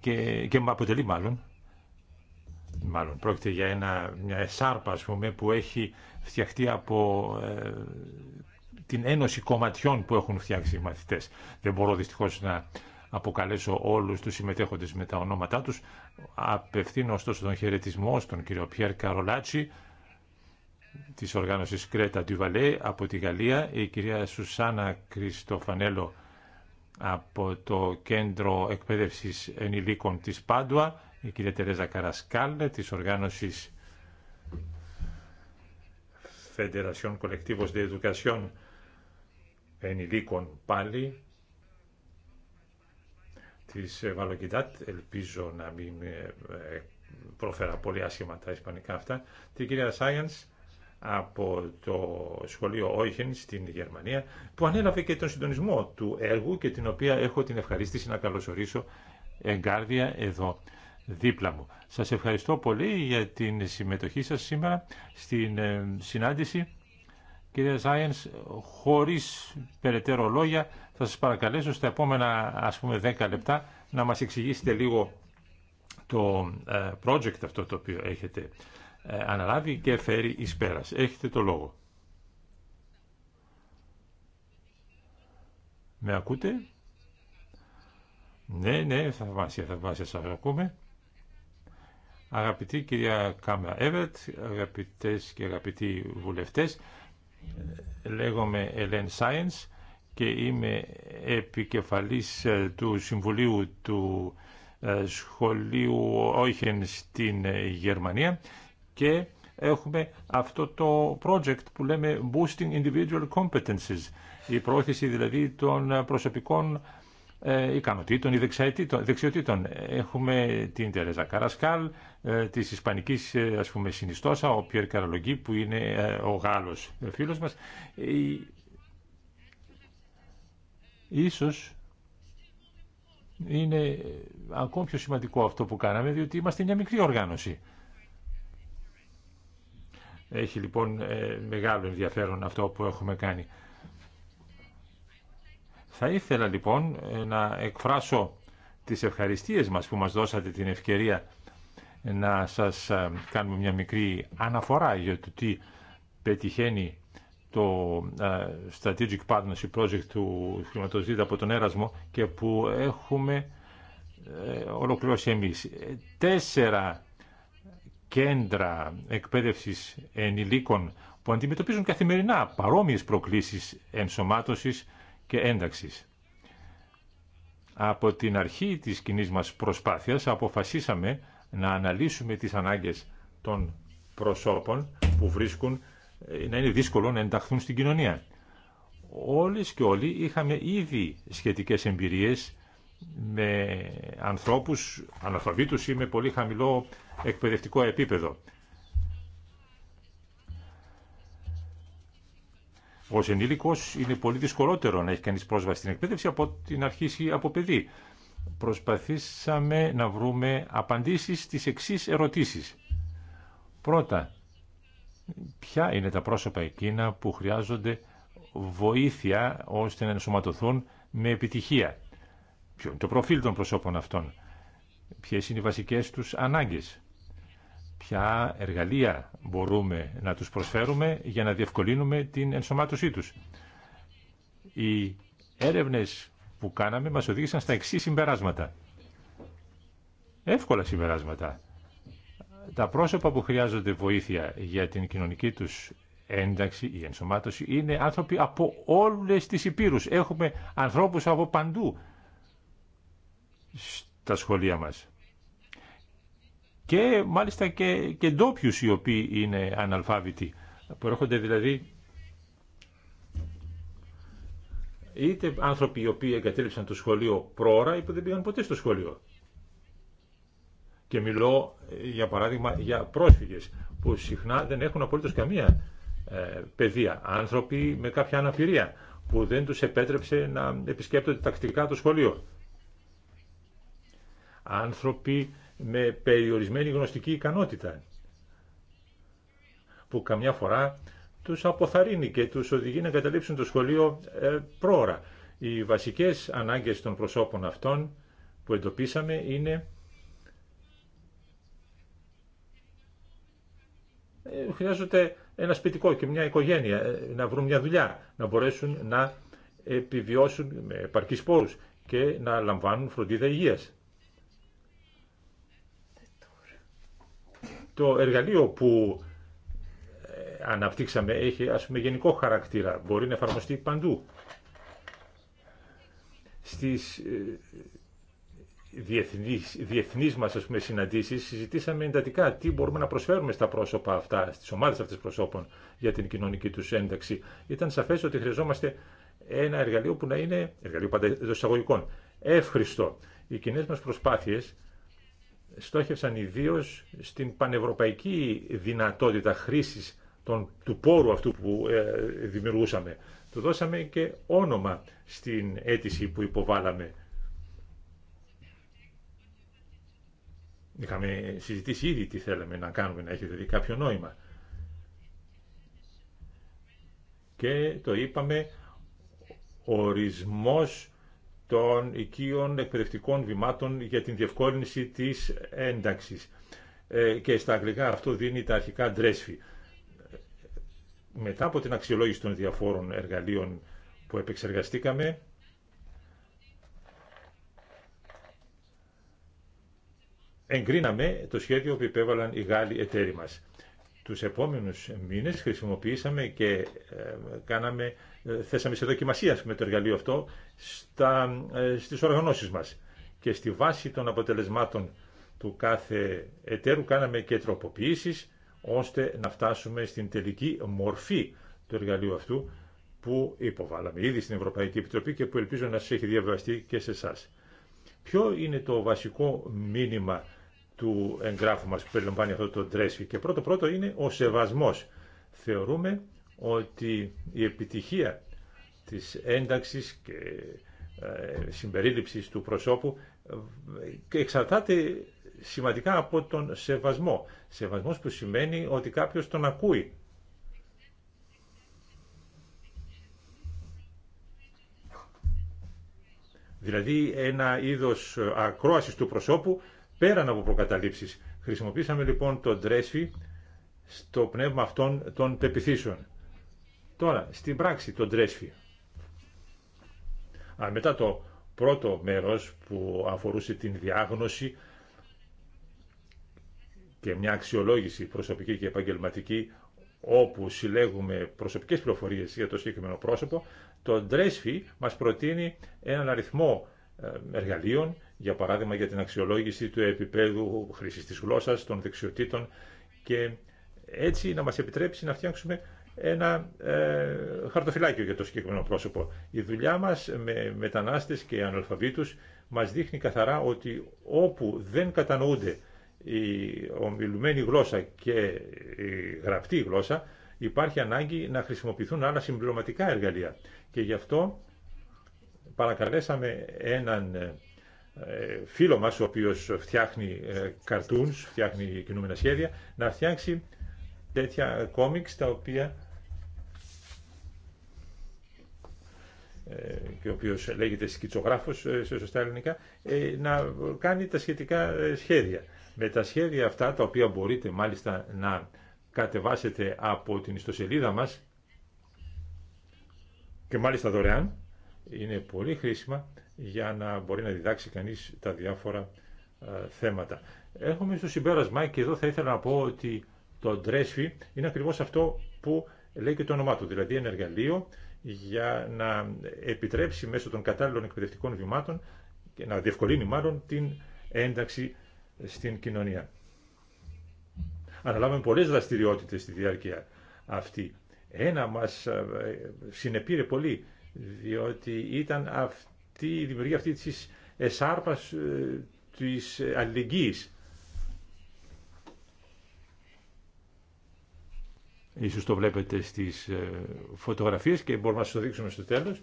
και, και αποτελεί μάλλον μάλλον πρόκειται για ένα, μια εσάρπα ας πούμε, που έχει φτιαχτεί από ε, την ένωση κομματιών που έχουν φτιάξει οι μαθητές. Δεν μπορώ δυστυχώς να αποκαλέσω όλους τους συμμετέχοντες με τα ονόματά τους. Απευθύνω ωστόσο τον χαιρετισμό στον κύριο Πιέρ Καρολάτσι, της οργάνωσης Κρέτα Ντιουβαλέ από τη Γαλλία, η κυρία Σουσάνα Κριστοφανέλο από το Κέντρο Εκπαίδευσης Ενηλίκων της Πάντουα, η κυρία Τερέζα Καρασκάλ της οργάνωσης Φεντερασιών Colectivos de Ενηλίκων πάλι, της Βαλοκιντάτ, ελπίζω να μην ε, ε, προφέρα πολύ άσχημα τα ισπανικά αυτά, την κυρία Science από το σχολείο Όιχεν στην Γερμανία, που ανέλαβε και τον συντονισμό του έργου και την οποία έχω την ευχαρίστηση να καλωσορίσω εγκάρδια εδώ δίπλα μου. Σας ευχαριστώ πολύ για την συμμετοχή σας σήμερα στην ε, συνάντηση. Κυρία Ζάιενς χωρίς περαιτέρω λόγια, θα σας παρακαλέσω στα επόμενα ας πούμε 10 λεπτά να μας εξηγήσετε λίγο το ε, project αυτό το οποίο έχετε ε, αναλάβει και φέρει εις πέρας. Έχετε το λόγο. Με ακούτε? Ναι, ναι, θαυμάσια, θαυμάσια σας ακούμε. Αγαπητή κυρία Κάμερα Εύερτ, αγαπητές και αγαπητοί βουλευτές, λέγομαι Ελέν Σάιενς και είμαι επικεφαλής ε, του Συμβουλίου του ε, Σχολείου όχεν στην Γερμανία και έχουμε αυτό το project που λέμε Boosting Individual Competences, η πρόθεση δηλαδή των προσωπικών ε, ικανοτήτων ή δεξιοτήτων. Έχουμε την Τερέζα Καρασκάλ, ε, της Ισπανικής ε, ας πούμε συνιστόσα, ο Πιέρ Καραλογκή που είναι ε, ο Γάλλος φίλος μας. Ίσως είναι ακόμη πιο σημαντικό αυτό που κάναμε, διότι είμαστε μια μικρή οργάνωση. Έχει λοιπόν ε, μεγάλο ενδιαφέρον αυτό που έχουμε κάνει. Θα ήθελα λοιπόν ε, να εκφράσω τις ευχαριστίες μας που μας δώσατε την ευκαιρία να σας ε, κάνουμε μια μικρή αναφορά για το τι πετυχαίνει το Strategic Partnership Project του χρηματοδοτήτα από τον Έρασμο και που έχουμε ολοκληρώσει εμείς. Τέσσερα κέντρα εκπαίδευσης ενηλίκων που αντιμετωπίζουν καθημερινά παρόμοιες προκλήσεις ενσωμάτωσης και ένταξης. Από την αρχή της κοινή μας προσπάθειας αποφασίσαμε να αναλύσουμε τις ανάγκες των προσώπων που βρίσκουν ε, να είναι δύσκολο να ενταχθούν στην κοινωνία. Όλες και όλοι είχαμε ήδη σχετικές εμπειρίες με ανθρώπους αναλφαβήτους ή με πολύ χαμηλό εκπαιδευτικό επίπεδο. Ω ενήλικο είναι πολύ δυσκολότερο να έχει κανεί πρόσβαση στην εκπαίδευση από την αρχή από παιδί. Προσπαθήσαμε να βρούμε απαντήσεις στις εξής ερωτήσεις. Πρώτα, ποια είναι τα πρόσωπα εκείνα που χρειάζονται βοήθεια ώστε να ενσωματωθούν με επιτυχία το προφίλ των προσώπων αυτών, Ποιε είναι οι βασικές τους ανάγκες, ποια εργαλεία μπορούμε να τους προσφέρουμε για να διευκολύνουμε την ενσωμάτωσή τους. Οι έρευνες που κάναμε μας οδήγησαν στα εξή συμπεράσματα. Εύκολα συμπεράσματα. Τα πρόσωπα που χρειάζονται βοήθεια για την κοινωνική τους ένταξη ή ενσωμάτωση είναι άνθρωποι από όλες τις υπήρους. Έχουμε ανθρώπους από παντού στα σχολεία μας. Και μάλιστα και, και ντόπιου οι οποίοι είναι αναλφάβητοι, έρχονται δηλαδή είτε άνθρωποι οι οποίοι εγκατέλειψαν το σχολείο πρόωρα ή που δεν πήγαν ποτέ στο σχολείο. Και μιλώ ε, για παράδειγμα για πρόσφυγες που συχνά δεν έχουν απολύτως καμία ε, παιδεία. Άνθρωποι με κάποια αναπηρία που δεν τους επέτρεψε να επισκέπτονται τακτικά το σχολείο άνθρωποι με περιορισμένη γνωστική ικανότητα που καμιά φορά τους αποθαρρύνει και τους οδηγεί να καταλήψουν το σχολείο ε, πρόωρα. Οι βασικές ανάγκες των προσώπων αυτών που εντοπίσαμε είναι ε, χρειάζονται ένα σπιτικό και μια οικογένεια, ε, να βρουν μια δουλειά, να μπορέσουν να επιβιώσουν με επαρκείς πόρους και να λαμβάνουν φροντίδα υγείας. το εργαλείο που ε, αναπτύξαμε έχει ας πούμε γενικό χαρακτήρα, μπορεί να εφαρμοστεί παντού. Στις ε, διεθνείς, διεθνείς μας συναντήσεις συζητήσαμε εντατικά τι μπορούμε να προσφέρουμε στα πρόσωπα αυτά, στις ομάδες αυτές προσώπων για την κοινωνική τους ένταξη. Ήταν σαφές ότι χρειαζόμαστε ένα εργαλείο που να είναι, εργαλείο πάντα εισαγωγικών, εύχριστο. Οι κοινέ μας προσπάθειες στόχευσαν ιδίω στην πανευρωπαϊκή δυνατότητα χρήσης του πόρου αυτού που ε, δημιουργούσαμε. Του δώσαμε και όνομα στην αίτηση που υποβάλαμε. Είχαμε συζητήσει ήδη τι θέλαμε να κάνουμε, να έχει δηλαδή κάποιο νόημα. Και το είπαμε ορισμός των οικείων εκπαιδευτικών βημάτων για την διευκόλυνση της ένταξης. Ε, και στα αγγλικά αυτό δίνει τα αρχικά ντρέσφη. Μετά από την αξιολόγηση των διαφόρων εργαλείων που επεξεργαστήκαμε, εγκρίναμε το σχέδιο που υπέβαλαν οι Γάλλοι εταίροι μας τους επόμενους μήνες χρησιμοποιήσαμε και ε, κάναμε, ε, θέσαμε σε δοκιμασία με το εργαλείο αυτό στα, ε, στις οργανώσεις μας. Και στη βάση των αποτελεσμάτων του κάθε εταίρου κάναμε και τροποποιήσεις ώστε να φτάσουμε στην τελική μορφή του εργαλείου αυτού που υποβάλαμε ήδη στην Ευρωπαϊκή Επιτροπή και που ελπίζω να σας έχει διαβαστεί και σε εσά. Ποιο είναι το βασικό μήνυμα του εγγράφου μας που περιλαμβάνει αυτό το τρέσιο. Και πρώτο πρώτο είναι ο σεβασμός. Θεωρούμε ότι η επιτυχία της ένταξης και ε, συμπερίληψης του προσώπου ε, εξαρτάται σημαντικά από τον σεβασμό. Σεβασμός που σημαίνει ότι κάποιος τον ακούει. Δηλαδή ένα είδος ακρόασης του προσώπου πέραν από προκαταλήψεις. Χρησιμοποίησαμε λοιπόν τον τρέσφι στο πνεύμα αυτών των πεπιθήσεων. Τώρα, στην πράξη τον τρέσφι. Α, μετά το πρώτο μέρος που αφορούσε την διάγνωση και μια αξιολόγηση προσωπική και επαγγελματική όπου συλλέγουμε προσωπικές πληροφορίες για το συγκεκριμένο πρόσωπο, το Ντρέσφι μας προτείνει έναν αριθμό ε, εργαλείων για παράδειγμα για την αξιολόγηση του επίπεδου χρήση της γλώσσας, των δεξιοτήτων και έτσι να μας επιτρέψει να φτιάξουμε ένα ε, χαρτοφυλάκιο για το συγκεκριμένο πρόσωπο. Η δουλειά μας με μετανάστες και αναλφαβήτους μας δείχνει καθαρά ότι όπου δεν κατανοούνται η ομιλουμένη γλώσσα και η γραπτή γλώσσα υπάρχει ανάγκη να χρησιμοποιηθούν άλλα συμπληρωματικά εργαλεία. Και γι' αυτό παρακαλέσαμε έναν ε, ε, φίλο μας, ο οποίος φτιάχνει καρτούνς, ε, φτιάχνει κινούμενα σχέδια, να φτιάξει τέτοια κόμικς τα οποία ε, και ο οποίος λέγεται σκητσογράφος σε σωστά ελληνικά, να κάνει τα σχετικά σχέδια. Με τα σχέδια αυτά, τα οποία μπορείτε μάλιστα να κατεβάσετε από την ιστοσελίδα μας και μάλιστα δωρεάν, είναι πολύ χρήσιμα για να μπορεί να διδάξει κανείς τα διάφορα θέματα. Έρχομαι στο συμπέρασμα και εδώ θα ήθελα να πω ότι το Ντρέσφι είναι ακριβώς αυτό που λέει και το όνομά του, δηλαδή ένα εργαλείο για να επιτρέψει μέσω των κατάλληλων εκπαιδευτικών βημάτων και να διευκολύνει μάλλον την ένταξη στην κοινωνία. Αναλάβαμε πολλές δραστηριότητες στη διάρκεια αυτή. Ένα μας ε, συνεπήρε πολύ, διότι ήταν αυτή τι δημιουργία αυτή της εσάρπας ε, της αλληλεγγύης. Ίσως το βλέπετε στις ε, φωτογραφίες και μπορούμε να σας το δείξουμε στο τέλος.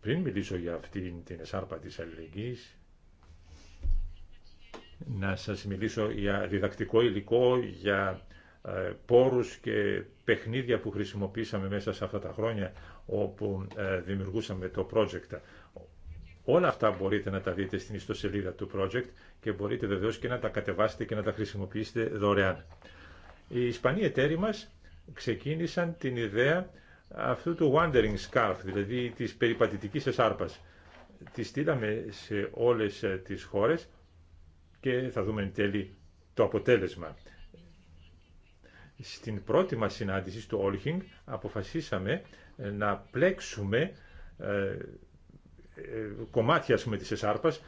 Πριν μιλήσω για αυτή την εσάρπα της αλληλεγγύης, να σας μιλήσω για διδακτικό υλικό, για ε, πόρους και παιχνίδια που χρησιμοποίησαμε μέσα σε αυτά τα χρόνια όπου ε, δημιουργούσαμε το project. Όλα αυτά μπορείτε να τα δείτε στην ιστοσελίδα του project και μπορείτε βεβαίως και να τα κατεβάσετε και να τα χρησιμοποιήσετε δωρεάν. Οι Ισπανοί εταίροι μας ξεκίνησαν την ιδέα αυτού του wandering scarf, δηλαδή της περιπατητικής εσάρπας. Τη στείλαμε σε όλες ε, τις χώρες και θα δούμε εν τέλει το αποτέλεσμα. Στην πρώτη μας συνάντηση στο Όλχινγκ αποφασίσαμε ε, να πλέξουμε ε, ε, κομμάτια πούμε, της εσάρπας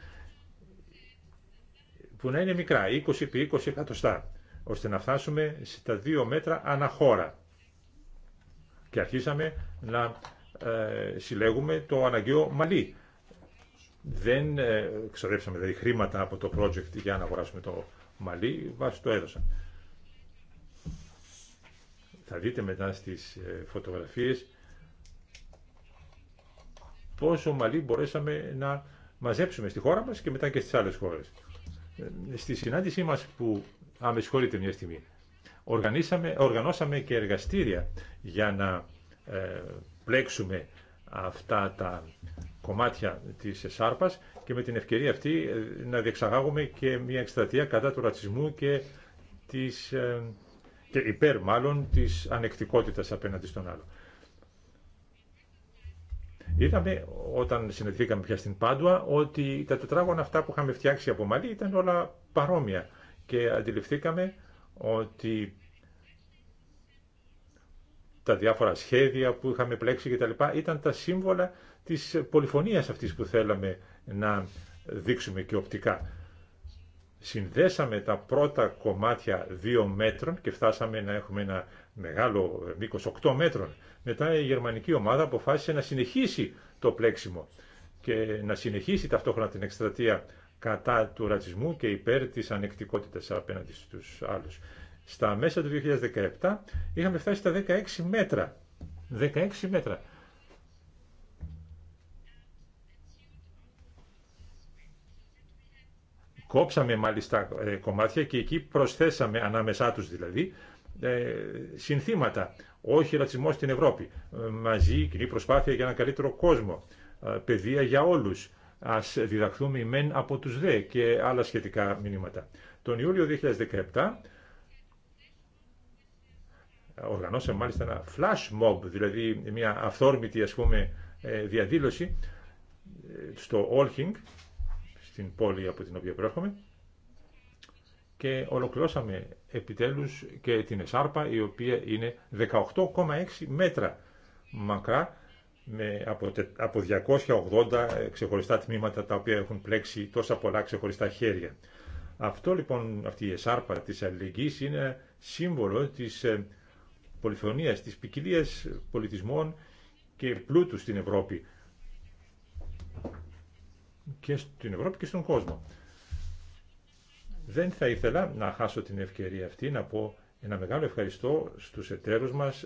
που να είναι μικρά, 20 επί 20 εκατοστά, ώστε να φτάσουμε στα δύο μέτρα αναχώρα. Και αρχίσαμε να ε, συλλέγουμε το αναγκαίο μαλλί. Δεν ε, ξοδέψαμε δηλαδή χρήματα από το project για να αγοράσουμε το μαλλί, βάσει το έδωσαν. Θα δείτε μετά στις ε, φωτογραφίες πόσο μαλλί μπορέσαμε να μαζέψουμε στη χώρα μας και μετά και στις άλλες χώρες. Ε, στη συνάντησή μας που, α, με συγχωρείτε μια στιγμή, οργανώσαμε, οργανώσαμε και εργαστήρια για να ε, πλέξουμε αυτά τα κομμάτια της ΣΑΡΠΑΣ και με την ευκαιρία αυτή να διεξαγάγουμε και μια εκστρατεία κατά του ρατσισμού και της και υπέρ μάλλον της ανεκτικότητας απέναντι στον άλλο. Είδαμε όταν συνεδρήκαμε πια στην Πάντουα ότι τα τετράγωνα αυτά που είχαμε φτιάξει από μαλλί ήταν όλα παρόμοια και αντιληφθήκαμε ότι τα διάφορα σχέδια που είχαμε πλέξει λοιπά ήταν τα σύμβολα της πολυφωνίας αυτής που θέλαμε να δείξουμε και οπτικά συνδέσαμε τα πρώτα κομμάτια 2 μέτρων και φτάσαμε να έχουμε ένα μεγάλο ε, μήκος 8 μέτρων. Μετά η γερμανική ομάδα αποφάσισε να συνεχίσει το πλέξιμο και να συνεχίσει ταυτόχρονα την εκστρατεία κατά του ρατσισμού και υπέρ της ανεκτικότητας απέναντι στους άλλους. Στα μέσα του 2017 είχαμε φτάσει στα 16 μέτρα. 16 μέτρα. Κόψαμε μάλιστα ε, κομμάτια και εκεί προσθέσαμε ανάμεσά τους δηλαδή ε, συνθήματα. Όχι ρατσισμό στην Ευρώπη. Ε, μαζί κοινή προσπάθεια για ένα καλύτερο κόσμο. Παιδεία για όλους. Ας διδαχθούμε μεν από τους δε και άλλα σχετικά μηνύματα. Τον Ιούλιο 2017 οργανώσαμε μάλιστα ένα flash mob, δηλαδή μια αυθόρμητη ας πούμε διαδήλωση στο Όλχινγκ στην πόλη από την οποία προέρχομαι και ολοκληρώσαμε επιτέλους και την Εσάρπα η οποία είναι 18,6 μέτρα μακρά με από 280 ξεχωριστά τμήματα τα οποία έχουν πλέξει τόσα πολλά ξεχωριστά χέρια. Αυτό λοιπόν, αυτή η Εσάρπα της αλληλεγγύης είναι σύμβολο της ε, πολυφωνίας, της ποικιλία πολιτισμών και πλούτου στην Ευρώπη και στην Ευρώπη και στον κόσμο. Δεν θα ήθελα να χάσω την ευκαιρία αυτή να πω ένα μεγάλο ευχαριστώ στους εταίρους μας,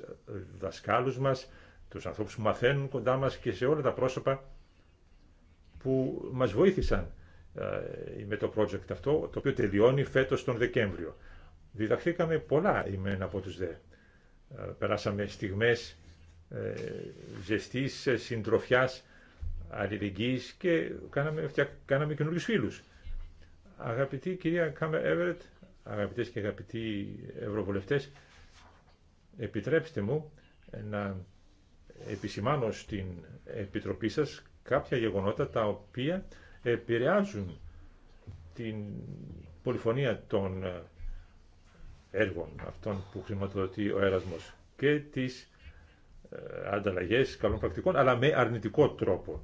δασκάλους μας, τους ανθρώπους που μαθαίνουν κοντά μας και σε όλα τα πρόσωπα που μας βοήθησαν ε, με το project αυτό, το οποίο τελειώνει φέτος τον Δεκέμβριο. Διδαχθήκαμε πολλά ημένα από τους ΔΕ. Ε, περάσαμε στιγμές ε, ζεστής συντροφιάς αλληλεγγύης και κάναμε, φτια... κάναμε καινούριου φίλους. Αγαπητή κυρία Κάμερ Εύρετ, αγαπητές και αγαπητοί ευρωβουλευτές, επιτρέψτε μου να επισημάνω στην Επιτροπή σας κάποια γεγονότα τα οποία επηρεάζουν την πολυφωνία των έργων αυτών που χρηματοδοτεί ο Έρασμος και τις ε, ανταλλαγές καλών πρακτικών, αλλά με αρνητικό τρόπο.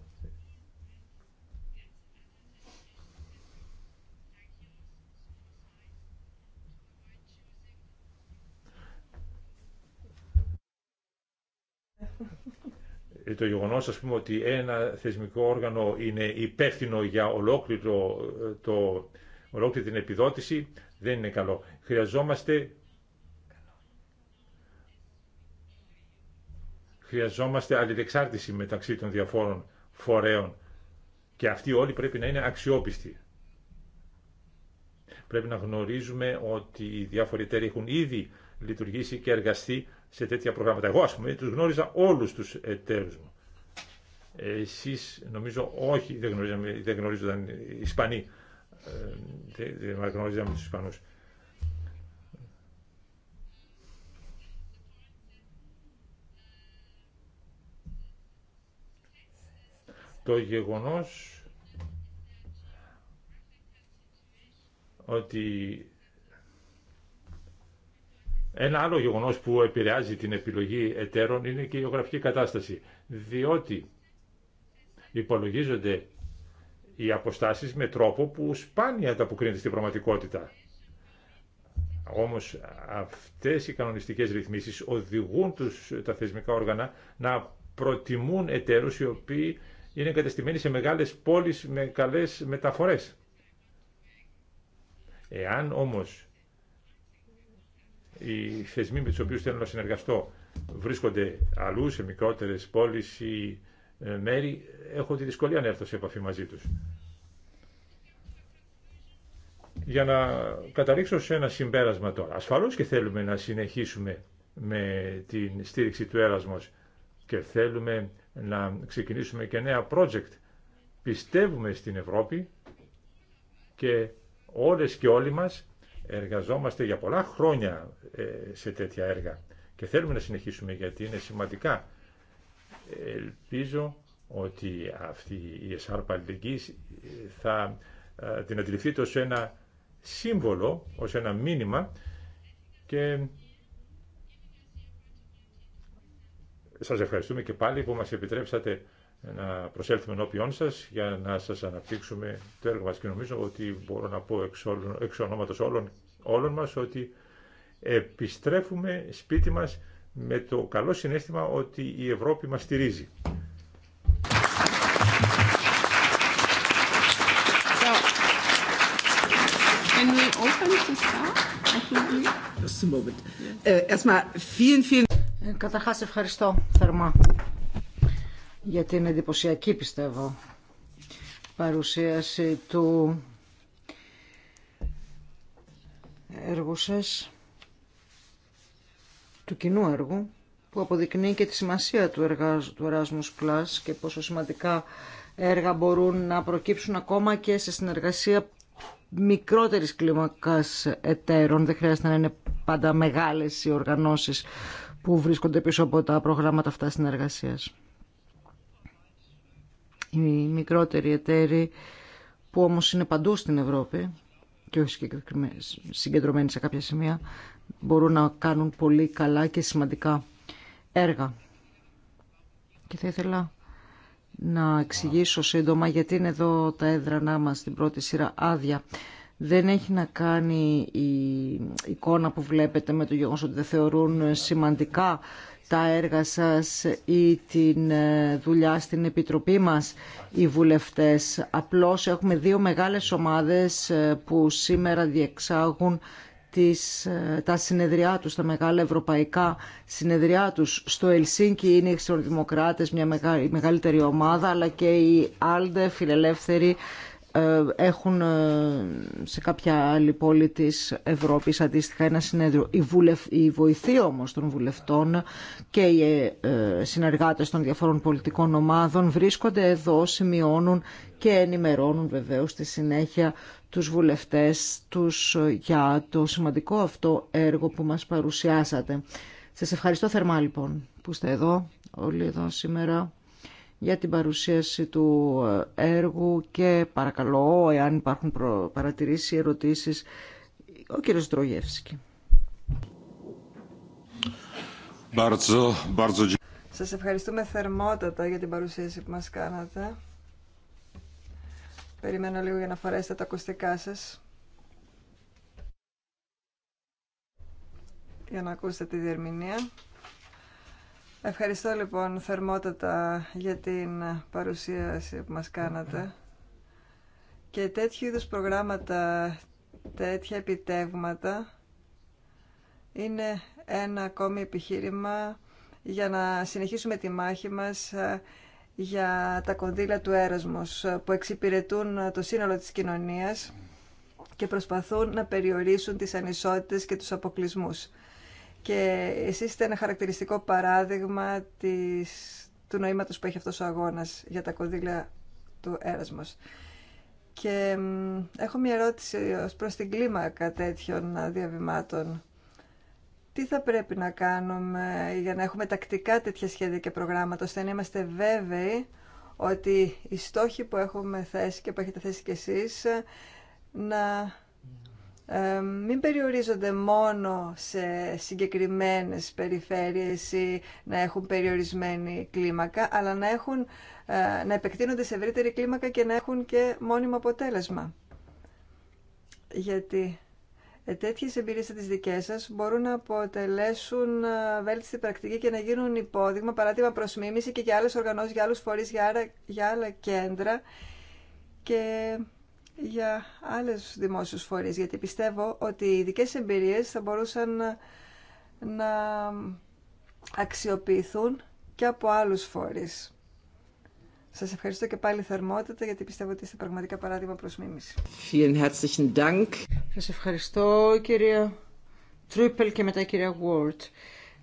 το γεγονός ας πούμε ότι ένα θεσμικό όργανο είναι υπεύθυνο για ολόκληρο ε, το, ολόκληρη την επιδότηση δεν είναι καλό. Χρειαζόμαστε χρειαζόμαστε αλληλεξάρτηση μεταξύ των διαφόρων φορέων και αυτοί όλοι πρέπει να είναι αξιόπιστοι. Πρέπει να γνωρίζουμε ότι οι διάφοροι εταίροι έχουν ήδη λειτουργήσει και εργαστεί σε τέτοια προγράμματα. Εγώ, α πούμε, του γνώριζα όλου του εταίρου μου. Εσεί, νομίζω, όχι, δεν, γνωρίζαμε, δεν γνωρίζονταν οι Ισπανοί. Ε, δεν γνωρίζαμε του Ισπανού. Το γεγονός ότι ένα άλλο γεγονός που επηρεάζει την επιλογή εταίρων είναι και η γεωγραφική κατάσταση, διότι υπολογίζονται οι αποστάσεις με τρόπο που σπάνια αποκρίνεται στην πραγματικότητα. Όμως αυτές οι κανονιστικές ρυθμίσεις οδηγούν τους, τα θεσμικά όργανα να προτιμούν εταίρους οι οποίοι είναι εγκατεστημένοι σε μεγάλες πόλεις με καλές μεταφορές. Εάν όμως οι θεσμοί με του οποίου θέλω να συνεργαστώ βρίσκονται αλλού, σε μικρότερε πόλεις ή ε, μέρη, έχω τη δυσκολία να έρθω σε επαφή μαζί τους. Για να καταλήξω σε ένα συμπέρασμα τώρα. Ασφαλώς και θέλουμε να συνεχίσουμε με την στήριξη του έρασμος και θέλουμε να ξεκινήσουμε και νέα project. Πιστεύουμε στην Ευρώπη και όλες και όλοι μας Εργαζόμαστε για πολλά χρόνια ε, σε τέτοια έργα και θέλουμε να συνεχίσουμε γιατί είναι σημαντικά. Ελπίζω ότι αυτή η εσάρπα αλληλεγγύης ε, θα ε, την αντιληφθείτε ως ένα σύμβολο, ως ένα μήνυμα και σας ευχαριστούμε και πάλι που μας επιτρέψατε να προσέλθουμε ενώπιόν σα για να σα αναπτύξουμε το έργο μα και νομίζω ότι μπορώ να πω εξ, όλων, ονόματος όλων, όλων μας ότι επιστρέφουμε σπίτι μα με το καλό συνέστημα ότι η Ευρώπη μα στηρίζει. Uh, ε, καταρχάς ευχαριστώ θερμά για την εντυπωσιακή πιστεύω παρουσίαση του έργου σας, του κοινού έργου, που αποδεικνύει και τη σημασία του, εργα... του Erasmus Plus και πόσο σημαντικά έργα μπορούν να προκύψουν ακόμα και σε συνεργασία μικρότερης κλίμακας εταίρων. Δεν χρειάζεται να είναι πάντα μεγάλες οι οργανώσεις που βρίσκονται πίσω από τα προγράμματα αυτά συνεργασίας οι μικρότεροι εταίροι που όμως είναι παντού στην Ευρώπη και όχι συγκεντρωμένοι σε κάποια σημεία μπορούν να κάνουν πολύ καλά και σημαντικά έργα. Και θα ήθελα να εξηγήσω σύντομα γιατί είναι εδώ τα έδρανά μας στην πρώτη σειρά άδεια δεν έχει να κάνει η εικόνα που βλέπετε με το γεγονός ότι δεν θεωρούν σημαντικά τα έργα σας ή την ε, δουλειά στην Επιτροπή μας οι βουλευτές. Απλώς έχουμε δύο μεγάλες ομάδες ε, που σήμερα διεξάγουν τις, ε, τα συνεδριά τους, τα μεγάλα ευρωπαϊκά συνεδριά τους. Στο Ελσίνκι είναι οι εξωδημοκράτες μια μεγαλύτερη ομάδα, αλλά και η Άλντε, φιλελεύθεροι. Ε, έχουν ε, σε κάποια άλλη πόλη της Ευρώπης αντίστοιχα ένα συνέδριο. Η, βουλευ... η βοηθή όμως των βουλευτών και οι ε, συνεργάτες των διαφόρων πολιτικών ομάδων βρίσκονται εδώ, σημειώνουν και ενημερώνουν βεβαίως στη συνέχεια τους βουλευτές τους για το σημαντικό αυτό έργο που μας παρουσιάσατε. Σας ευχαριστώ θερμά λοιπόν που είστε εδώ όλοι εδώ σήμερα για την παρουσίαση του έργου και παρακαλώ, εάν υπάρχουν παρατηρήσεις ή ερωτήσεις, ο κύριος Δρογεύσκη. Σας ευχαριστούμε θερμότατα για την παρουσίαση που μας κάνατε. Περιμένω λίγο για να φορέσετε τα ακουστικά σας. Για να ακούσετε τη διερμηνία. Ευχαριστώ λοιπόν θερμότατα για την παρουσίαση που μας κάνατε. Και τέτοιου είδους προγράμματα, τέτοια επιτεύγματα είναι ένα ακόμη επιχείρημα για να συνεχίσουμε τη μάχη μας ε, για τα κονδύλια του έρασμος ε, που εξυπηρετούν ε, το σύνολο της κοινωνίας και προσπαθούν να περιορίσουν τις ανισότητες και τους αποκλεισμούς και εσείς είστε ένα χαρακτηριστικό παράδειγμα της, του νοήματος που έχει αυτός ο αγώνας για τα κονδύλια του έρασμος. Και έχω μια ερώτηση ως προς την κλίμακα τέτοιων διαβημάτων. Τι θα πρέπει να κάνουμε για να έχουμε τακτικά τέτοια σχέδια και προγράμματα, ώστε να είμαστε βέβαιοι ότι οι στόχοι που έχουμε θέσει και που έχετε θέσει κι εσείς ε, να ε, μην περιορίζονται μόνο σε συγκεκριμένες περιφέρειες ή να έχουν περιορισμένη κλίμακα, αλλά να, έχουν, ε, να επεκτείνονται σε ευρύτερη κλίμακα και να έχουν και μόνιμο αποτέλεσμα. Γιατί ε, τέτοιες εμπειρίες της δικές σας μπορούν να αποτελέσουν ε, βέλτιστη πρακτική και να γίνουν υπόδειγμα, παράδειγμα προς μίμηση και για άλλες οργανώσεις, για άλλους φορείς, για, άλλα κέντρα και για άλλες δημόσιους φορείς, γιατί πιστεύω ότι οι ειδικέ εμπειρίες θα μπορούσαν να αξιοποιηθούν και από άλλους φορείς. Σας ευχαριστώ και πάλι θερμότητα, γιατί πιστεύω ότι είστε πραγματικά παράδειγμα προς μίμηση. Vielen Σας ευχαριστώ, κυρία Τρούπελ και μετά κυρία Γουορτ.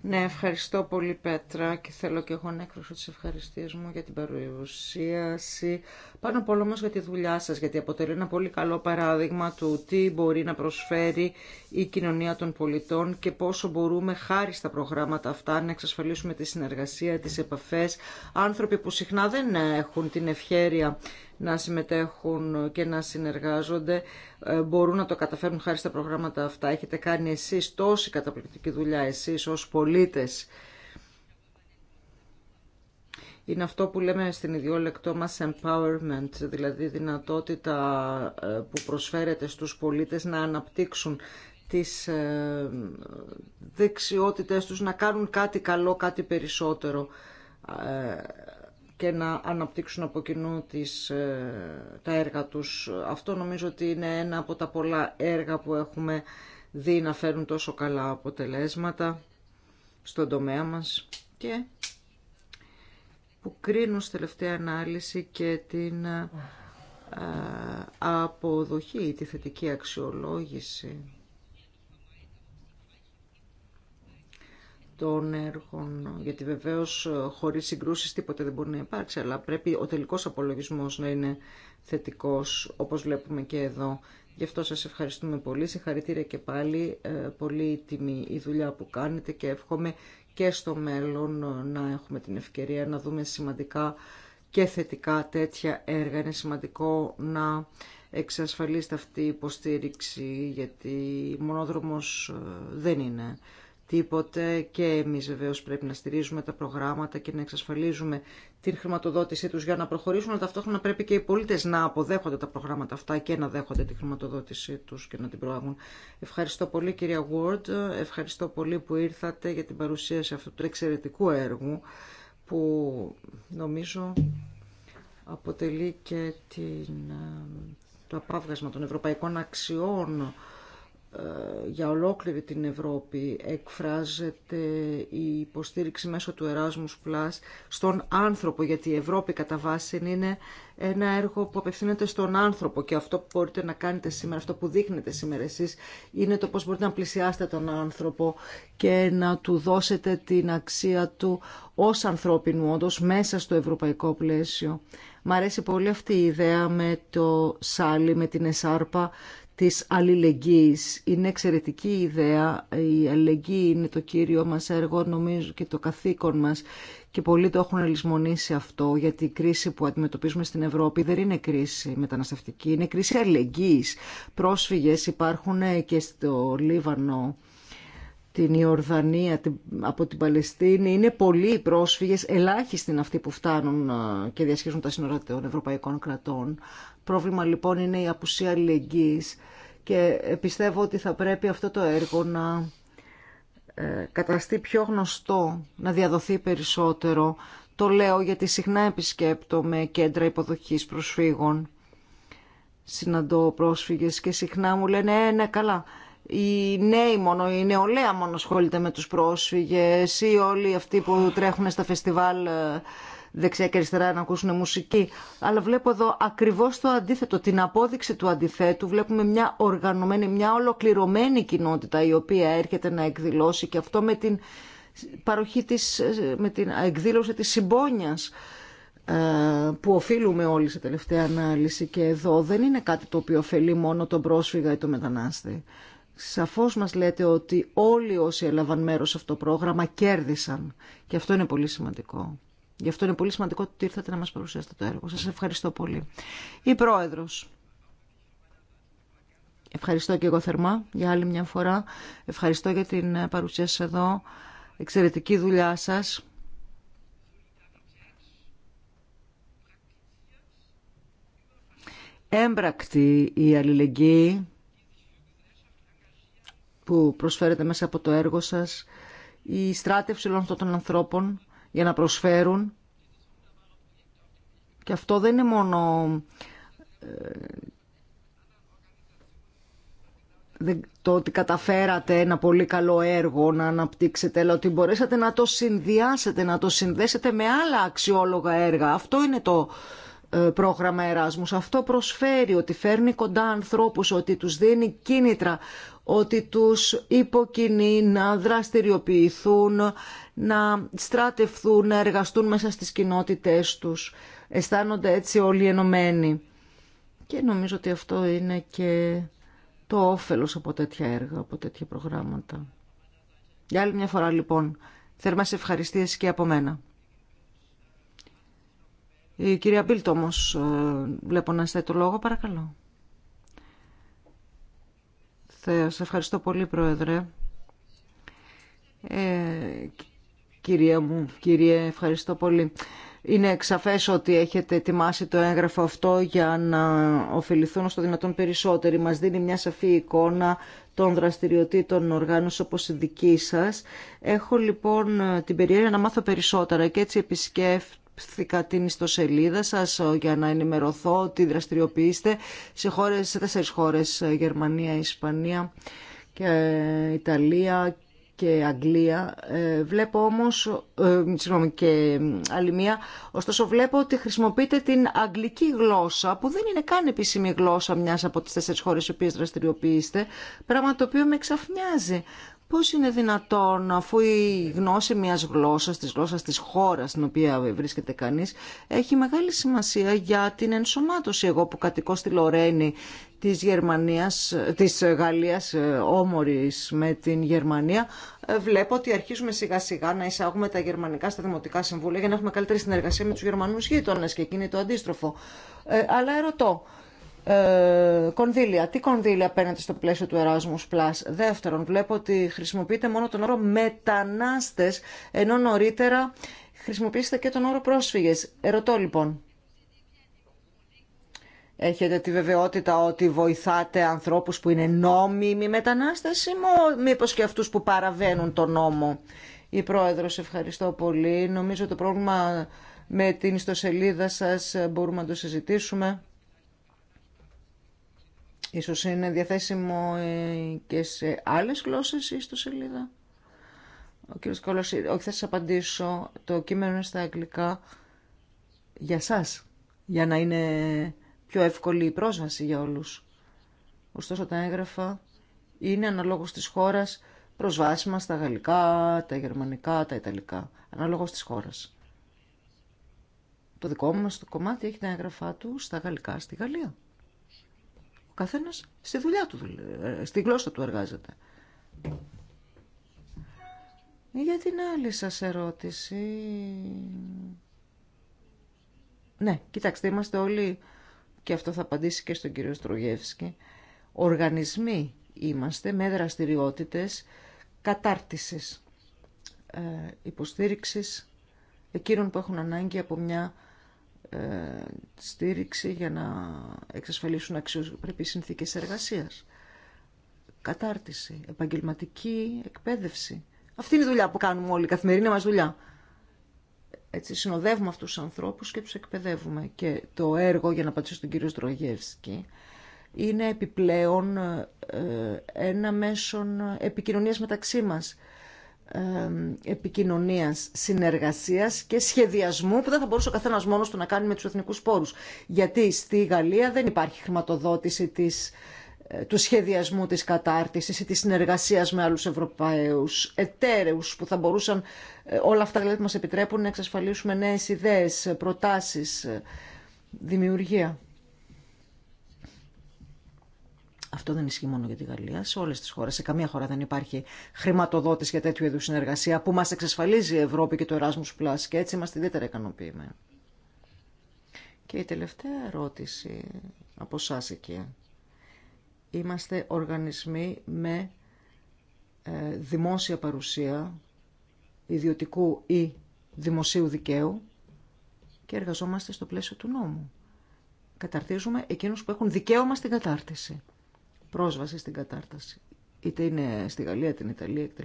Ναι, ευχαριστώ πολύ Πέτρα και θέλω και εγώ να έκφρασω τις ευχαριστίες μου για την παρουσίαση. Πάνω απ' όλο για τη δουλειά σας, γιατί αποτελεί ένα πολύ καλό παράδειγμα του τι μπορεί να προσφέρει η κοινωνία των πολιτών και πόσο μπορούμε χάρη στα προγράμματα αυτά να εξασφαλίσουμε τη συνεργασία, τις επαφές. Άνθρωποι που συχνά δεν έχουν την ευχέρεια να συμμετέχουν και να συνεργάζονται ε, μπορούν να το καταφέρουν χάρη στα προγράμματα αυτά. Έχετε κάνει εσείς τόση καταπληκτική δουλειά εσείς ως πολίτες. Είναι αυτό που λέμε στην ιδιόλεκτό μας empowerment, δηλαδή δυνατότητα ε, που προσφέρεται στους πολίτες να αναπτύξουν τις ε, δεξιότητες τους, να κάνουν κάτι καλό, κάτι περισσότερο και να αναπτύξουν από κοινού τις, ε, τα έργα τους. Αυτό νομίζω ότι είναι ένα από τα πολλά έργα που έχουμε δει να φέρουν τόσο καλά αποτελέσματα στον τομέα μας και που κρίνουν στη τελευταία ανάλυση και την ε, ε, αποδοχή, τη θετική αξιολόγηση των έργων, γιατί βεβαίως ε, χωρίς συγκρούσεις τίποτε δεν μπορεί να υπάρξει, αλλά πρέπει ο τελικός απολογισμός να είναι θετικός, όπως βλέπουμε και εδώ. Γι' αυτό σας ευχαριστούμε πολύ, συγχαρητήρια και πάλι, ε, πολύ τιμή η δουλειά που κάνετε και εύχομαι και στο μέλλον να έχουμε την ευκαιρία να δούμε σημαντικά και θετικά τέτοια έργα. Είναι σημαντικό να εξασφαλίσετε αυτή η υποστήριξη, γιατί μονόδρομος ε, δεν είναι τίποτε και εμείς βεβαίως πρέπει να στηρίζουμε τα προγράμματα και να εξασφαλίζουμε την χρηματοδότησή τους για να προχωρήσουν, αλλά ταυτόχρονα πρέπει και οι πολίτες να αποδέχονται τα προγράμματα αυτά και να δέχονται τη χρηματοδότησή τους και να την προάγουν. Ευχαριστώ πολύ κυρία Ward, ευχαριστώ πολύ που ήρθατε για την παρουσίαση αυτού του εξαιρετικού έργου που νομίζω αποτελεί και την, ε, το απάβγασμα των ευρωπαϊκών αξιών ε, για ολόκληρη την Ευρώπη εκφράζεται η υποστήριξη μέσω του Erasmus Plus στον άνθρωπο, γιατί η Ευρώπη κατά βάση είναι ένα έργο που απευθύνεται στον άνθρωπο και αυτό που μπορείτε να κάνετε σήμερα, αυτό που δείχνετε σήμερα εσείς, είναι το πώς μπορείτε να πλησιάσετε τον άνθρωπο και να του δώσετε την αξία του ως ανθρώπινου όντως μέσα στο ευρωπαϊκό πλαίσιο. Μ' αρέσει πολύ αυτή η ιδέα με το σάλι, με την εσάρπα, της αλληλεγγύης. Είναι εξαιρετική ιδέα, η αλληλεγγύη είναι το κύριο μας έργο νομίζω και το καθήκον μας και πολλοί το έχουν λησμονήσει αυτό γιατί η κρίση που αντιμετωπίζουμε στην Ευρώπη δεν είναι κρίση μεταναστευτική, είναι κρίση αλληλεγγύης. Πρόσφυγες υπάρχουν και στο Λίβανο την Ιορδανία, από την Παλαιστίνη. Είναι πολλοί οι πρόσφυγες, ελάχιστοι αυτοί που φτάνουν ε, και διασχίζουν τα σύνορα των ευρωπαϊκών κρατών. Πρόβλημα λοιπόν είναι η απουσία αλληλεγγύης και ε, πιστεύω ότι θα πρέπει αυτό το έργο να ε, καταστεί πιο γνωστό, να διαδοθεί περισσότερο. Το λέω γιατί συχνά επισκέπτομαι κέντρα υποδοχής προσφύγων. Συναντώ πρόσφυγες και συχνά μου λένε «Ε, ναι, καλά, οι νέοι μόνο, η νεολαία μόνο ασχολείται με τους πρόσφυγες ή όλοι αυτοί που τρέχουν στα φεστιβάλ ε, δεξιά και αριστερά να ακούσουν μουσική. Αλλά βλέπω εδώ ακριβώς το αντίθετο, την απόδειξη του αντιθέτου. Βλέπουμε μια οργανωμένη, μια ολοκληρωμένη κοινότητα η οποία έρχεται να εκδηλώσει και αυτό με την παροχή της, ε, με την εκδήλωση της συμπόνιας ε, που οφείλουμε όλοι σε τελευταία ανάλυση και εδώ δεν είναι κάτι το οποίο ωφελεί μόνο τον πρόσφυγα ή τον μετανάστη. Σαφώς μας λέτε ότι όλοι όσοι έλαβαν μέρος σε αυτό το πρόγραμμα κέρδισαν. Και αυτό είναι πολύ σημαντικό. Γι' αυτό είναι πολύ σημαντικό ότι ήρθατε να μας παρουσιάσετε το έργο. Σας ευχαριστώ πολύ. Η Πρόεδρος. Ευχαριστώ και εγώ θερμά για άλλη μια φορά. Ευχαριστώ για την παρουσία σας εδώ. Εξαιρετική δουλειά σας. Έμπρακτη η αλληλεγγύη που προσφέρετε μέσα από το έργο σας, η στράτευση όλων αυτών των ανθρώπων για να προσφέρουν. Και αυτό δεν είναι μόνο... Ε, το ότι καταφέρατε ένα πολύ καλό έργο να αναπτύξετε, αλλά ότι μπορέσατε να το συνδυάσετε, να το συνδέσετε με άλλα αξιόλογα έργα. Αυτό είναι το ε, πρόγραμμα Εράσμους. Αυτό προσφέρει ότι φέρνει κοντά ανθρώπους, ότι τους δίνει κίνητρα, ότι τους υποκινεί να δραστηριοποιηθούν, να στράτευθούν, να εργαστούν μέσα στις κοινότητές τους. Αισθάνονται έτσι όλοι ενωμένοι. Και νομίζω ότι αυτό είναι και το όφελος από τέτοια έργα, από τέτοια προγράμματα. Για άλλη μια φορά λοιπόν, θερμές ευχαριστίες και από μένα. Η κυρία Μπίλτ όμως, ε, βλέπω να είστε το λόγο, παρακαλώ. Σας ευχαριστώ πολύ, Πρόεδρε. Ε, κυρία μου, κύριε, ευχαριστώ πολύ. Είναι εξαφές ότι έχετε ετοιμάσει το έγγραφο αυτό για να ωφεληθούν στο δυνατόν περισσότεροι. Μας δίνει μια σαφή εικόνα των δραστηριοτήτων οργάνωση όπως η δική σας. Έχω λοιπόν την περιέργεια να μάθω περισσότερα και έτσι επισκέφτω επισκέφθηκα την ιστοσελίδα σας ε, για να ενημερωθώ ότι δραστηριοποιήστε σε, χώρες, σε τέσσερις χώρες, ε, Γερμανία, Ισπανία και ε, Ιταλία και Αγγλία. βλέπω όμως, ε, συγγνώμη και άλλη μία, ωστόσο βλέπω ότι χρησιμοποιείτε την αγγλική γλώσσα που δεν είναι καν επίσημη γλώσσα μιας από τις τέσσερις χώρες οι οποίες δραστηριοποιείστε, πράγμα το οποίο με εξαφνιάζει. Πώς είναι δυνατόν αφού η γνώση μιας γλώσσας, της γλώσσας της χώρας στην οποία βρίσκεται κανείς, έχει μεγάλη σημασία για την ενσωμάτωση. Εγώ που κατοικώ στη Λορένη της, Γερμανίας, της Γαλλίας ε, όμορης με την Γερμανία, ε, βλέπω ότι αρχίζουμε σιγά σιγά να εισάγουμε τα γερμανικά στα δημοτικά συμβούλια για να έχουμε καλύτερη συνεργασία με τους Γερμανούς γείτονες και εκείνη το αντίστροφο. Ε, αλλά ερωτώ, ε, κονδύλια. Τι κονδύλια παίρνετε στο πλαίσιο του Erasmus Plus. Δεύτερον, βλέπω ότι χρησιμοποιείτε μόνο τον όρο μετανάστες, ενώ νωρίτερα χρησιμοποιήσετε και τον όρο πρόσφυγες. Ερωτώ λοιπόν, Έχετε τη βεβαιότητα ότι βοηθάτε ανθρώπους που είναι νόμιμοι μετανάστες ή μήπως και αυτούς που παραβαίνουν τον νόμο. Η Πρόεδρος, ευχαριστώ πολύ. Νομίζω το πρόβλημα με την ιστοσελίδα σας μπορούμε να το συζητήσουμε. Ίσως είναι διαθέσιμο ε, και σε άλλες γλώσσες ή στο σελίδα. Ο κύριος Κόλος, όχι θα σας απαντήσω, το κείμενο είναι στα αγγλικά για σας, για να είναι πιο εύκολη η πρόσβαση για όλους. Ωστόσο τα έγγραφα είναι αναλόγως της χώρας προσβάσιμα στα γαλλικά, τα γερμανικά, τα ιταλικά, αναλόγως της χώρας. Το δικό μας το κομμάτι έχει τα έγγραφά του στα γαλλικά, στη Γαλλία καθένας στη δουλειά του, ε, στη γλώσσα του εργάζεται. Για την άλλη σας ερώτηση... Ναι, κοιτάξτε, είμαστε όλοι, και αυτό θα απαντήσει και στον κύριο Στρογεύσκη, οργανισμοί είμαστε με δραστηριότητε κατάρτισης, ε, υποστήριξης εκείνων που έχουν ανάγκη από μια ε, στήριξη για να εξασφαλίσουν αξιοπρεπείς συνθήκες εργασίας. Κατάρτιση, επαγγελματική εκπαίδευση. Αυτή είναι η δουλειά που κάνουμε όλοι, η καθημερινή μας δουλειά. Έτσι, συνοδεύουμε αυτούς τους ανθρώπους και τους εκπαιδεύουμε. Και το έργο, για να απαντήσω στον κύριο Στρογεύσκη, είναι επιπλέον ε, ένα μέσον επικοινωνίας μεταξύ μας επικοινωνίας, συνεργασίας και σχεδιασμού που δεν θα μπορούσε ο καθένα μόνο του να κάνει με τους εθνικού πόρου. Γιατί στη Γαλλία δεν υπάρχει χρηματοδότηση της, ε, του σχεδιασμού της κατάρτισης ή τη συνεργασίας με άλλους Ευρωπαίους εταίρους που θα μπορούσαν ε, όλα αυτά δηλαδή, μας επιτρέπουν να εξασφαλίσουμε νέες ιδέες, προτάσεις, ε, δημιουργία. Αυτό δεν ισχύει μόνο για τη Γαλλία, σε όλε τι χώρε Σε καμία χώρα δεν υπάρχει χρηματοδότηση για τέτοιου είδου συνεργασία που μα εξασφαλίζει η Ευρώπη και το Erasmus Plus και έτσι είμαστε ιδιαίτερα ικανοποιημένοι. Και η τελευταία ερώτηση από εσά εκεί. Είμαστε οργανισμοί με ε, δημόσια παρουσία ιδιωτικού ή δημοσίου δικαίου και εργαζόμαστε στο πλαίσιο του νόμου. Καταρτίζουμε εκείνους που έχουν δικαίωμα στην κατάρτιση πρόσβαση στην κατάρταση. Είτε είναι στη Γαλλία, την Ιταλία κτλ.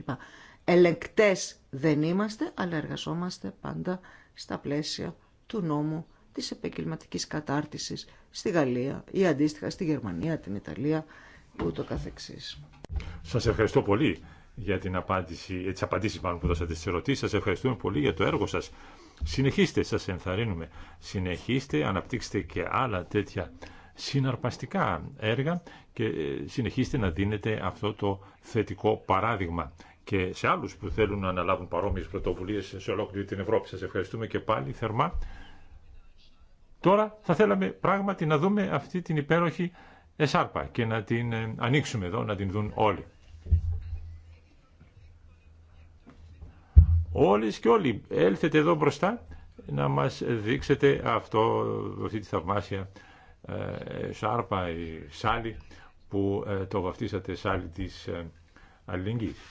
Ελεγκτέ δεν είμαστε, αλλά εργαζόμαστε πάντα στα πλαίσια του νόμου της επαγγελματική κατάρτισης στη Γαλλία ή αντίστοιχα στη Γερμανία, την Ιταλία που ούτω καθεξής. Σας ευχαριστώ πολύ για την απάντηση, για τις απαντήσεις που δώσατε στις ερωτήσεις. Σας ευχαριστούμε πολύ για το έργο σας. Συνεχίστε, σας ενθαρρύνουμε. Συνεχίστε, αναπτύξτε και άλλα τέτοια συναρπαστικά έργα και ε, συνεχίστε να δίνετε αυτό το θετικό παράδειγμα και σε άλλους που θέλουν να αναλάβουν παρόμοιες πρωτοβουλίες σε ολόκληρη την Ευρώπη. Σας ευχαριστούμε και πάλι θερμά. Τώρα θα θέλαμε πράγματι να δούμε αυτή την υπέροχη εσάρπα και να την ε, ανοίξουμε εδώ, να την δουν όλοι. Όλες και όλοι έλθετε εδώ μπροστά να μας δείξετε αυτό, αυτή τη θαυμάσια ε, Σάρπα ή Σάλι που ε, το βαφτίσατε Σάλι της ε, αλληλεγγύης.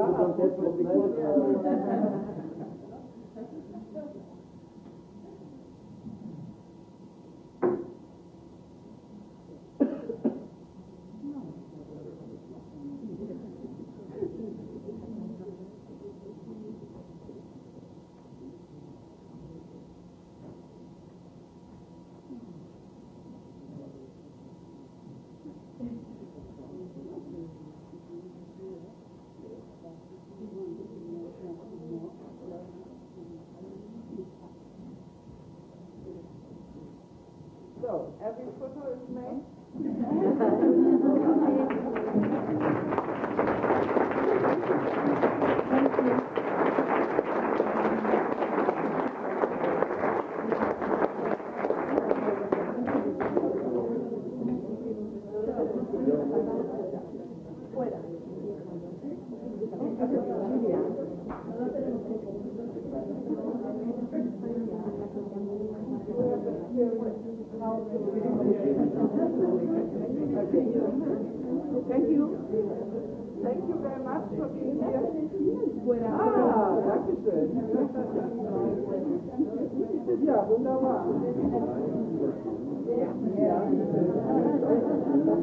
Wow.